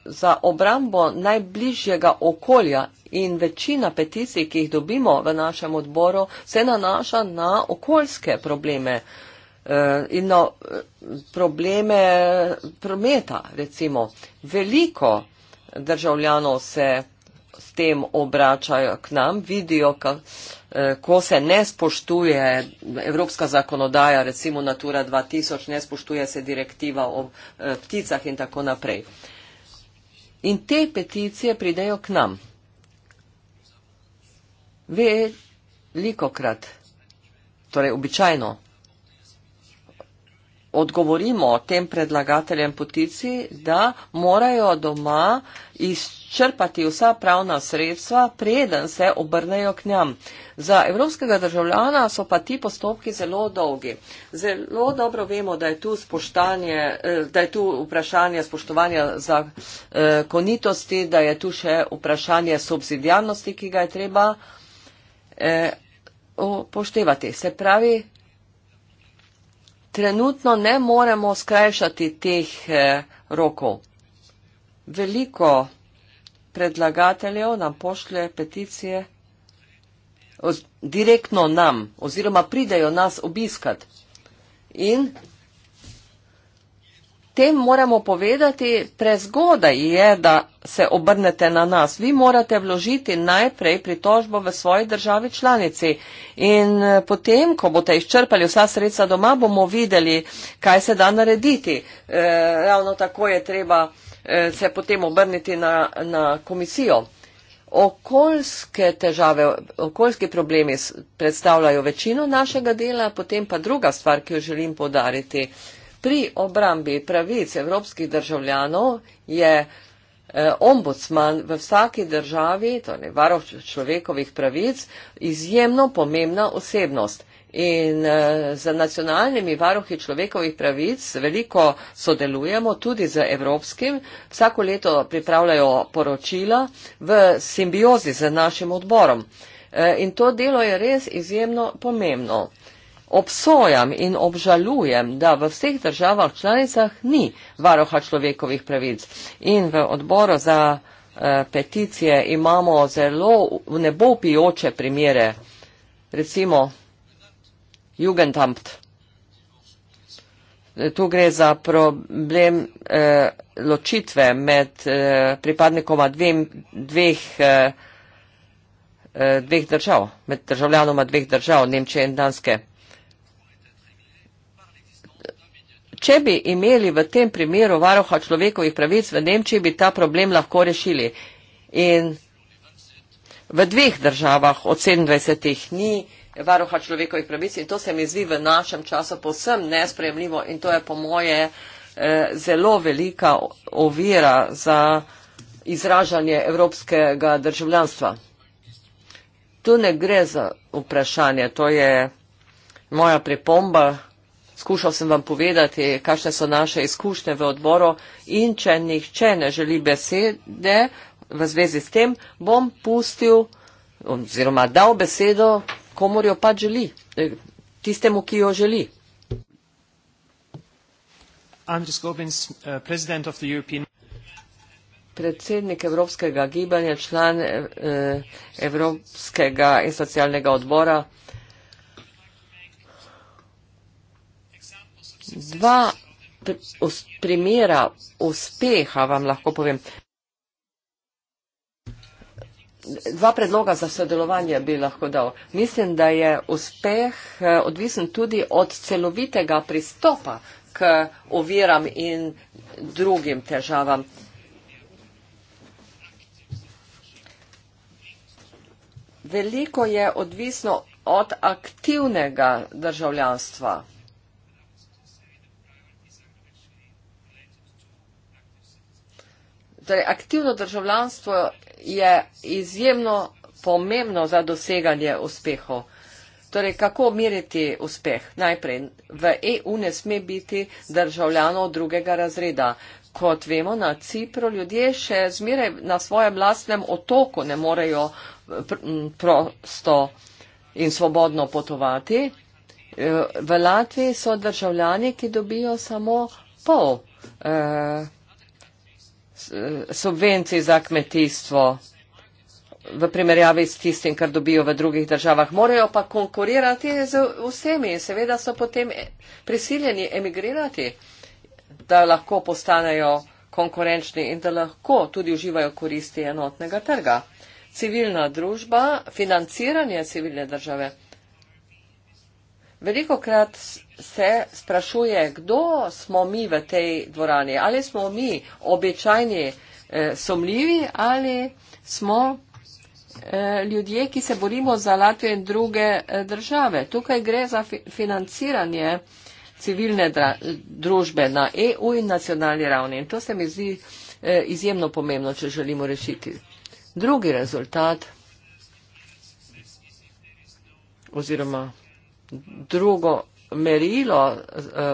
za obrambo najbližjega okolja in večina peticij, ki jih dobimo v našem odboru, se nanaša na okoljske probleme eh, in na eh, probleme prometa, recimo. Veliko državljanov se tem obračajo k nam, vidijo, ka, eh, ko se ne spoštuje evropska zakonodaja, recimo Natura 2000, ne spoštuje se direktiva o eh, pticah in tako naprej. In te peticije pridejo k nam. Velikokrat, torej običajno, odgovorimo tem predlagateljem peticij, da morajo doma iz izčrpati vsa pravna sredstva, preden se obrnejo k njam. Za evropskega državljana so pa ti postopki zelo dolgi. Zelo dobro vemo, da je tu, eh, da je tu vprašanje spoštovanja zakonitosti, eh, da je tu še vprašanje subsidijarnosti, ki ga je treba eh, upoštevati. Se pravi, trenutno ne moremo skrajšati teh rokov. Veliko predlagateljev nam pošlje peticije oz, direktno nam oziroma pridejo nas obiskat. In tem moramo povedati, prezgodaj je, da se obrnete na nas. Vi morate vložiti najprej pritožbo v svoji državi članici in eh, potem, ko boste izčrpali vsa sredstva doma, bomo videli, kaj se da narediti. E, ravno tako je treba. Eh, se potem obrniti na, na komisijo. Okoljske težave, okoljski problemi predstavljajo večino našega dela, potem pa druga stvar, ki jo želim podariti. Pri obrambi pravic evropskih državljanov je eh, ombudsman v vsaki državi, torej varov človekovih pravic, izjemno pomembna osebnost. In eh, z nacionalnimi varuhi človekovih pravic veliko sodelujemo, tudi z evropskim. Vsako leto pripravljajo poročila v simbiozi z našim odborom. Eh, in to delo je res izjemno pomembno. Obsojam in obžalujem, da v vseh državah članicah ni varoha človekovih pravic. In v odboru za eh, peticije imamo zelo nebopijoče primere. Recimo, Jugendamt. Tu gre za problem eh, ločitve med eh, pripadnikoma dve, dveh, eh, eh, dveh držav, med državljanoma dveh držav, Nemčije in Danske. Če bi imeli v tem primeru varoha človekovih pravic v Nemčiji, bi ta problem lahko rešili. In v dveh državah od 27 ni varuha človekovih pravic in to se mi zdi v našem času posebno nespremljivo in to je po moje eh, zelo velika ovira za izražanje evropskega državljanstva. Tu ne gre za vprašanje, to je moja pripomba. Skušal sem vam povedati, kakšne so naše izkušnje v odboru in če nihče ne želi besede v zvezi s tem, bom pustil oziroma dal besedo komor jo pač želi, eh, tistemu, ki jo želi. Andris Gobins, uh, predsednik Evropske unije. Predsednik Evropskega gibanja, član eh, eh, Evropskega in socialnega odbora. Dva primera uspeha vam lahko povem dva predloga za sodelovanje bi lahko dal. Mislim, da je uspeh eh, odvisen tudi od celovitega pristopa k oviram in drugim težavam. Veliko je odvisno od aktivnega državljanstva. Torej, aktivno državljanstvo je izjemno pomembno za doseganje uspehov. Torej, kako meriti uspeh? Najprej, v EU ne sme biti državljanov drugega razreda. Kot vemo, na Cipru ljudje še zmeraj na svojem lastnem otoku ne morejo prosto in svobodno potovati. E, v Latviji so državljani, ki dobijo samo pol. Eh, subvencij za kmetijstvo v primerjavi s tistim, kar dobijo v drugih državah. Morajo pa konkurirati z vsemi in seveda so potem prisiljeni emigrirati, da lahko postanejo konkurenčni in da lahko tudi uživajo koristi enotnega trga. Civilna družba, financiranje civilne države. Veliko krat se sprašuje, kdo smo mi v tej dvorani. Ali smo mi običajni eh, somljivi ali smo eh, ljudje, ki se borimo za Latvijo in druge eh, države. Tukaj gre za fi financiranje civilne družbe na EU in nacionalni ravni. In to se mi zdi eh, izjemno pomembno, če želimo rešiti. Drugi rezultat oziroma drugo merilo uh,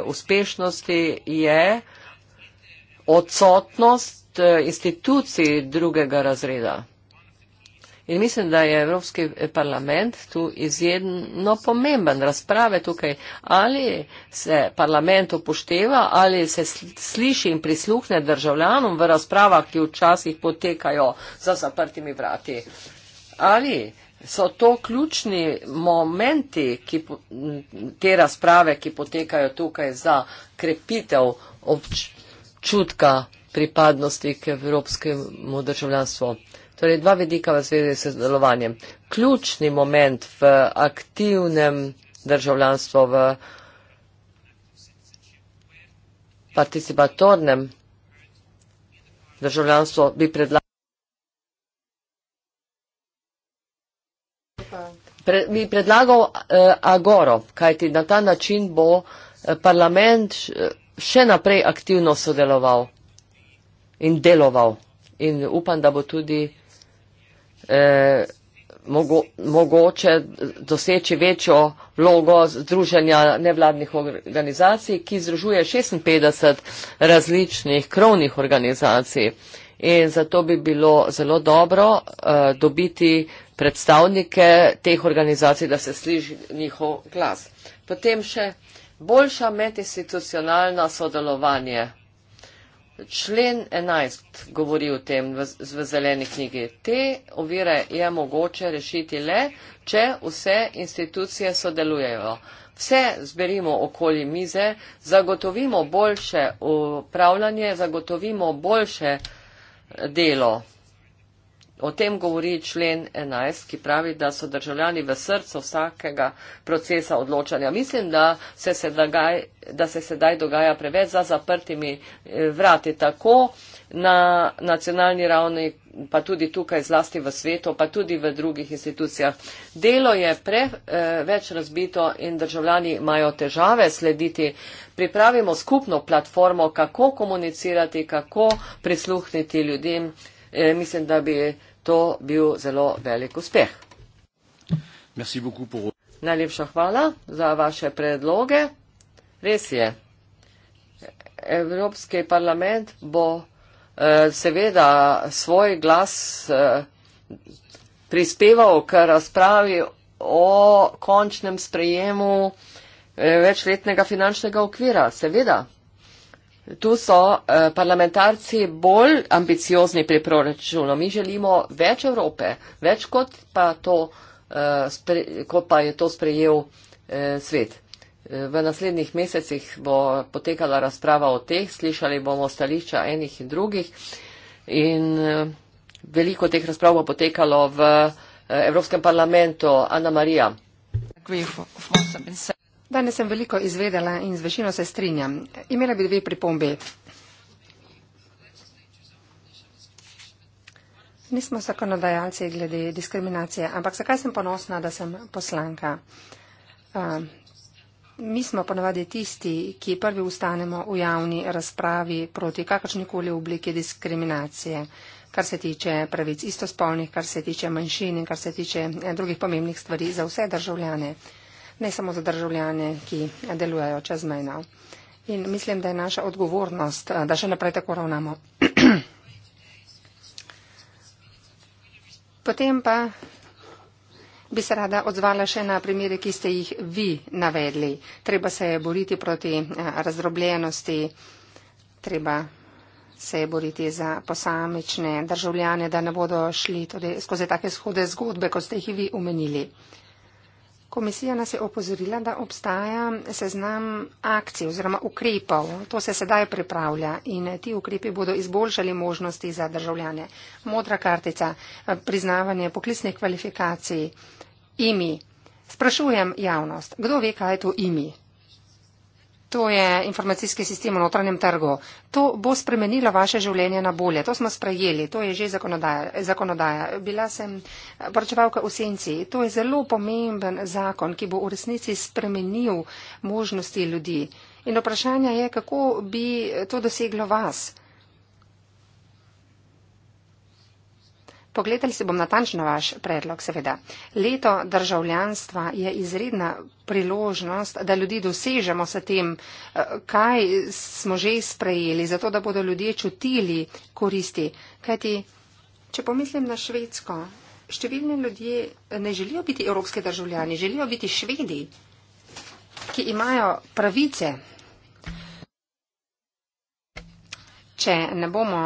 uspešnosti je odsotnost uh, institucij drugega razreda. In mislim, da je Evropski parlament tu izjedno pomemben. Razprave tukaj, ali se parlament upošteva, ali se sliši in prisluhne državljanom v razpravah, ki včasih potekajo za zaprtimi vrati. Ali so to ključni momenti ki, te razprave, ki potekajo tukaj za krepitev občutka pripadnosti k evropskemu državljanstvu. Torej, dva vedika v zvezi s delovanjem. Ključni moment v aktivnem državljanstvu, v participatornem državljanstvu bi predlagal. pre, bi predlagal eh, Agoro, kajti na ta način bo eh, parlament eh, še naprej aktivno sodeloval in deloval. In upam, da bo tudi eh, mogo, mogoče doseči večjo vlogo združenja nevladnih organizacij, ki združuje 56 različnih krovnih organizacij. In zato bi bilo zelo dobro uh, dobiti predstavnike teh organizacij, da se sliši njihov glas. Potem še boljša medinstitucionalna sodelovanje. Člen 11 govori o tem v, v zeleni knjigi. Te ovire je mogoče rešiti le, če vse institucije sodelujejo. Vse zberimo okoli mize, zagotovimo boljše upravljanje, zagotovimo boljše delo. O tem govori člen 11, ki pravi, da so državljani v srcu vsakega procesa odločanja. Mislim, da se sedaj, da se sedaj dogaja preveč za zaprtimi eh, vrati, tako na nacionalni ravni, pa tudi tukaj zlasti v svetu, pa tudi v drugih institucijah. Delo je preveč eh, razbito in državljani imajo težave slediti. Pripravimo skupno platformo, kako komunicirati, kako prisluhniti ljudem. Eh, mislim, da bi to bil zelo velik uspeh. Pour... Najlepša hvala za vaše predloge. Res je. Evropski parlament bo eh, seveda svoj glas eh, prispeval k razpravi o končnem sprejemu eh, večletnega finančnega okvira. Seveda. Tu so eh, parlamentarci bolj ambiciozni pri proračunu. Mi želimo več Evrope, več kot pa, to, eh, spre, kot pa je to sprejel eh, svet. Eh, v naslednjih mesecih bo potekala razprava o teh, slišali bomo stališča enih in drugih in eh, veliko teh razprav bo potekalo v eh, Evropskem parlamentu. Ana Marija. Danes sem veliko izvedela in z večino se strinjam. Imela bi dve pripombe. Nismo zakonodajalci glede diskriminacije, ampak zakaj sem ponosna, da sem poslanka? Uh, mi smo ponavadi tisti, ki prvi ustanemo v javni razpravi proti kakršnikoli obliki diskriminacije, kar se tiče pravic istospolnih, kar se tiče manjšin in kar se tiče eh, drugih pomembnih stvari za vse državljane. Uh, ne samo za državljane, ki delujejo čezmejno. In mislim, da je naša odgovornost, eh, da še naprej tako ravnamo. Potem pa bi se rada odzvala še na primere, ki ste jih vi navedli. Treba se je boriti proti eh, razdrobljenosti, treba se je boriti za posamične državljane, da ne bodo šli tudi skozi take shode zgodbe, kot ste jih vi umenili. Komisija nas je opozorila, da obstaja seznam akcij oziroma ukrepov. To se sedaj pripravlja in ti ukrepi bodo izboljšali možnosti za državljane. Modra kartica, eh, priznavanje poklicnih kvalifikacij, imi. Sprašujem javnost, kdo ve, kaj je to imi? to je informacijski sistem v notranjem trgu. To bo spremenilo vaše življenje na bolje. To smo sprejeli, to je že zakonodaja. zakonodaja. Bila sem poročevalka v senci. To je zelo pomemben zakon, ki bo v resnici spremenil možnosti ljudi. In vprašanje je, kako bi to doseglo vas. Pogledali si bom natančno vaš predlog, seveda. Leto državljanstva je izredna priložnost, da ljudi dosežemo s tem, eh, kaj smo že sprejeli, zato da bodo ljudje čutili koristi. Kajti, če pomislim na Švedsko, številni ljudje ne želijo biti evropske državljani, želijo biti švedi, ki imajo pravice. Če ne bomo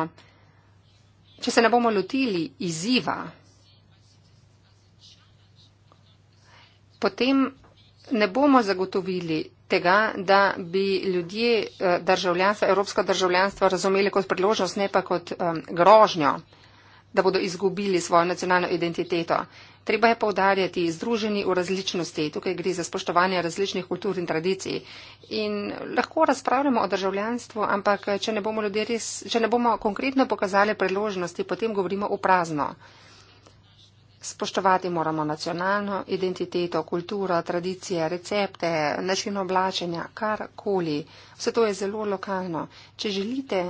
če se ne bomo lotili izziva, potem ne bomo zagotovili tega, da bi ljudje eh, državljanstva, evropsko državljanstvo razumeli kot priložnost, ne pa kot um, grožnjo da bodo izgubili svojo nacionalno identiteto. Treba je povdarjati združeni v različnosti, tukaj gre za spoštovanje različnih kultur in tradicij. In lahko razpravljamo o državljanstvu, ampak če ne bomo, res, če ne bomo konkretno pokazali priložnosti, potem govorimo v prazno. Spoštovati moramo nacionalno identiteto, kulturo, tradicije, recepte, način oblačenja, karkoli. Vse to je zelo lokalno. Če želite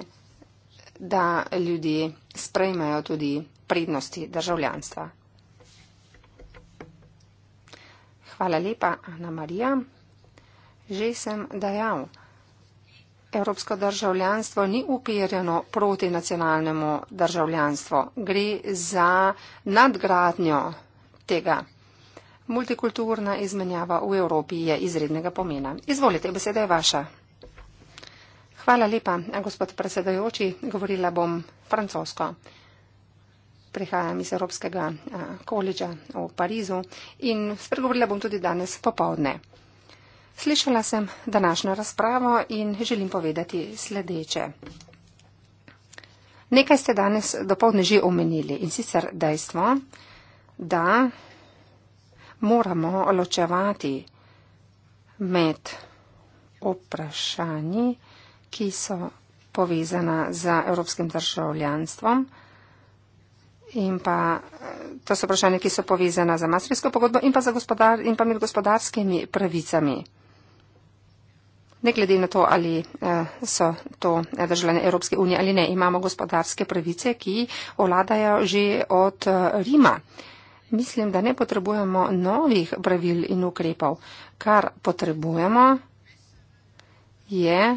da ljudje sprejmejo tudi prednosti državljanstva. Hvala lepa, Ana Marija. Že sem dejal, evropsko državljanstvo ni upirjeno proti nacionalnemu državljanstvu. Gre za nadgradnjo tega. Multikulturna izmenjava v Evropi je izrednega pomena. Izvolite, beseda je vaša. Hvala lepa, gospod predsedajoči. Govorila bom francosko. Prihajam iz Evropskega koledža v Parizu in spregovorila bom tudi danes popovdne. Slišala sem današnjo razpravo in želim povedati sledeče. Nekaj ste danes dopovdne že omenili in sicer dejstvo, da moramo ločevati med vprašanji, ki so povezana z evropskim državljanstvom. In pa eh, to so vprašanja, ki so povezana za masterijsko pogodbo in pa, gospodar, in pa med gospodarskimi pravicami. Ne glede na to, ali eh, so to eh, državljane Evropske unije ali ne, imamo gospodarske pravice, ki vladajo že od Rima. Mislim, da ne potrebujemo novih pravil in ukrepov. Kar potrebujemo je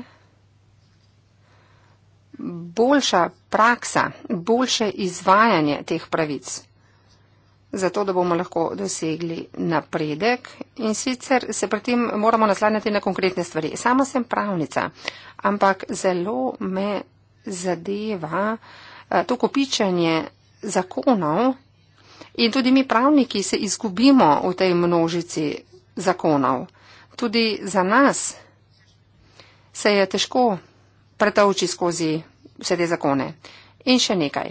boljša praksa, boljše izvajanje teh pravic, zato da bomo lahko dosegli napredek in sicer se pri tem moramo naslanjati na konkretne stvari. Sama sem pravnica, ampak zelo me zadeva eh, to kopičanje zakonov in tudi mi pravniki se izgubimo v tej množici zakonov. Tudi za nas se je težko pretavči skozi vse te zakone. In še nekaj.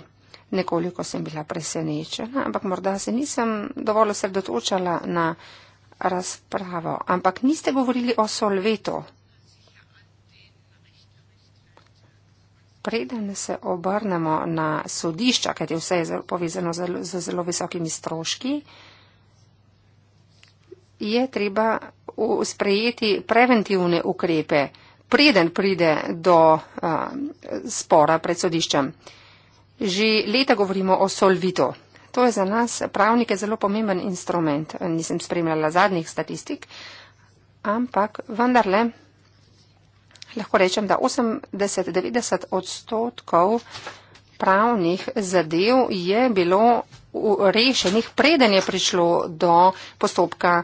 Nekoliko sem bila presenečena, ampak morda se nisem dovolj osredotočala na razpravo. Ampak niste govorili o solveto. Preden se obrnemo na sodišča, ker je vse povezano z zelo, z zelo visokimi stroški, je treba sprejeti preventivne ukrepe preden pride do eh, spora pred sodiščem. Že leta govorimo o solvito. To je za nas pravnike zelo pomemben instrument. Nisem spremljala zadnjih statistik, ampak vendarle lahko rečem, da 80-90 odstotkov pravnih zadev je bilo rešenih, preden je prišlo do postopka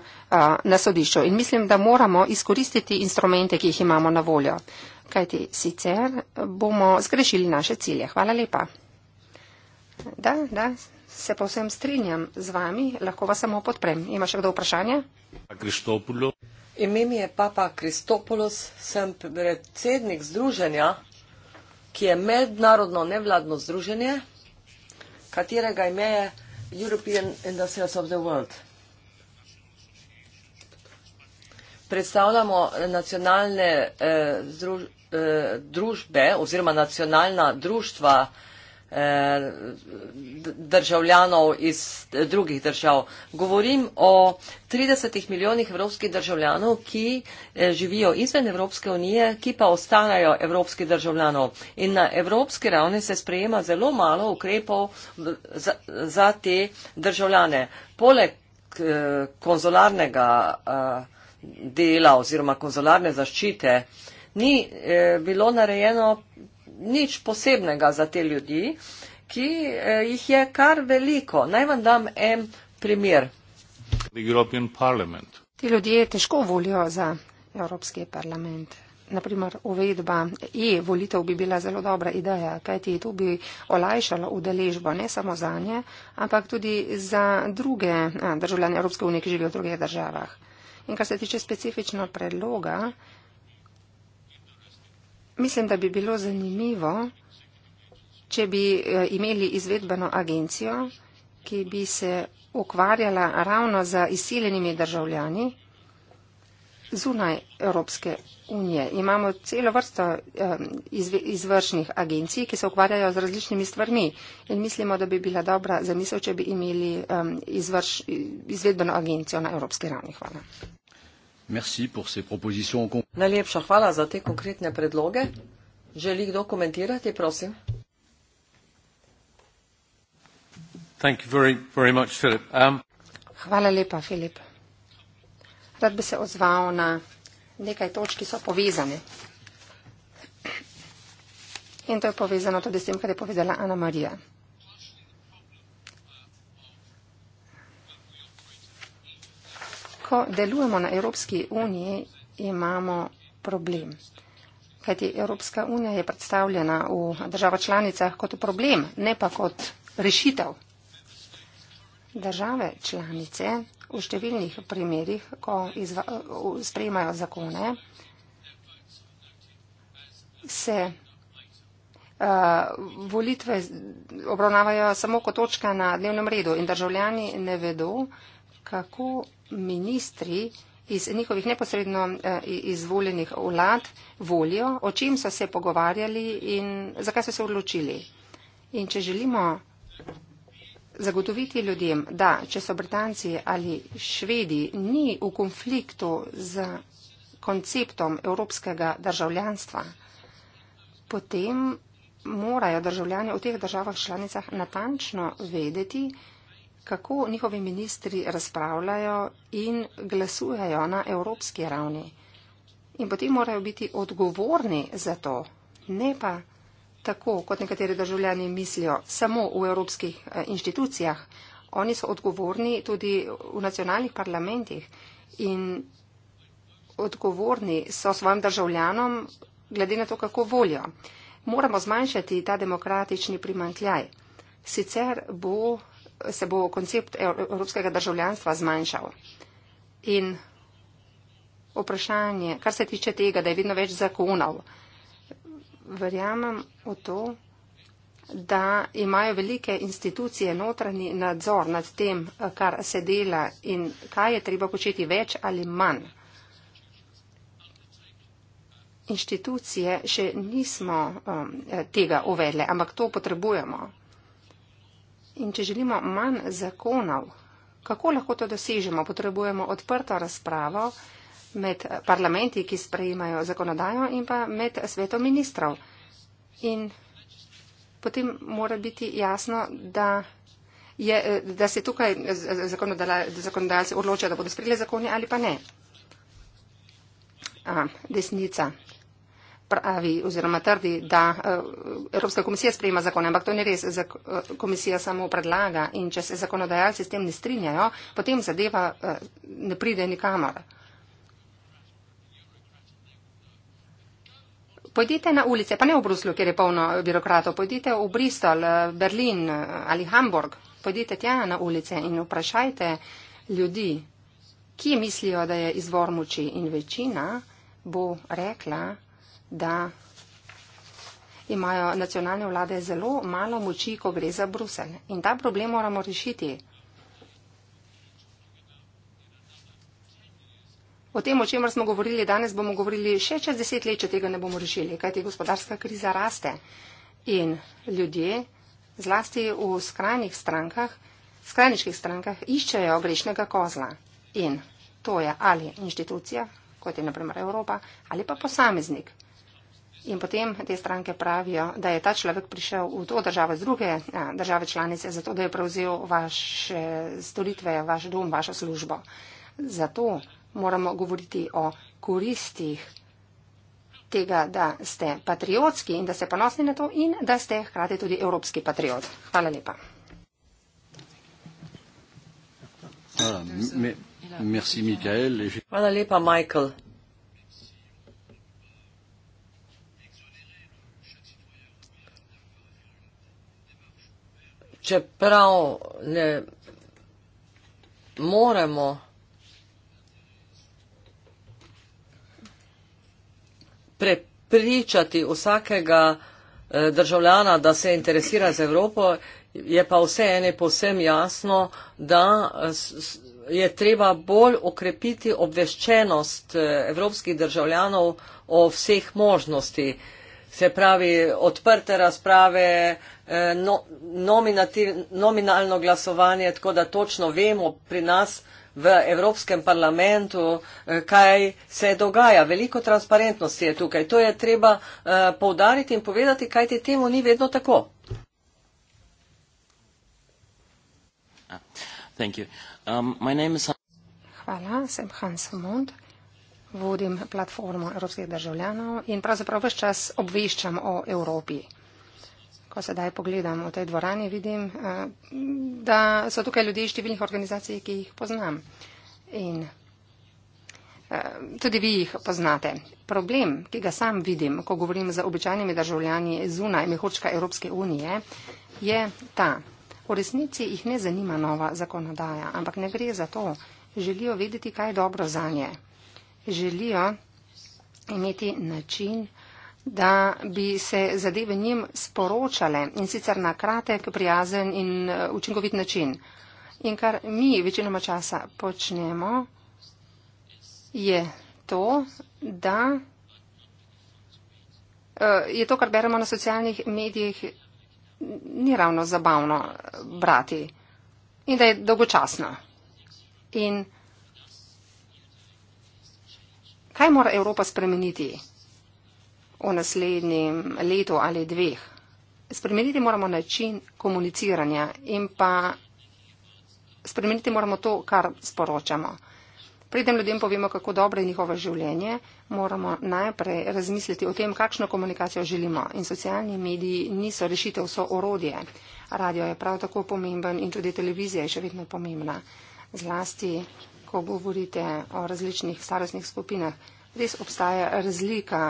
na sodišču. In mislim, da moramo izkoristiti instrumente, ki jih imamo na voljo. Kajti sicer bomo zgrešili naše cilje. Hvala lepa. Da, da, se povsem strinjam z vami, lahko vas samo podprem. Ima še kdo vprašanje? Ime mi je Papa Kristopolos, sem predsednik združenja, ki je mednarodno nevladno združenje, katerega ime je European Industries of the World. Predstavljamo nacionalne eh, združ, eh, družbe oziroma nacionalna društva eh, državljanov iz drugih držav. Govorim o 30 milijonih evropskih državljanov, ki eh, živijo izven Evropske unije, ki pa ostanajo evropski državljanov. In na evropski ravni se sprejema zelo malo ukrepov za, za te državljane. Poleg eh, konzularnega eh, dela oziroma konzularne zaščite ni bilo narejeno nič posebnega za te ljudi, ki eh, jih je kar veliko. Naj vam dam en primer. Ti ljudje težko volijo za Evropski parlament. Naprimer, uvedba e-volitev bi bila zelo dobra ideja, kajti to bi olajšalo udeležbo ne samo za nje, ampak tudi za druge eh, državljane Evropske unije, ki živijo v drugih državah. In kar se tiče specifično predloga, Mislim, da bi bilo zanimivo, če bi eh, imeli izvedbeno agencijo, ki bi se ukvarjala ravno za izsiljenimi državljani zunaj Evropske unije. Imamo celo vrsto eh, izvršnih agencij, ki se ukvarjajo z različnimi stvarmi in mislimo, da bi bila dobra zamisel, če bi imeli eh, izvrš, izvedbeno agencijo na Evropske ravni. Hvala. Najlepša hvala za te konkretne predloge. Želi kdo komentirati, prosim? Um, hvala lepa, Filip. Rad bi se ozval na nekaj točk, ki so povezane. In to je povezano tudi s tem, kar je povedala Ana Marija. ko delujemo na Evropski uniji, imamo problem. Kajti Evropska unija je predstavljena v državah članicah kot problem, ne pa kot rešitev. Države članice v številnih primerjih, ko sprejmajo zakone, se uh, volitve obravnavajo samo kot točka na dnevnem redu in državljani ne vedo, kako ministri iz njihovih neposredno eh, izvoljenih vlad volijo, o čem so se pogovarjali in zakaj so se odločili. In če želimo zagotoviti ljudem, da če so Britanci ali Švedi ni v konfliktu z konceptom evropskega državljanstva, potem morajo državljani v teh državah članicah natančno vedeti, kako njihovi ministri razpravljajo in glasujajo na evropski ravni. In potem morajo biti odgovorni za to, ne pa tako, kot nekateri državljani mislijo, samo v evropskih eh, inštitucijah. Oni so odgovorni tudi v nacionalnih parlamentih in odgovorni so svojim državljanom glede na to, kako volijo. Moramo zmanjšati ta demokratični primankljaj. Sicer bo se bo koncept evropskega državljanstva zmanjšal. In vprašanje, kar se tiče tega, da je vedno več zakonov, verjamem v to, da imajo velike institucije notranji nadzor nad tem, kar se dela in kaj je treba početi več ali manj. Inštitucije še nismo um, tega uvedle, ampak to potrebujemo. In če želimo manj zakonov, kako lahko to dosežemo? Potrebujemo odprto razpravo med parlamenti, ki sprejemajo zakonodajo in pa med svetom ministrov. In potem mora biti jasno, da, je, da se tukaj zakonodajalci odločajo, da bodo sprejeli zakoni ali pa ne. A, desnica pravi oziroma trdi, da eh, Evropska komisija sprejema zakone, ampak to ni res. Eh, komisija samo predlaga in če se zakonodajalci s tem ne strinjajo, potem zadeva eh, ne pride nikamor. Pojdite na ulice, pa ne v Bruslju, kjer je polno birokratov, pojdite v Bristol, Berlin ali Hamburg, pojdite tja na ulice in vprašajte ljudi, ki mislijo, da je izvor moči in večina bo rekla, da imajo nacionalne vlade zelo malo moči, ko gre za Brusel. In ta problem moramo rešiti. O tem, o čemer smo govorili danes, bomo govorili še čez deset let, če tega ne bomo rešili, kajti gospodarska kriza raste in ljudje, zlasti v skrajnih strankah, skrajniških strankah, iščejo grešnega kozla. In to je ali inštitucija, kot je naprimer Evropa, ali pa posameznik. In potem te stranke pravijo, da je ta človek prišel v to državo z druge eh, države članice, zato da je prevzel vaše storitve, vaš dom, vašo službo. Zato moramo govoriti o koristih tega, da ste patriotski in da ste ponosni na to in da ste hkrati tudi evropski patriot. Hvala lepa. Ah, Hvala lepa, Michael. čeprav ne moremo, prepričati vsakega eh, državljana, da se interesira za Evropo, je pa vse ene posem jasno, da eh, je treba bolj okrepiti obveščenost eh, evropskih državljanov o vseh možnostih se pravi odprte razprave, eh, no, nominativ, nominalno glasovanje, tako da točno vemo pri nas v Evropskem parlamentu, eh, kaj se dogaja. Veliko transparentnosti je tukaj. To je treba eh, poudariti in povedati, kaj ti temu ni vedno tako. Ah, um, Hvala, sem Hans Mond vodim platformo evropskih državljanov in pravzaprav vse čas obveščam o Evropi. Ko sedaj pogledam v tej dvorani, vidim, eh, da so tukaj ljudje iz številnih organizacij, ki jih poznam. In eh, tudi vi jih poznate. Problem, ki ga sam vidim, ko govorim z običajnimi državljani zunaj mehurčka Evropske unije, je ta. V resnici jih ne zanima nova zakonodaja, ampak ne gre za to. Želijo vedeti, kaj je dobro za nje želijo imeti način, da bi se zadeve njim sporočale in sicer na kratek, prijazen in eh, učinkovit način. In kar mi večinoma časa počnemo, je to, da eh, je to, kar beremo na socialnih medijih, ni ravno zabavno brati in da je dolgočasno. In Kaj mora Evropa spremeniti v naslednjem letu ali dveh? Spremeniti moramo način komuniciranja in pa spremeniti moramo to, kar sporočamo. Preden ljudem povemo, kako dobro je njihovo življenje, moramo najprej razmisliti o tem, kakšno komunikacijo želimo. In socialni mediji niso rešitev, so orodje. Radio je prav tako pomemben in tudi televizija je še vedno pomembna. Zlasti ko govorite o različnih starostnih skupinah, res obstaja razlika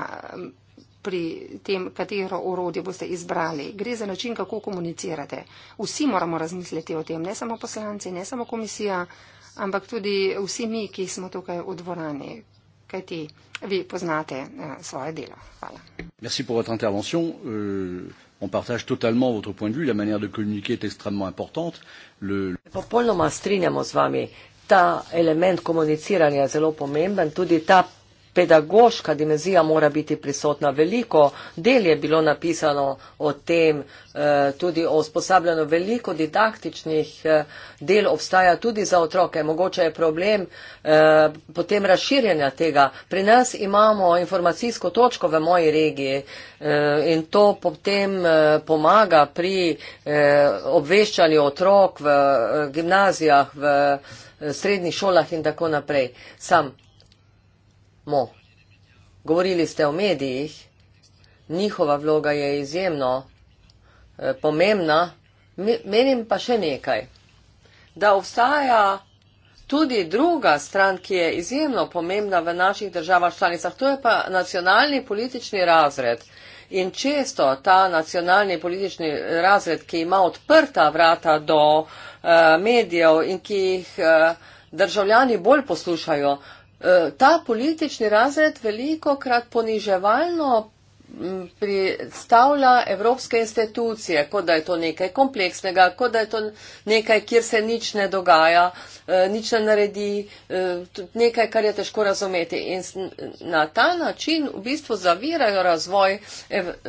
pri tem, katero orodje boste izbrali. Gre za način, kako komunicirate. Vsi moramo razmisliti o tem, ne samo poslanci, ne samo komisija, ampak tudi vsi mi, ki smo tukaj v dvorani, kajti vi poznate eh, svoje delo. Hvala. Merci pour votre intervention. Euh, on partage totalement votre point de vue. La manière de communiquer est extrêmement importante. Le... Popolnoma strinjamo z vami ta element komuniciranja je zelo pomemben, tudi ta pedagoška dimenzija mora biti prisotna. Veliko del je bilo napisano o tem, eh, tudi o usposabljanju. Veliko didaktičnih eh, del obstaja tudi za otroke. Mogoče je problem eh, potem razširjanja tega. Pri nas imamo informacijsko točko v moji regiji in to potem pomaga pri obveščanju otrok v gimnazijah, v gimnazijah Eh, srednjih šolah in tako naprej. Sam mo. Govorili ste o medijih, njihova vloga je izjemno eh, pomembna. Menim pa še nekaj, da obstaja tudi druga stran, ki je izjemno pomembna v naših državah članicah, to je pa nacionalni politični razred. In često ta nacionalni politični razred, ki ima odprta vrata do uh, medijev in ki jih uh, državljani bolj poslušajo, uh, ta politični razred veliko krat poniževalno predstavlja evropske institucije, kot da je to nekaj kompleksnega, kot da je to nekaj, kjer se nič ne dogaja, eh, nič ne naredi, eh, nekaj, kar je težko razumeti. In na ta način v bistvu zavirajo razvoj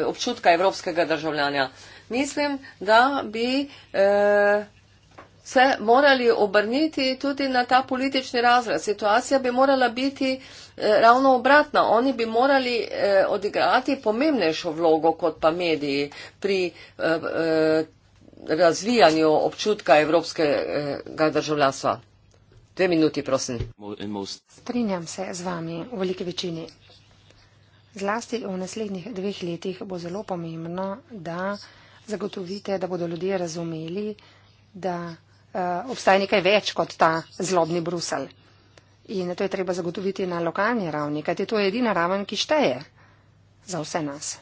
občutka evropskega državljanja. Mislim, da bi. Eh, se morali obrniti tudi na ta politični razred. Situacija bi morala biti eh, ravno obratna. Oni bi morali eh, odigrati pomembnejšo vlogo kot pa mediji pri eh, eh razvijanju občutka evropskega eh, državljanstva. Dve minuti, prosim. Strinjam se z vami v veliki večini. Zlasti v naslednjih dveh letih bo zelo pomembno, da zagotovite, da bodo ljudje razumeli, da Eh, obstaja nekaj več kot ta zlobni brusel. In to je treba zagotoviti na lokalni ravni, kajti to je edina raven, ki šteje za vse nas.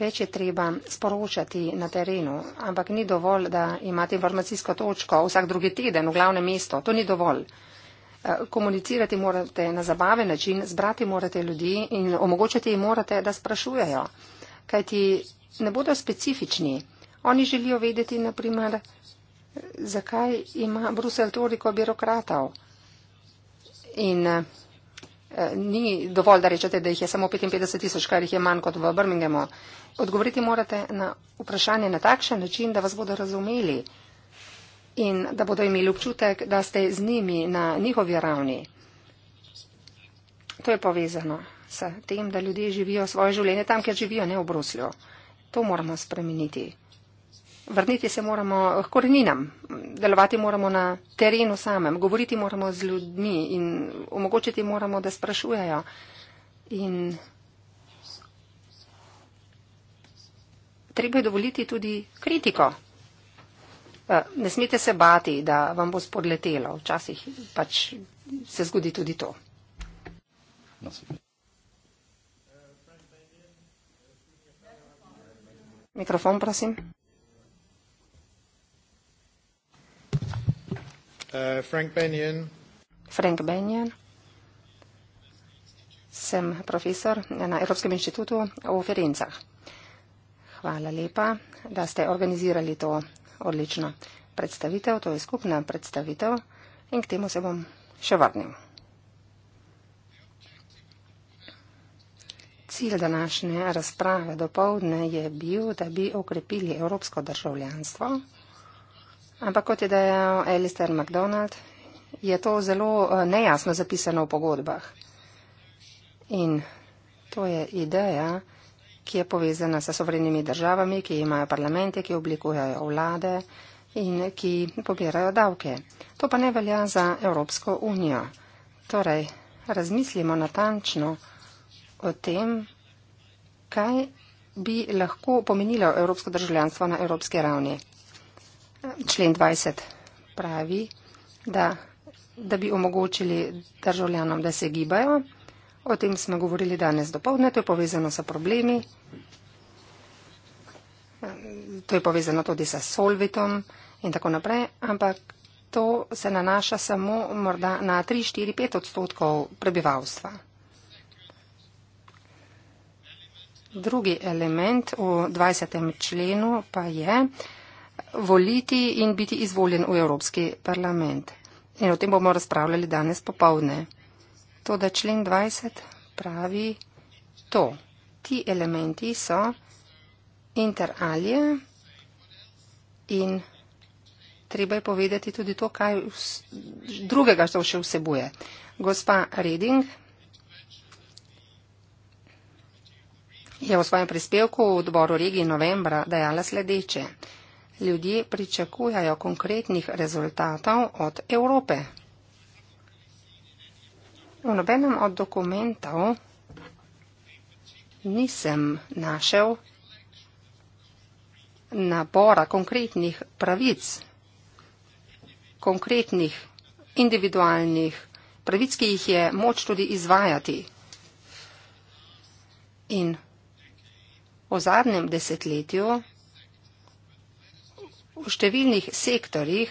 Več je treba sporočati na terenu, ampak ni dovolj, da imate informacijsko točko vsak drugi teden v glavnem mestu. To ni dovolj. Eh, komunicirati morate na zabaven način, zbrati morate ljudi in omogočati jim morate, da sprašujejo. Kajti ne bodo specifični. Oni želijo vedeti, naprimer, zakaj ima Brusel toliko birokratov. In eh, ni dovolj, da rečete, da jih je samo 55 tisoč, kar jih je manj kot v Birminghamu. Odgovoriti morate na vprašanje na takšen način, da vas bodo razumeli in da bodo imeli občutek, da ste z njimi na njihovi ravni. To je povezano s tem, da ljudje živijo svoje življenje tam, kjer živijo, ne v Bruslju. To moramo spremeniti vrniti se moramo k koreninam, delovati moramo na terenu samem, govoriti moramo z ljudmi in omogočiti moramo, da sprašujejo. In treba je dovoliti tudi kritiko. Eh, ne smete se bati, da vam bo spodletelo. Včasih pač se zgodi tudi to. No, Mikrofon, prosim. Uh, Frank Benjen. Frank Benjen. Sem profesor na Evropskem inštitutu v Ferencah. Hvala lepa, da ste organizirali to odlično predstavitev, to je skupna predstavitev in k temu se bom še vrnil. Cilj današnje razprave do povdne je bil, da bi okrepili evropsko državljanstvo. Ampak kot je dejal Alistair McDonald, je to zelo eh, nejasno zapisano v pogodbah. In to je ideja, ki je povezana s sovrenimi državami, ki imajo parlamente, ki oblikujejo vlade in ki pobirajo davke. To pa ne velja za Evropsko unijo. Torej, razmislimo natančno o tem, kaj bi lahko pomenilo evropsko državljanstvo na evropski ravni člen 20 pravi, da, da bi omogočili državljanom, da se gibajo. O tem smo govorili danes dopovdne, to je povezano s problemi. To je povezano tudi s solvitom in tako naprej, ampak to se nanaša samo morda na 3, 4, 5 odstotkov prebivalstva. Drugi element v 20. členu pa je, voliti in biti izvoljen v Evropski parlament. In o tem bomo razpravljali danes popovdne. To, da člen 20 pravi to. Ti elementi so inter alije in treba je povedati tudi to, kaj drugega to še vsebuje. Gospa Reding je v svojem prispevku v odboru regije novembra dajala sledeče ljudje pričakujajo konkretnih rezultatov od Evrope. V nobenem od dokumentov nisem našel nabora konkretnih pravic, konkretnih individualnih pravic, ki jih je moč tudi izvajati. In v zadnjem desetletju V številnih sektorjih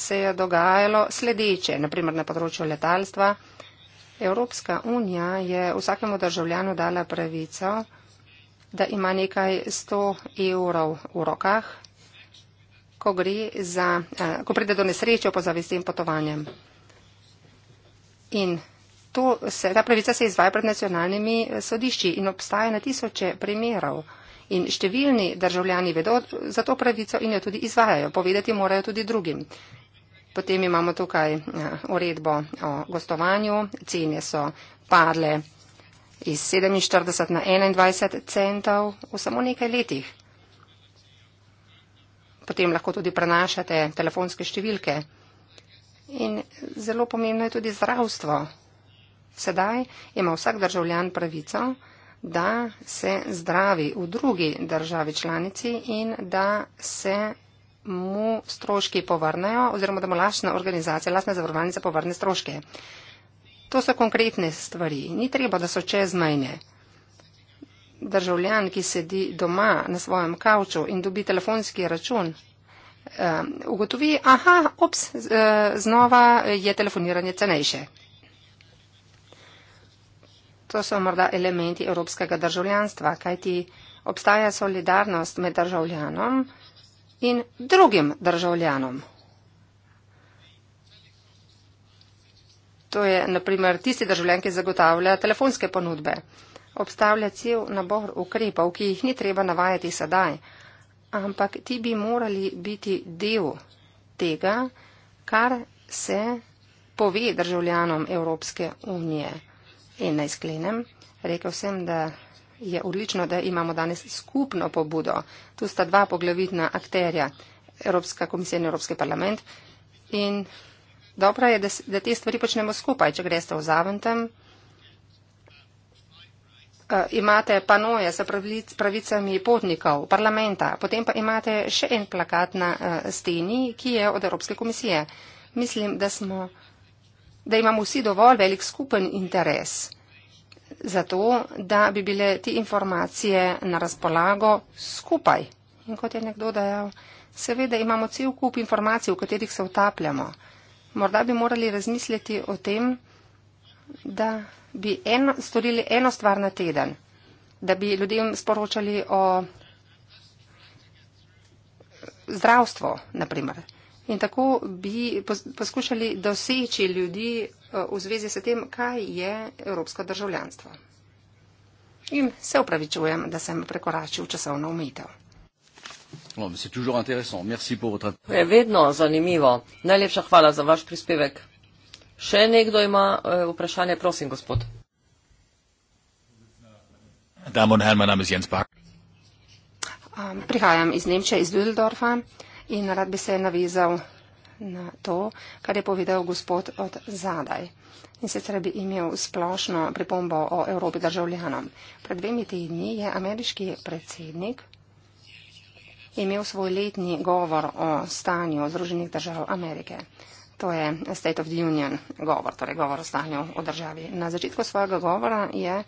se je dogajalo sledeče, naprimer na področju letalstva. Evropska unija je vsakemu državljanu dala pravico, da ima nekaj 100 evrov v rokah, ko, za, eh, ko pride do nesreče po zavestnem potovanjem. In se, ta pravica se izvaja pred nacionalnimi eh, sodišči in obstaja na tisoče primerov. In številni državljani vedo za to pravico in jo tudi izvajajo. Povedati morajo tudi drugim. Potem imamo tukaj eh, uredbo o gostovanju. Cene so padle iz 47 na 21 centov v samo nekaj letih. Potem lahko tudi prenašate telefonske številke. In zelo pomembno je tudi zdravstvo. Sedaj ima vsak državljan pravico da se zdravi v drugi državi članici in da se mu stroški povrnejo oziroma da mu lastna organizacija, lastna zavarovalnica povrne stroške. To so konkretne stvari. Ni treba, da so čezmejne. Državljan, ki sedi doma na svojem kavču in dobi telefonski račun, eh, ugotovi, aha, ops, eh, znova je telefoniranje cenejše. To so morda elementi evropskega državljanstva, kajti obstaja solidarnost med državljanom in drugim državljanom. To je naprimer tisti državljan, ki zagotavlja telefonske ponudbe. Obstavlja cel nabor ukrepov, ki jih ni treba navajati sedaj, ampak ti bi morali biti del tega, kar se pove državljanom Evropske unije. In naj sklenem, rekel sem, da je odlično, da imamo danes skupno pobudo. Tu sta dva poglavitna akterja, Evropska komisija in Evropski parlament. In dobro je, da, da te stvari počnemo skupaj, če greste v Zaventem. Uh, imate panoje s pravic, pravicami potnikov, parlamenta, potem pa imate še en plakat na uh, steni, ki je od Evropske komisije. Mislim, da smo da imamo vsi dovolj velik skupen interes za to, da bi bile ti informacije na razpolago skupaj. In kot je nekdo dejal, seveda imamo cel kup informacij, v katerih se utapljamo. Morda bi morali razmisliti o tem, da bi eno, storili eno stvar na teden, da bi ljudem sporočali o zdravstvu, naprimer, In tako bi poskušali doseči ljudi eh, v zvezi s tem, kaj je evropsko državljanstvo. In se upravičujem, da sem prekoračil časovno omejitev. Je vedno zanimivo. Najlepša hvala za vaš prispevek. Še nekdo ima eh, vprašanje, prosim, gospod. Herr, um, prihajam iz Nemčije, iz Düsseldorfa in rad bi se navezal na to, kar je povedal gospod od zadaj. In sicer bi imel splošno pripombo o Evropi državljanom. Pred dvemi tedni je ameriški predsednik imel svoj letni govor o stanju Združenih držav Amerike. To je State of the Union govor, torej govor o stanju v državi. Na začetku svojega govora je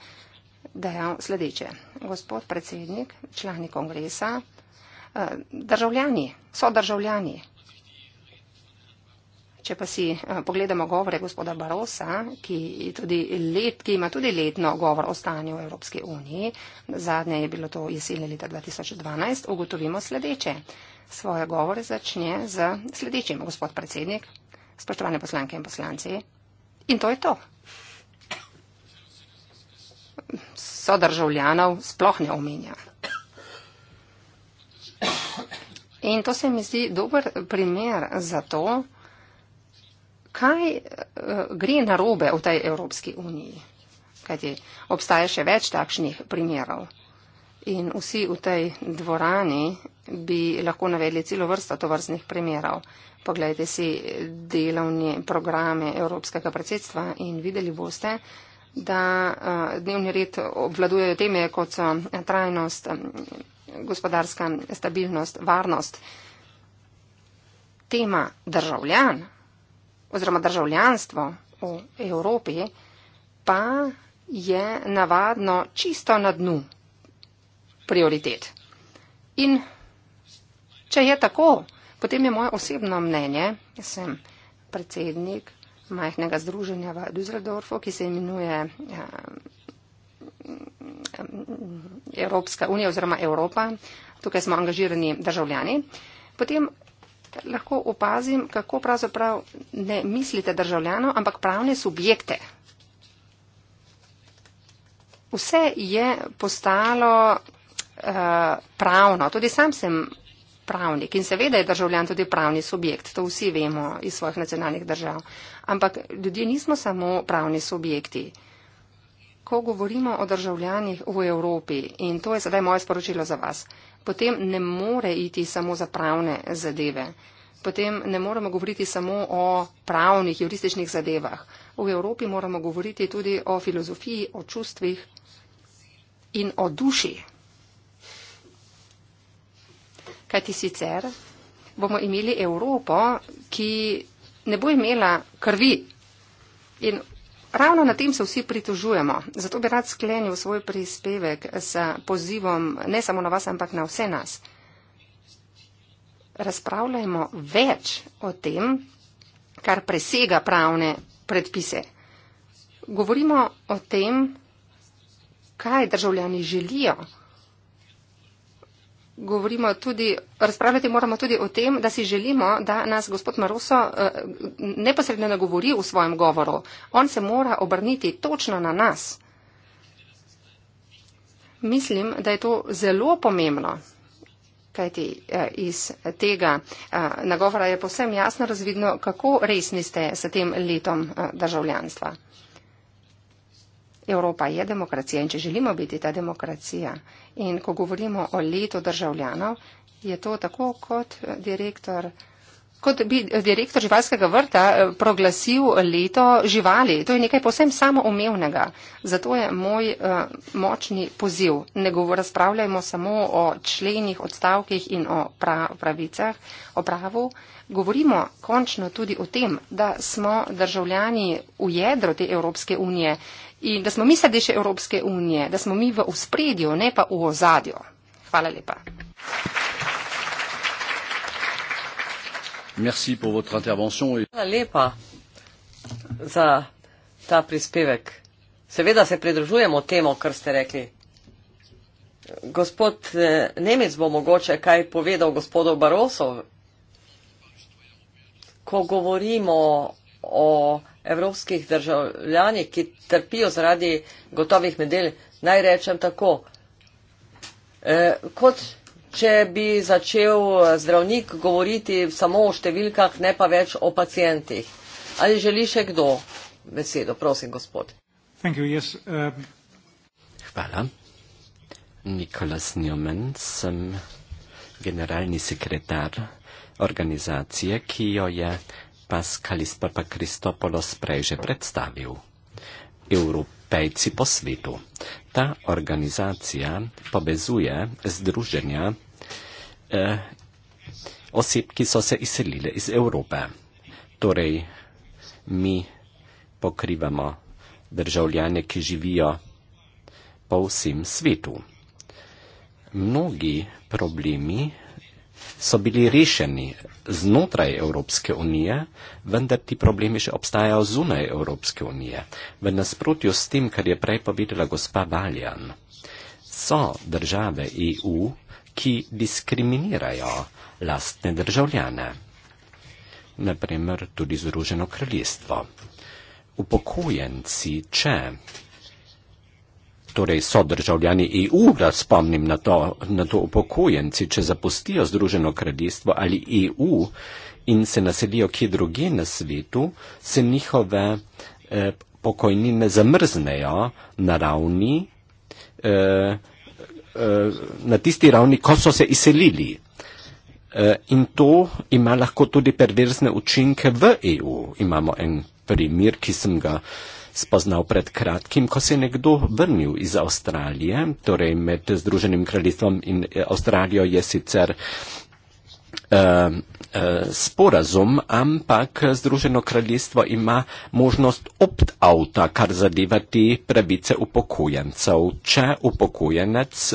dejal sledeče. Gospod predsednik, člani kongresa, Eh, državljani, so državljani. Če pa si eh, pogledamo govore gospoda Barosa, ki, tudi let, ki ima tudi letno govor o stanju v Evropski uniji, zadnje je bilo to jeseni leta 2012, ugotovimo sledeče. Svoje govore začne z sledečim, gospod predsednik, spoštovane poslanke in poslanci. In to je to. So državljanov sploh ne omenja. In to se mi zdi dober primer za to, kaj eh, gre na robe v tej Evropski uniji. Kajti obstaja še več takšnih primerov. In vsi v tej dvorani bi lahko navedli celo vrsto tovrstnih primerov. Poglejte si delovni programe Evropskega predsedstva in videli boste, da eh, dnevni red obvladujejo teme, kot so eh, trajnost gospodarska stabilnost, varnost. Tema državljan oziroma državljanstvo v Evropi pa je navadno čisto na dnu prioritet. In če je tako, potem je moje osebno mnenje, jaz sem predsednik majhnega združenja v Düsseldorfu, ki se imenuje. Ja, Evropska unija oziroma Evropa, tukaj smo angažirani državljani, potem lahko opazim, kako pravzaprav ne mislite državljano, ampak pravne subjekte. Vse je postalo uh, pravno, tudi sam sem pravnik in seveda je državljan tudi pravni subjekt, to vsi vemo iz svojih nacionalnih držav. Ampak ljudje nismo samo pravni subjekti. Uh, ko govorimo o državljanih v Evropi, in to je sedaj moje sporočilo za vas, potem ne more iti samo za pravne zadeve, potem ne moremo govoriti samo o pravnih, jurističnih zadevah. V Evropi moramo govoriti tudi o filozofiji, o čustvih in o duši. Kaj ti sicer bomo imeli Evropo, ki ne bo imela krvi in Ravno na tem se vsi pritožujemo, zato bi rad sklenil svoj prispevek s pozivom ne samo na vas, ampak na vse nas. Razpravljajmo več o tem, kar presega pravne predpise. Govorimo o tem, kaj državljani želijo govorimo tudi, razpravljati moramo tudi o tem, da si želimo, da nas gospod Maroso eh, neposredno nagovori v svojem govoru. On se mora obrniti točno na nas. Mislim, da je to zelo pomembno, kajti eh, iz tega eh, nagovora je posebno jasno razvidno, kako resni ste s tem letom državljanstva. Evropa je demokracija in če želimo biti ta demokracija in ko govorimo o letu državljanov, je to tako kot direktor. Kot bi direktor živalskega vrta eh, proglasil leto živali, to je nekaj posebno samoumevnega. Zato je moj uh, močni poziv. Ne govorimo, razpravljajmo samo o členih, odstavkih in o pra pravicah, o pravu. Govorimo končno tudi o tem, da smo državljani v jedro te Evropske unije. Uh, in da smo mi srdeče Evropske unije, da smo mi v uspredju, ne pa v ozadju. Hvala lepa. Hvala lepa za ta prispevek. Seveda se pridružujemo temu, kar ste rekli. Gospod eh, Nemec bo mogoče kaj povedal gospodu Barosov. Ko govorimo o evropskih državljani, ki trpijo zaradi gotovih medel, naj rečem tako. E, kot če bi začel zdravnik govoriti samo o številkah, ne pa več o pacijentih. Ali želi še kdo besedo? Prosim, gospod. You, yes, uh... Hvala. Nikolas Newman, sem generalni sekretar organizacije, ki jo je paskalis papa Kristopolos prejže predstavil. Evropejci po svetu. Ta organizacija povezuje združenja eh, oseb, ki so se izselile iz Evrope. Torej, mi pokrivamo državljane, ki živijo po vsem svetu. Mnogi problemi so bili rešeni znotraj Evropske unije, vendar ti problemi še obstajajo zunaj Evropske unije. V nasprotju s tem, kar je prej povedala gospa Valjan, so države EU, ki diskriminirajo lastne državljane, naprimer tudi Združeno kraljestvo. Upokojenci, če torej sodržavljani EU, da spomnim na to, na to upokojenci, če zapustijo Združeno kraljestvo ali EU in se naselijo kje druge na svetu, se njihove eh, pokojnine zamrznejo na ravni, eh, eh, na tisti ravni, ko so se izselili. Eh, in to ima lahko tudi perverzne učinke v EU. Imamo en primer, ki sem ga eh, spoznal pred kratkim, ko se je nekdo vrnil iz Avstralije, torej med Združenim kraljestvom in eh, Avstralijo je sicer eh, eh, sporazum, ampak Združeno kraljestvo ima možnost opt-outa, kar zadeva ti pravice upokojencev. Če upokojenec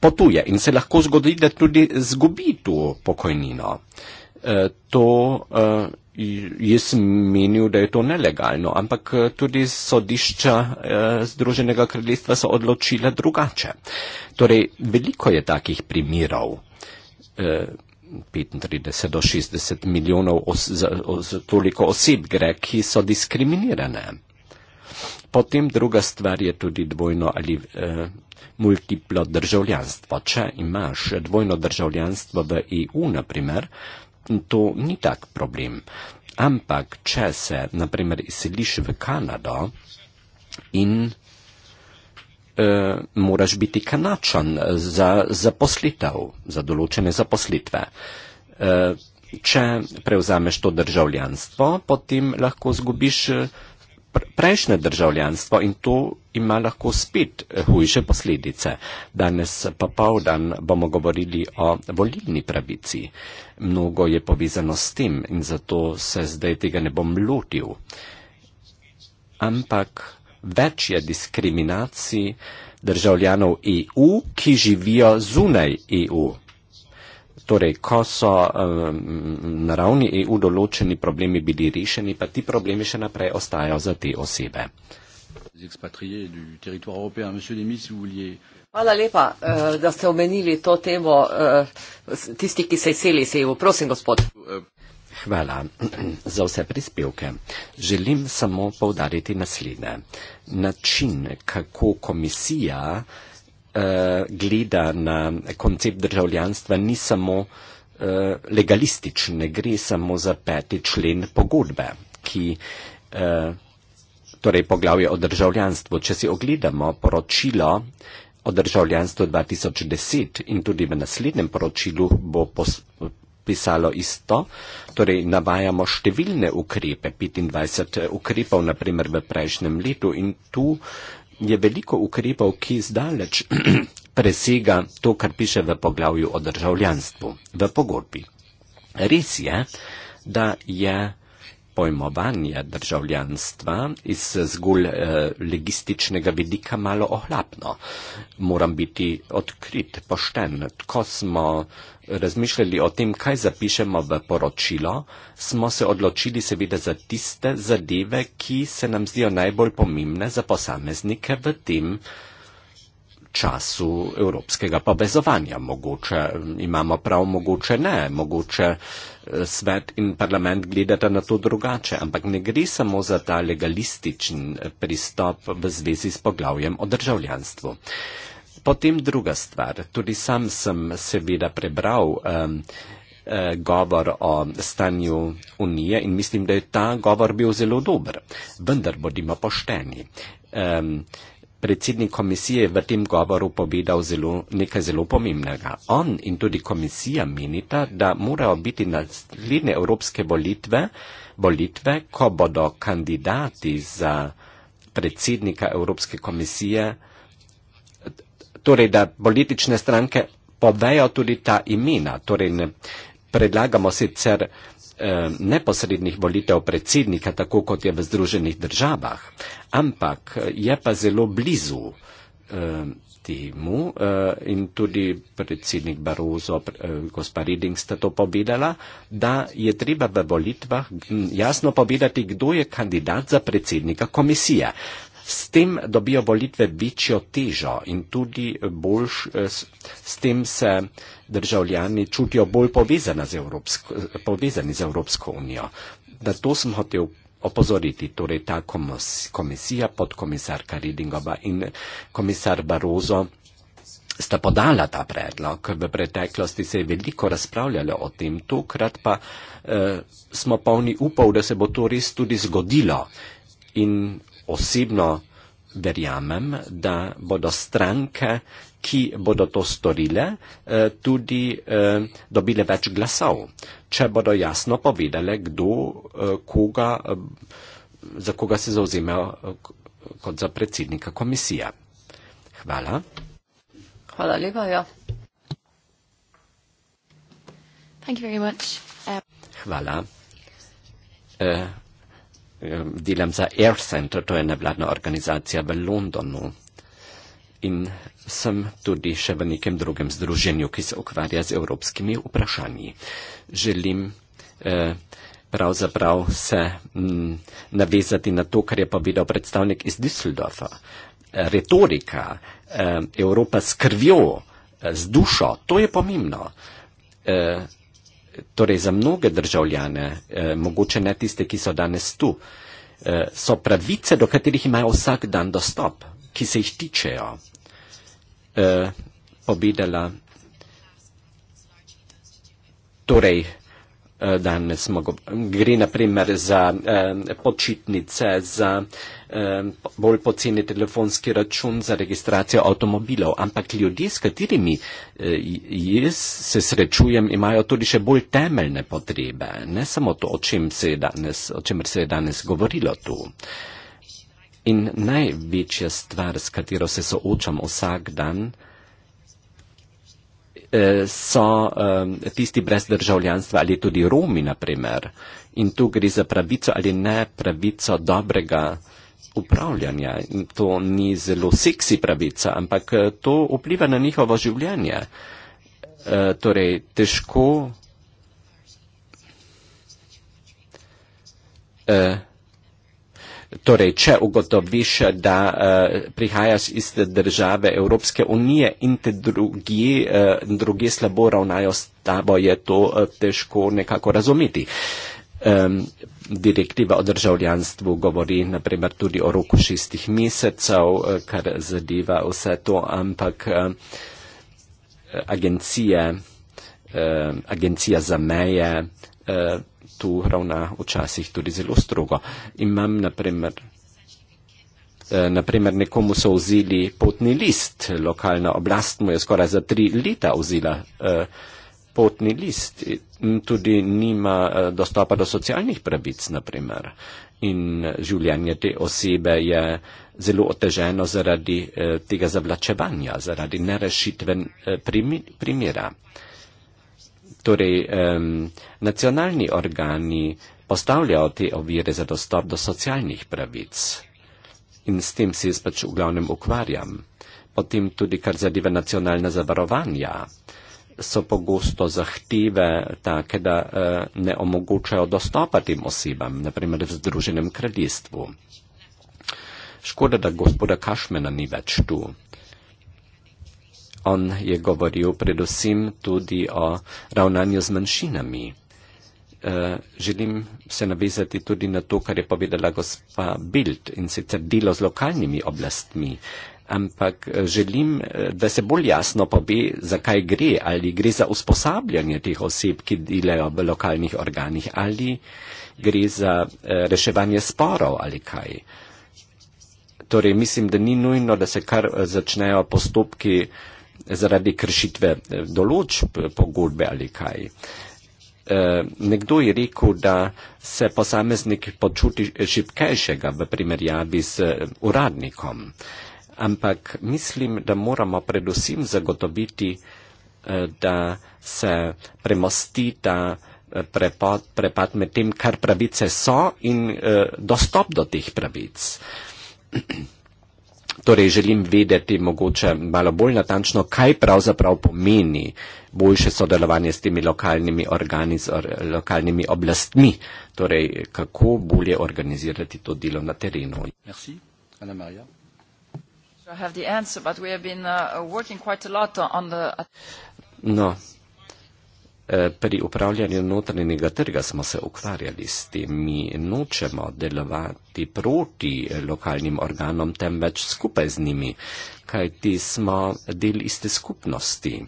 potuje in se lahko zgodi, da tudi zgubi to pokojnino. To Jaz menil, da je to nelegalno, ampak eh, tudi sodišča eh, Združenega kraljestva so odločila drugače. Torej, veliko je takih primerov, 35 eh, do 60 milijonov os, za, os, toliko oseb gre, ki so diskriminirane. Potem druga stvar je tudi dvojno ali eh, multiplo državljanstvo. Če imaš dvojno državljanstvo v EU, na primer, eh, to ni tak problem. Ampak, če se, na primer, izseliš v Kanado in e, moraš biti kanačan za zaposlitev, za določene zaposlitve. E, če prevzameš to državljanstvo, potem lahko zgubiš eh, prejšnje državljanstvo in to ima lahko spet eh, hujše posledice. Danes pa pol dan bomo govorili o volilni pravici. Mnogo je povezano s tem in zato se zdaj tega ne bom lotil. Ampak več je diskriminacij državljanov EU, ki živijo zunaj EU. Torej, ko so um, na ravni EU določeni problemi bili rešeni, pa ti problemi še naprej ostajajo za te osebe. Hvala lepa, eh, da ste omenili to temo eh, tisti, ki se izseli iz EU. Prosim, gospod. Hvala za vse prispevke. Želim samo povdariti naslednje. Način, kako komisija uh, Eh, gleda na koncept državljanstva ni samo eh, legalističen, ne gre samo za peti člen pogodbe, ki eh, torej poglavje o državljanstvu. Če si ogledamo poročilo o državljanstvu 2010 in tudi v naslednjem poročilu bo pisalo isto, torej navajamo številne ukrepe, 25 ukrepov, naprimer v prejšnjem letu in tu uh, je veliko ukrepov, ki zdaleč presega to, kar piše v poglavju o državljanstvu, v pogodbi. Res je, da je pojmovanje državljanstva iz zgolj eh, logističnega vidika malo ohlapno. Moram biti odkrit, pošten. Ko smo razmišljali o tem, kaj zapišemo v poročilo, smo se odločili seveda za tiste zadeve, ki se nam zdijo najbolj pomembne za posameznike v tem času evropskega povezovanja. Mogoče mm, imamo prav, mogoče ne, mogoče eh, svet in parlament gledata na to drugače, ampak ne gre samo za ta legalističen eh, pristop v zvezi s poglavjem o državljanstvu. Potem druga stvar, tudi sam sem seveda prebral um, uh, govor o stanju Unije in mislim, da je ta govor bil zelo dober. Vendar bodimo pošteni. Um, predsednik komisije je v tem govoru povedal zelo, nekaj zelo pomembnega. On in tudi komisija menita, da morajo biti naslednje evropske volitve, volitve, ko bodo kandidati za predsednika Evropske komisije torej da politične stranke povejo tudi ta imena. Torej ne, predlagamo sicer eh, neposrednih volitev predsednika, tako kot je v Združenih državah, ampak eh, je pa zelo blizu. Eh, Temu, eh, in tudi predsednik Barozo, eh, gospa Reding sta to povedala, da je treba v volitvah jasno povedati, kdo je kandidat za predsednika komisije. S tem dobijo volitve večjo težo in tudi boljš, eh, s tem se državljani čutijo bolj z Evropsko, povezani z Evropsko unijo. Na to sem hotel opozoriti, torej ta komisija pod komisarka Ridingova in komisar Barozo sta podala ta predlog. V preteklosti se je veliko razpravljalo o tem, tokrat pa eh, smo polni upov, da se bo to res tudi zgodilo. In osebno verjamem, da bodo stranke, ki bodo to storile, eh, tudi eh, dobile več glasov, če bodo jasno povedale, kdo, eh, koga, za koga se zauzemajo kot za predsednika komisije. Hvala. Hvala lepa. Ja. Hvala delam za Air Center, to je nevladna organizacija v Londonu. In sem tudi še v nekem drugem združenju, ki se ukvarja z evropskimi vprašanji. Želim eh, pravzaprav se navezati na to, kar je povedal predstavnik iz Düsseldorfa. Retorika, eh, Evropa s krvjo, eh, z dušo, to je pomembno torej za mnoge državljane, eh, mogoče ne tiste, ki so danes tu, eh, so pravice, do katerih imajo vsak dan dostop, ki se jih tičejo. Eh, pobedala, torej eh, danes mogo, gre naprimer za eh, počitnice, za eh, Ehm, bolj poceni telefonski račun za registracijo avtomobilov. Ampak ljudje, s katerimi eh, jaz se srečujem, imajo tudi še bolj temeljne potrebe. Ne samo to, o čem se je danes, o čemer se je danes govorilo tu. In največja stvar, s katero se soočam vsak dan, eh, so eh, tisti brez državljanstva ali tudi Romi, naprimer. In tu gre za pravico ali ne pravico dobrega upravljanja in to ni zelo seksi pravica, ampak eh, to vpliva na njihovo življenje. E, torej, težko e, Torej, če ugotoviš, da uh, prihajaš iz države Evropske unije in te drugi, uh, drugi slabo ravnajo s tabo, je to uh, težko nekako razumeti. Um, direktiva o državljanstvu govori naprimer tudi o roku šestih mesecev, eh, kar zadeva vse to, ampak eh, agencije, eh, agencija za meje tu ravna včasih tudi zelo strogo. Imam naprimer Naprimer, nekomu so vzeli potni list, lokalna oblast mu je skoraj za tri leta vzela eh, potni list tudi nima eh, dostopa do socialnih pravic, naprimer. In življenje te osebe je zelo oteženo zaradi eh, tega zavlačevanja, zaradi nerešitven eh, primira. Torej, nacionalni organi postavljajo te ovire za dostop do socialnih pravic. In s tem se jaz pač v glavnem ukvarjam. Potem tudi, kar zadeva nacionalna zavarovanja so pogosto zahteve take, da eh, ne omogočajo dostopa tem osebam, naprimer v Združenem kraljestvu. Škoda, da gospoda Kašmena ni več tu. On je govoril predvsem tudi o ravnanju z manjšinami. Eh, želim se navezati tudi na to, kar je povedala gospa Bild in sicer delo z lokalnimi oblastmi ampak eh, želim, eh, da se bolj jasno pobe, zakaj gre, ali gre za usposabljanje teh oseb, ki delajo v lokalnih organih, ali gre za eh, reševanje sporov ali kaj. Torej, mislim, da ni nujno, da se kar začnejo postopki zaradi kršitve določb pogodbe ali kaj. Nekdo je rekel, da se posameznik počuti šipkejšega v primerjavi z uradnikom ampak mislim, da moramo predvsem zagotoviti, eh, da se premosti ta eh, prepad, prepad med tem, kar pravice so in eh, dostop do teh pravic. Torej želim vedeti mogoče malo bolj natančno, kaj pravzaprav pomeni boljše sodelovanje s temi lokalnimi organi, z or, lokalnimi oblastmi, torej kako bolje organizirati to delo na terenu. Merci, Ana Maria sure I have the answer, but we have been uh, uh working quite a lot on the. Uh, no. Eh, pri upravljanju notranjega trga smo se ukvarjali s tem, mi nočemo delovati proti eh, lokalnim organom, temveč skupaj z njimi, kajti smo del iste skupnosti.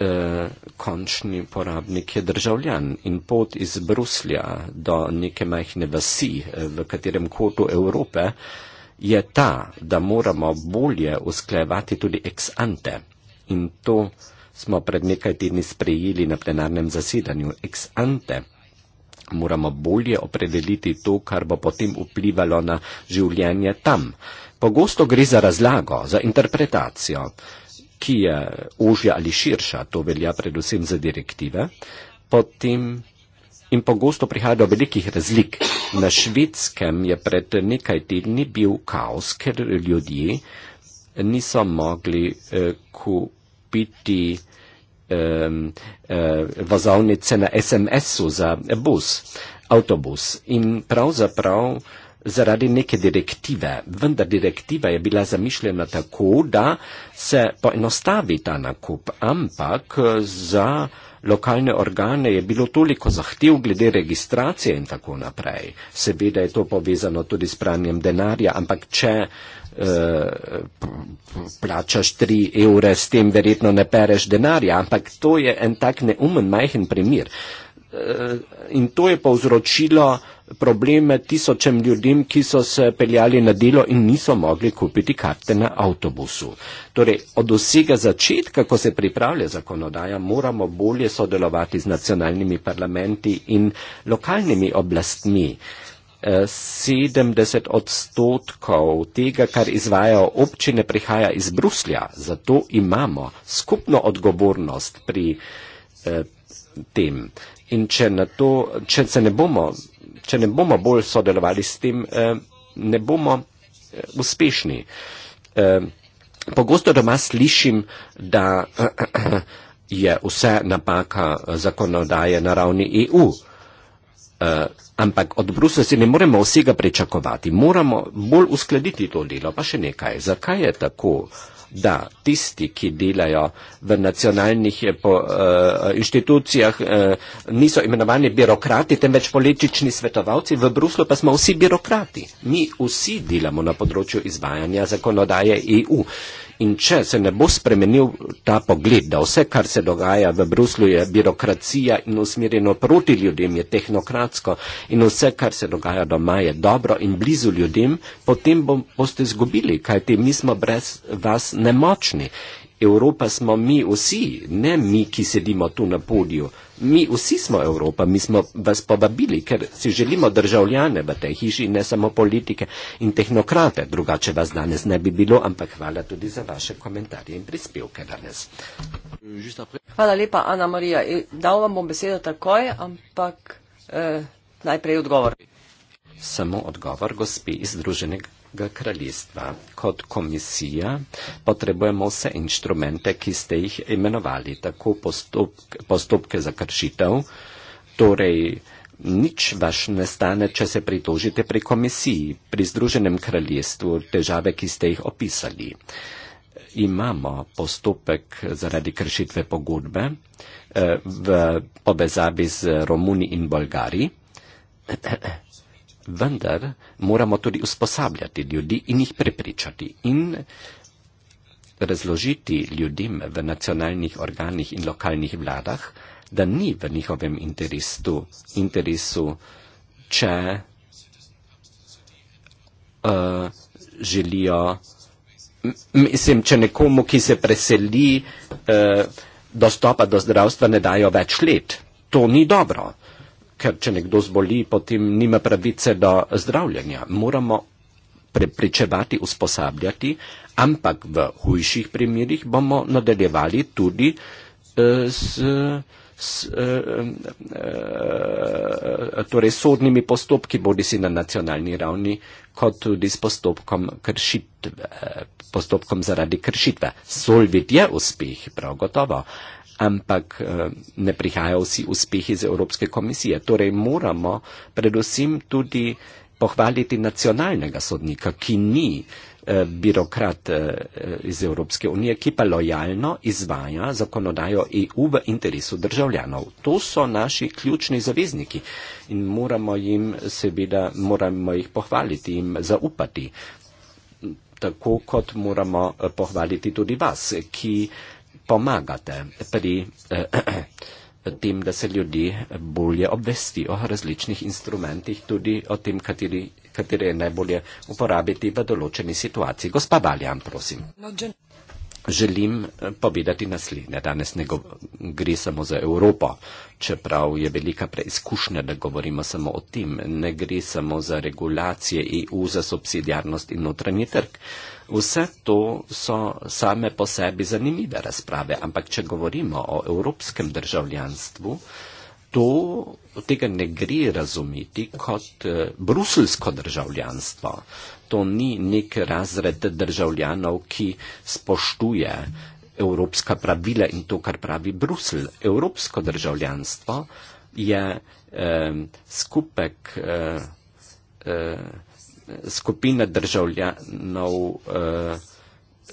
E, končni porabnik je državljan in pot iz Bruslja do neke majhne vasi, v katerem kotu Evrope, e, je ta, da moramo bolje usklejevati tudi ex ante. In to smo pred nekaj tedni sprejeli na plenarnem zasedanju. Ex ante moramo bolje opredeliti to, kar bo potem vplivalo na življenje tam. Pogosto gre za razlago, za interpretacijo, ki je ožja ali širša, to velja predvsem za direktive, potem in pogosto prihaja do velikih razlik. Na švedskem je pred nekaj tedni bil kaos, ker ljudje niso mogli eh, kupiti eh, eh, vazovnice na SMS-u za bus, avtobus. In pravzaprav zaradi neke direktive, vendar direktiva je bila zamišljena tako, da se poenostavi ta nakup, ampak za eh, lokalne organe je bilo toliko zahtev glede registracije in tako naprej. Seveda je to povezano tudi s pranjem denarja, ampak če eh, plačaš tri evre, s tem verjetno ne pereš denarja, ampak to je en tak neumen majhen primer. Eh, in to je povzročilo eh, probleme tisočem ljudem, ki so se peljali na delo in niso mogli kupiti karte na avtobusu. Torej, od vsega začetka, ko se pripravlja zakonodaja, moramo bolje sodelovati z nacionalnimi parlamenti in lokalnimi oblastmi. 70 eh, odstotkov tega, kar izvajajo občine, prihaja iz Bruslja, zato imamo skupno odgovornost pri eh, tem. In če, to, če se ne bomo če ne bomo bolj sodelovali s tem, eh, ne bomo eh, uspešni. Eh, pogosto doma slišim, da je vse napaka zakonodaje na ravni EU. Ampak od Brusa si ne moremo vsega pričakovati. Moramo bolj uskladiti to delo. Pa še nekaj. Zakaj je tako? da tisti, ki delajo v nacionalnih eh, po, uh, inštitucijah, uh, niso imenovani birokrati, temveč politični svetovalci, v Bruslu pa smo vsi birokrati. Mi vsi delamo na področju izvajanja zakonodaje EU. In če se ne bo spremenil ta pogled, da vse, kar se dogaja v Bruslu, je birokracija in usmerjeno proti ljudem, je tehnokratsko in vse, kar se dogaja doma, je dobro in blizu ljudem, potem bom, boste izgubili, kajte mi smo brez vas nemočni. Evropa smo mi vsi, ne mi, ki sedimo tu na podiju. Mi vsi smo Evropa, mi smo vas povabili, ker si želimo državljane v tej hiši, ne samo politike in tehnokrate. Drugače vas danes ne bi bilo, ampak hvala tudi za vaše komentarje in prispevke danes. Hvala lepa, Ana Marija. E, dal vam bom besedo takoj, ampak eh, najprej odgovor. Samo odgovor, gospi iz Združenega. Evropskega kraljestva. Kot komisija potrebujemo vse inštrumente, ki ste jih imenovali, tako postop, postopke za kršitev, torej nič vaš ne stane, če se pritožite pri komisiji, pri Združenem kraljestvu, težave, ki ste jih opisali. Imamo postopek zaradi kršitve pogodbe eh, v povezavi z Romuni in Bolgari vendar moramo tudi usposabljati ljudi in jih prepričati in razložiti ljudem v nacionalnih organih in lokalnih vladah, da ni v njihovem interesu, interesu če uh, želijo, mislim, če nekomu, ki se preseli, uh, dostopa do zdravstva ne dajo več let. To ni dobro ker če nekdo zboli, potem nima pravice do zdravljenja. Moramo prepričevati, usposabljati, ampak v hujših primerjih bomo nadaljevali tudi z, eh, z eh, eh, torej sodnimi postopki, bodi si na nacionalni ravni, kot tudi s postopkom, kršitve, postopkom zaradi kršitve. Solvit je uspeh, prav gotovo ampak eh, ne prihajajo vsi uspehi iz Evropske komisije. Torej moramo predvsem tudi pohvaliti nacionalnega sodnika, ki ni eh, birokrat eh, iz Evropske unije, ki pa lojalno izvaja zakonodajo EU v interesu državljanov. To so naši ključni zavezniki in moramo jim seveda, moramo jih pohvaliti, jim zaupati, tako kot moramo pohvaliti tudi vas, ki pomagate pri eh, tem, da se ljudi bolje obvesti o različnih instrumentih, tudi o tem, kateri, katere je najbolje uporabiti v določeni situaciji. Gospa Valjan, prosim. Želim eh, povedati naslednje. Danes ne gre samo za Evropo, čeprav je velika preizkušnja, da govorimo samo o tem. Ne gre samo za regulacije EU, za subsidijarnost in notranji trg. Vse to so same po sebi zanimive razprave, ampak če govorimo o evropskem državljanstvu, to, tega ne gre razumeti kot eh, bruselsko državljanstvo. To ni nek razred državljanov, ki spoštuje evropska pravila in to, kar pravi Brusel. Evropsko državljanstvo je eh, skupek. Eh, eh, skupina državljanov eh,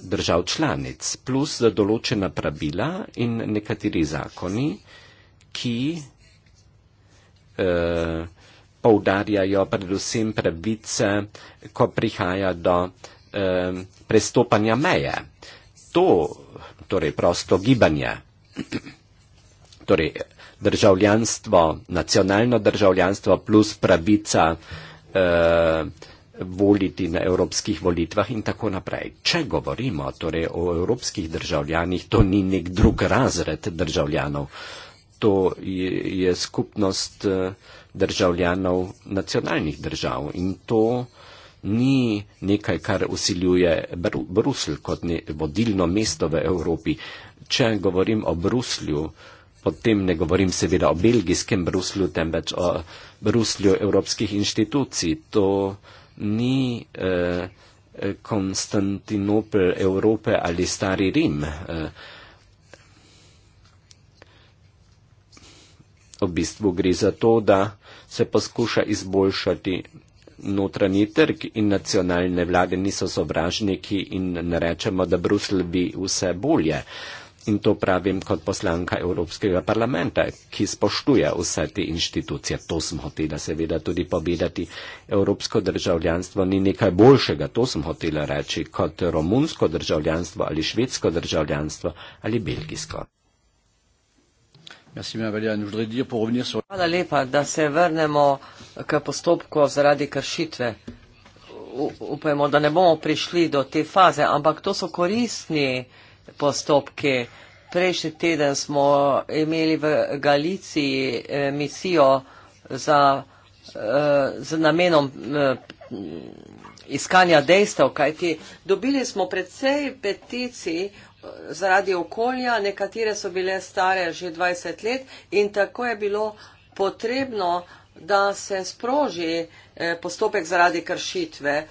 držav članic, plus za določena pravila in nekateri zakoni, ki eh, poudarjajo predvsem pravice, ko prihaja do eh, prestopanja meje. To, torej prosto gibanje, torej državljanstvo, nacionalno državljanstvo plus pravica državljanstva, voliti na evropskih volitvah in tako naprej. Če govorimo torej o evropskih državljanih, to ni nek drug razred državljanov. To je skupnost eh, državljanov nacionalnih držav in to ni nekaj, kar usiljuje Brusel kot vodilno mesto v Evropi. Če govorim o Bruslju, potem ne govorim seveda o belgijskem Bruslju, temveč o Bruslju evropskih inštitucij. To ni eh, Konstantinopel Evrope ali Stari Rim. Eh, v bistvu gre za to, da se poskuša izboljšati notranji trg in nacionalne vlade niso sovražniki in ne rečemo, da Brusel bi vse bolje. Eh, In to pravim kot poslanka Evropskega parlamenta, ki spoštuje vse te inštitucije. To sem hotela seveda tudi povedati. Evropsko državljanstvo ni nekaj boljšega, to sem hotela reči, kot romunsko državljanstvo ali švedsko državljanstvo ali belgijsko. Hvala lepa, da se vrnemo k postopku zaradi kršitve. Upajmo, da ne bomo prišli do te faze, ampak to so koristni postopki. Prejšnji teden smo imeli v Galiciji eh, misijo za, eh, z namenom eh, iskanja dejstev, kajti dobili smo predvsej peticij zaradi okolja, nekatere so bile stare že 20 let in tako je bilo potrebno, da se sproži postopek zaradi kršitve,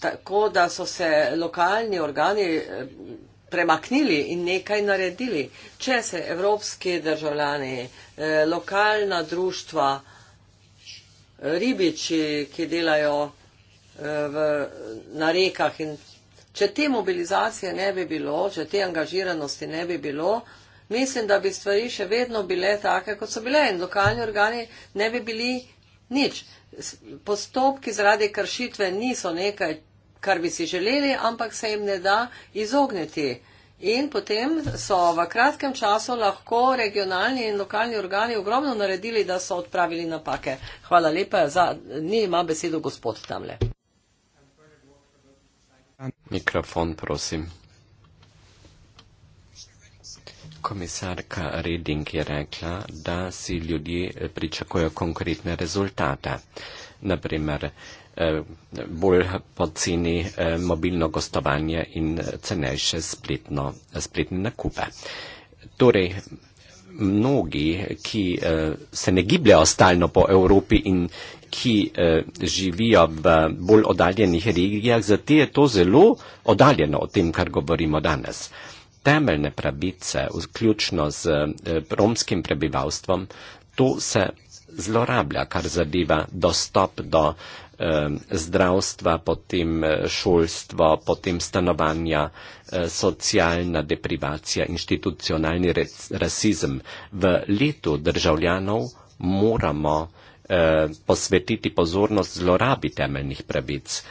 tako da so se lokalni organi premaknili in nekaj naredili. Če se evropski državljani, eh, lokalna društva, eh, ribiči, ki delajo eh, v, na rekah in če te mobilizacije ne bi bilo, če te angažiranosti ne bi bilo, mislim, da bi stvari še vedno bile take, kot so bile in lokalni organi ne bi bili nič. Postopki zaradi kršitve niso nekaj kar bi si želeli, ampak se jim ne da izogniti. In potem so v kratkem času lahko regionalni in lokalni organi ogromno naredili, da so odpravili napake. Hvala lepa, za, ni ima besedo gospod tamle. Mikrofon, prosim. Komisarka Reding je rekla, da si ljudje pričakujejo konkretne rezultate. Naprimer, Eh, bolj poceni eh, mobilno gostovanje in cenejše spletno, spletne nakupe. Torej, mnogi, ki eh, se ne gibljajo stalno po Evropi in ki živijo v bolj oddaljenih regijah, za te je to zelo oddaljeno od tem, kar govorimo danes. Temeljne pravice, vključno z romskim prebivalstvom, to se zlorablja, kar zadeva dostop do Eh, zdravstva, potem eh, šolstvo, potem stanovanja, eh, socialna deprivacija, institucionalni rasizem. V letu državljanov moramo posvetiti pozornost zlorabi temeljnih pravic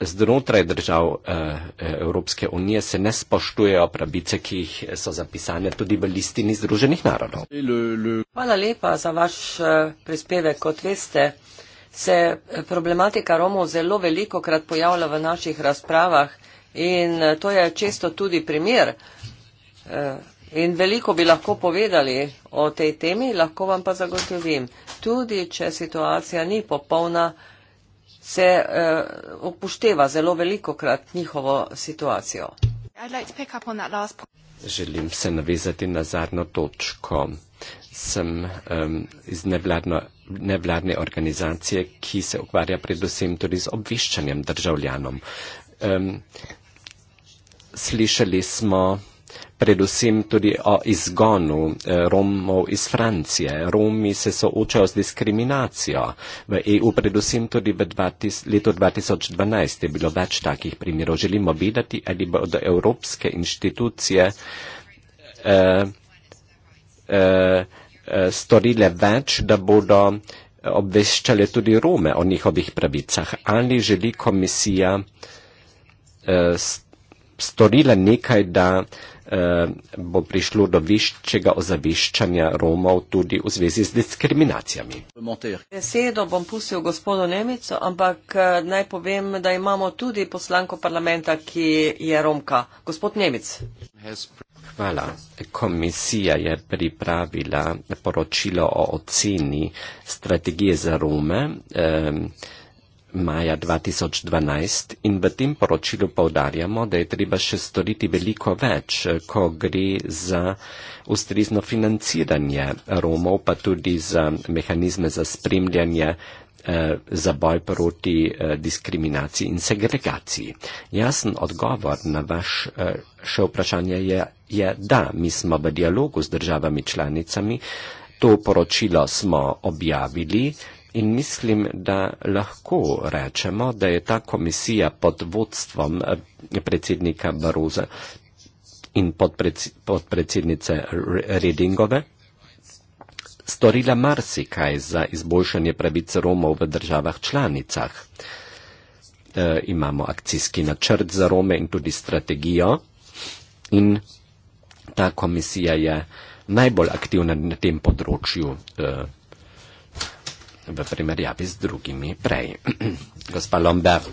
znotraj držav eh, eh, Evropske unije se ne spoštujejo pravice, ki jih so zapisane tudi v listini Združenih narodov. Hvala lepa za vaš eh, prispevek. Kot veste, se problematika Romov zelo veliko krat pojavlja v naših razpravah in to je često tudi primer. In veliko bi lahko povedali o tej temi, lahko vam pa zagotovim, tudi če situacija ni popolna, se uh, upošteva zelo veliko krat njihovo situacijo. Želim se navezati na zadnjo točko. Sem um, iz nevladno, nevladne organizacije, ki se ukvarja predvsem tudi z obveščanjem državljanom. Um, slišali smo predvsem tudi o izgonu eh, Romov iz Francije. Romi se soočajo z diskriminacijo. V EU predvsem tudi v 20, letu 2012 je bilo več takih primerov. Želimo videti, ali bo od Evropske inštitucije eh, eh, eh, storile več, da bodo obveščale tudi Rome o njihovih pravicah. Ali želi komisija eh, storila nekaj, da eh, Eh, bo prišlo do višjega ozaveščanja Romov tudi v zvezi z diskriminacijami. Besedo bom pustil gospodu Nemico, ampak eh, naj povem, da imamo tudi poslanko parlamenta, ki je Romka. Gospod Nemic. Hvala. Komisija je pripravila poročilo o oceni strategije za Rome. Eh, maja 2012 in v tem poročilu povdarjamo, da je treba še storiti veliko več, ko gre za ustrezno financiranje Romov, pa tudi za mehanizme za spremljanje eh, za boj proti eh, diskriminaciji in segregaciji. Jasen odgovor na vaš eh, še vprašanje je, je, da mi smo v dialogu z državami članicami, to poročilo smo objavili, in mislim, da lahko rečemo, da je ta komisija pod vodstvom eh, predsednika Baroza in podpredsednice Redingove storila marsikaj za izboljšanje pravic Romov v državah članicah. E, imamo akcijski načrt za Rome in tudi strategijo in ta komisija je najbolj aktivna na tem področju. E, v primerjavi z drugimi prej. Gospa Lombert,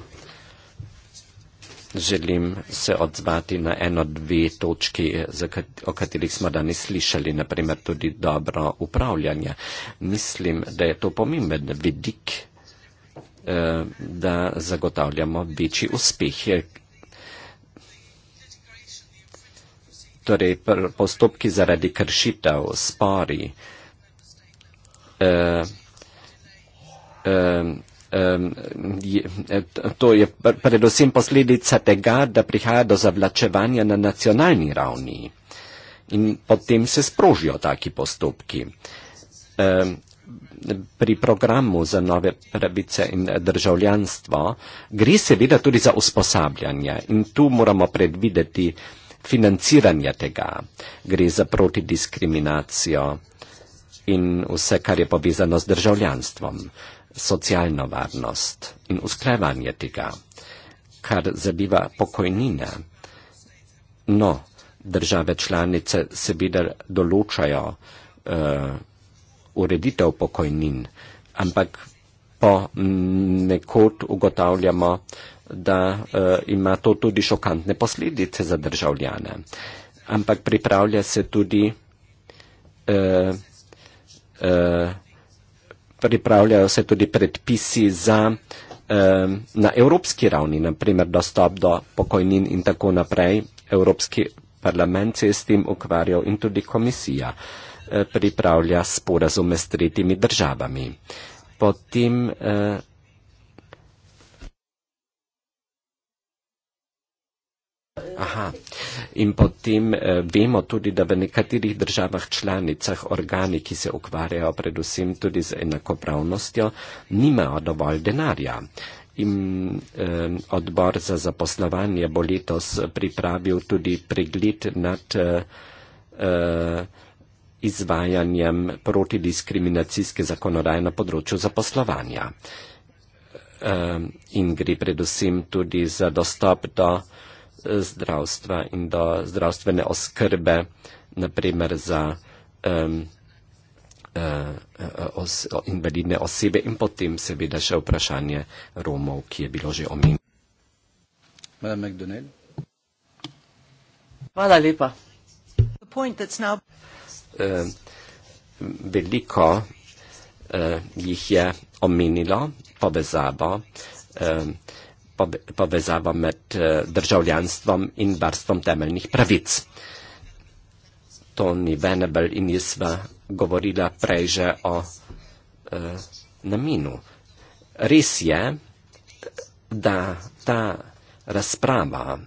želim se odzvati na eno, dve točki, o katerih smo danes slišali, naprimer tudi dobro upravljanje. Mislim, da je to pomemben vidik, eh, da zagotavljamo večji uspeh. Torej, postopki zaradi kršitev, spori, eh, Ehm, ehm, e, to je predvsem posledica tega, da prihaja do zavlačevanja na nacionalni ravni in potem se sprožijo taki postopki. Ehm, pri programu za nove pravice in e, državljanstvo gre seveda tudi za usposabljanje in tu moramo predvideti financiranje tega. Gre za protidiskriminacijo in vse, kar je povezano z državljanstvom socialno varnost in usklajevanje tega, kar zadeva pokojnine. No, države članice se vidar določajo uh, ureditev pokojnin, ampak po nekod ugotavljamo, da uh, ima to tudi šokantne posledice za državljane. Ampak pripravlja se tudi uh, uh, pripravljajo se tudi predpisi za, um, na evropski ravni, naprimer dostop do pokojnin in tako naprej. Evropski parlament se je s tem ukvarjal in tudi komisija eh, pripravlja sporazume s tretjimi državami. Potem eh, Aha. In potem eh, vemo tudi, da v nekaterih državah članicah organi, ki se ukvarjajo predvsem tudi z enakopravnostjo, nimajo dovolj denarja. In eh, odbor za zaposlovanje bo letos pripravil tudi pregled nad eh, eh izvajanjem protidiskriminacijske zakonodaje na področju zaposlovanja. Eh, in gre predvsem tudi za dostop do eh, zdravstva in do zdravstvene oskrbe, naprimer za um, uh, os, invalidne osebe in potem seveda še vprašanje Romov, ki je bilo že omenjeno. Hvala lepa. Now... Uh, veliko uh, jih je omenilo povezavo. Uh, povezava med eh, državljanstvom in varstvom temeljnih pravic. Toni Venebel in jaz sva govorila prej že o eh, namenu. Res je, da ta razprava,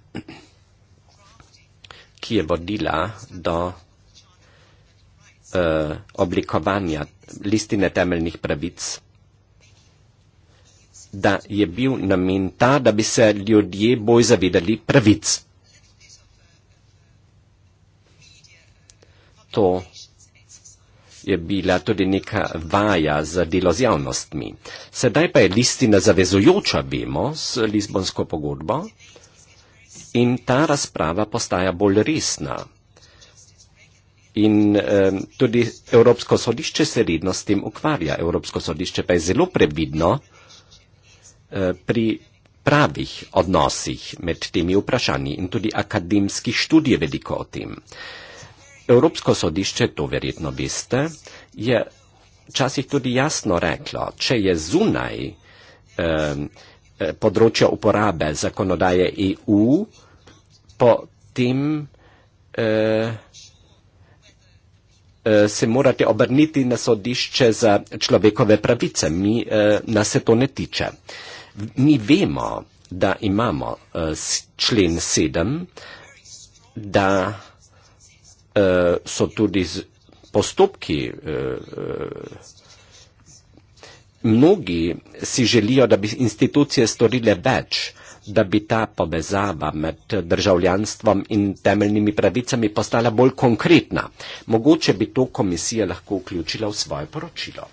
ki je vodila do eh, oblikovanja listine temeljnih pravic, da je bil namen ta, da bi se ljudje bolj zavedali pravic. To je bila tudi neka vaja za delo z javnostmi. Sedaj pa je listina zavezujoča, vemo, s Lizbonsko pogodbo in ta razprava postaja bolj resna. In um, tudi Evropsko sodišče se redno s tem ukvarja. Evropsko sodišče pa je zelo previdno, Eh, pri pravih odnosih med temi vprašanji in tudi akademski študije veliko o tem. Evropsko sodišče, to verjetno veste, je včasih tudi jasno reklo, če je zunaj eh, področja uporabe zakonodaje EU, potem eh, eh, se morate obrniti na sodišče za človekove pravice. Mi eh, nas se to ne tiče. Eh, mi vemo, da imamo uh, člen 7, da uh, so tudi z, postopki. Uh, mnogi si želijo, da bi institucije storile več, da bi ta povezava med državljanstvom in temeljnimi pravicami postala bolj konkretna. Mogoče bi to komisija lahko vključila v svoje poročilo.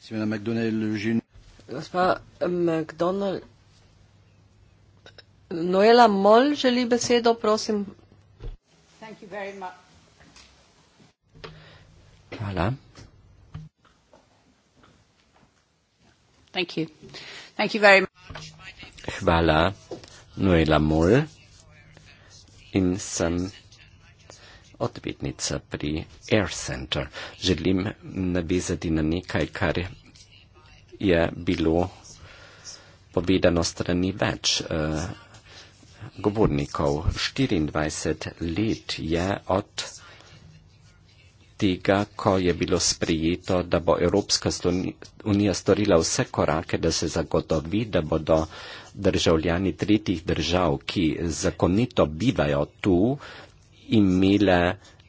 Si mi na McDonald's ljubim. Gospa McDonald. Noela Mol želi besedo, prosim. Hvala. Thank you. Thank you very much. Hvala, Noela Mol. In sem odvetnica pri Air Center. Želim navezati na nekaj, kar je je bilo povedano strani več uh, govornikov. 24 let je od tega, ko je bilo sprejeto, da bo Evropska unija storila vse korake, da se zagotovi, da bodo državljani tretjih držav, ki zakonito bivajo tu, imele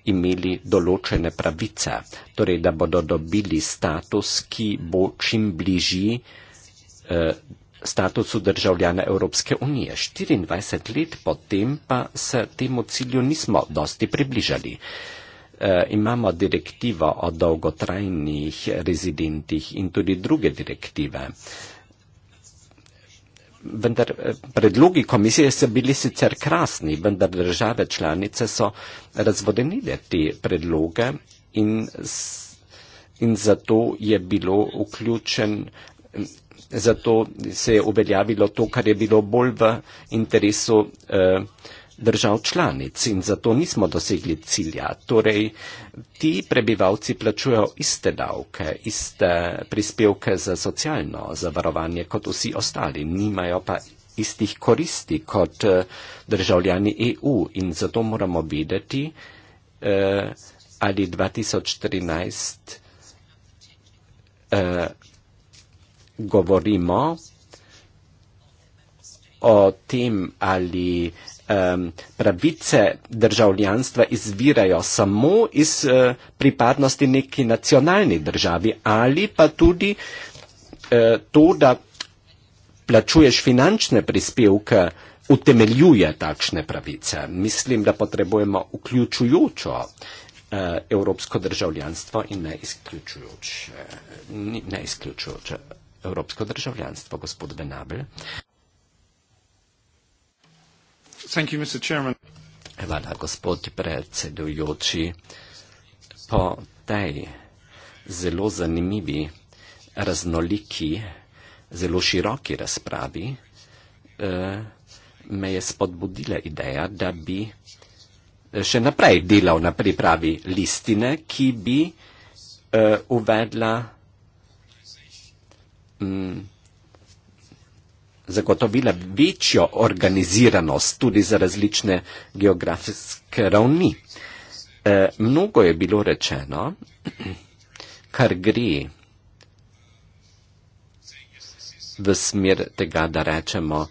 imeli določene pravice, torej da bodo dobili status, ki bo čim bližji eh, statusu državljana Evropske unije. 24 let potem pa se temu cilju nismo dosti približali. Eh, imamo direktivo o dolgotrajnih rezidentih in tudi druge direktive. Eh, vendar eh, predlogi komisije so bili sicer krasni, vendar države članice so razvodenile te predloge in, in zato je bilo vključen. Eh, zato se je uveljavilo to, kar je bilo bolj v interesu eh, držav članic in zato nismo dosegli cilja. Torej, ti prebivalci plačujo iste davke, iste prispevke za socialno zavarovanje kot vsi ostali, nimajo pa istih koristi kot eh, državljani EU in zato moramo videti, eh, ali 2013 eh, govorimo o tem, ali um, pravice državljanstva izvirajo samo iz uh, pripadnosti neki nacionalni državi ali pa tudi uh, to, da plačuješ finančne prispevke, utemeljuje takšne pravice. Mislim, da potrebujemo vključujočo eh, evropsko državljanstvo in neizključujoče, neizključujoče evropsko državljanstvo, gospod Benabel. Thank you, Mr. Chairman. Hvala, gospod predsedujoči. Po tej zelo zanimivi, raznoliki, zelo široki razpravi eh, me je spodbudila ideja, da bi eh, še naprej delal na pripravi listine, ki bi eh, uvedla vsega, mm, zagotovila večjo organiziranost tudi za različne geografske ravni. E, mnogo je bilo rečeno, kar gre v smer tega, da rečemo,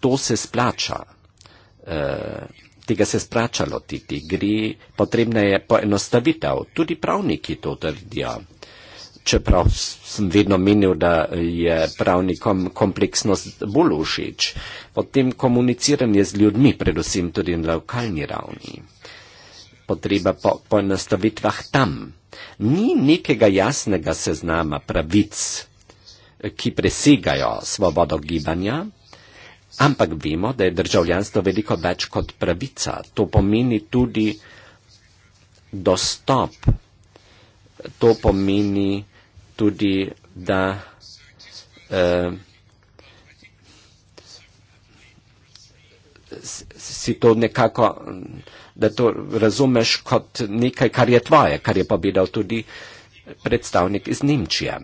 to se splača, e, tega se splača lotiti, gre, potrebna je poenostavitev, tudi pravniki to trdijo čeprav sem vedno menil, da je pravnikom kompleksnost bolj všeč, potem komuniciranje z ljudmi, predvsem tudi na lokalni ravni. Potreba po poenostavitvah tam. Ni nekega jasnega seznama pravic, ki presegajo svobodo gibanja, ampak vemo, da je državljanstvo veliko več kot pravica. To pomeni tudi dostop. To pomeni tudi da eh, si to nekako, da to razumeš kot nekaj, kar je tvoje, kar je povedal tudi predstavnik iz Nemčije.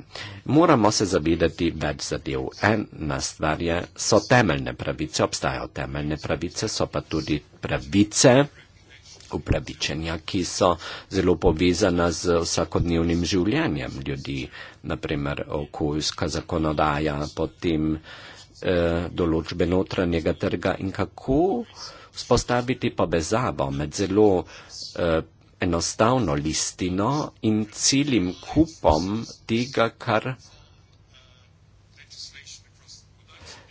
Moramo se zavedati več zadev. Ena stvar je, so temeljne pravice, obstajajo temeljne pravice, so pa tudi pravice, upravičenja, ki so zelo povezana z vsakodnevnim življenjem ljudi, naprimer okoljska zakonodaja, potem eh, določbe notranjega trga in kako spostaviti povezavo med zelo eh, enostavno listino in celim kupom tega, kar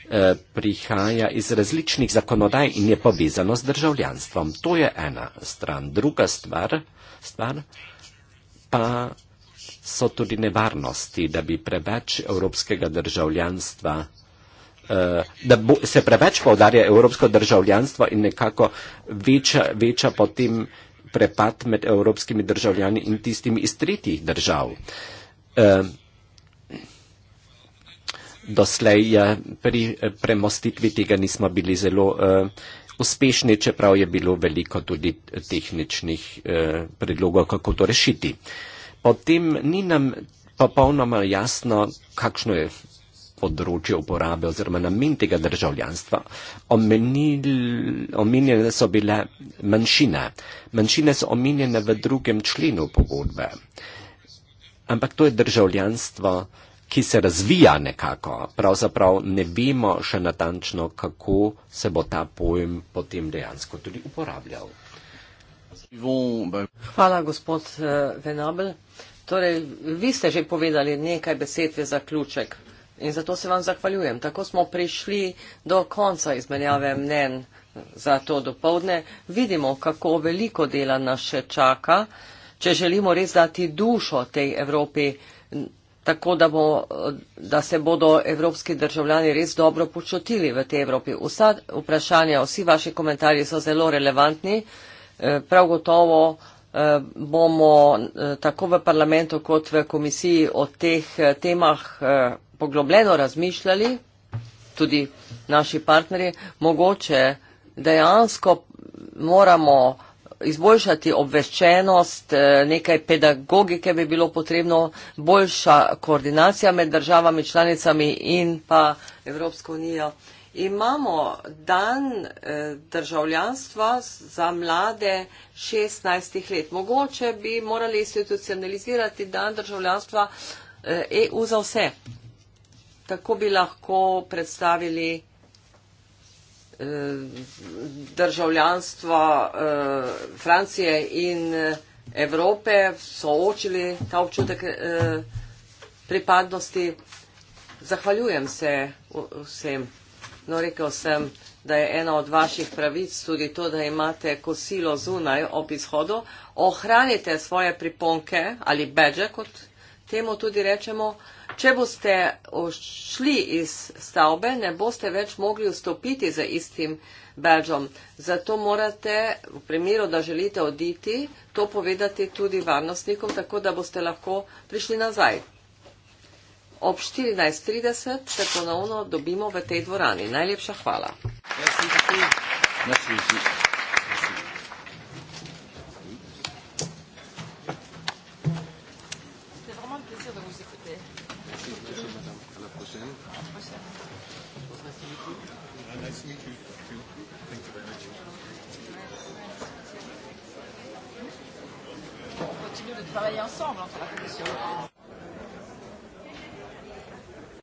Eh, prihaja iz različnih zakonodaj in je povezano z državljanstvom. To je ena stran. Druga stvar, stvar pa so tudi nevarnosti, da bi preveč evropskega državljanstva, eh, da bo, se preveč povdarja evropsko državljanstvo in nekako veča, veča potem prepad med evropskimi državljani in tistimi iz tretjih držav. Eh, doslej je, ja, pri eh, premostitvi tega nismo bili zelo uh, uspešni, čeprav je bilo veliko tudi eh, tehničnih uh, predlogov, kako to rešiti. Potem ni nam popolnoma jasno, kakšno je področje uporabe oziroma namen tega državljanstva. Omenjene so bile manjšine. Manjšine so omenjene v drugem členu pogodbe. Ampak to je državljanstvo ki se razvija nekako. Pravzaprav ne vemo še natančno, kako se bo ta pojem potem dejansko tudi uporabljal. Hvala, gospod eh, Venabel. Torej, vi ste že povedali nekaj besed v zaključek in zato se vam zahvaljujem. Tako smo prišli do konca izmenjave mnen eh, za to dopovdne. Vidimo, kako veliko dela nas še čaka, če želimo res dati dušo tej Evropi tako da, bo, da se bodo evropski državljani res dobro počutili v tej Evropi. Vsa vprašanja, vsi vaši komentarji so zelo relevantni. Eh, prav gotovo eh, bomo eh, tako v parlamentu kot v komisiji o teh temah poglobljeno razmišljali, tudi naši partnerji. Mogoče dejansko moramo izboljšati obveščenost, eh, nekaj pedagogike bi bilo potrebno, boljša koordinacija med državami članicami in pa Evropsko unijo. Imamo dan eh, državljanstva za mlade 16 let. Mogoče bi morali institucionalizirati dan državljanstva EU eh, e za vse. Tako bi lahko predstavili državljanstva eh, Francije in eh, Evrope soočili ta občutek eh, pripadnosti. Zahvaljujem se vsem. No, rekel sem, da je ena od vaših pravic tudi to, da imate kosilo zunaj ob izhodu. Ohranite svoje priponke ali beže, kot temu tudi rečemo. Eh, Če boste šli iz stavbe, ne boste več mogli vstopiti za istim badžom. Zato morate v primeru, da želite oditi, to povedati tudi varnostnikom, tako da boste lahko prišli nazaj. Ob 14.30 se ponovno dobimo v tej dvorani. Najlepša hvala. Ja,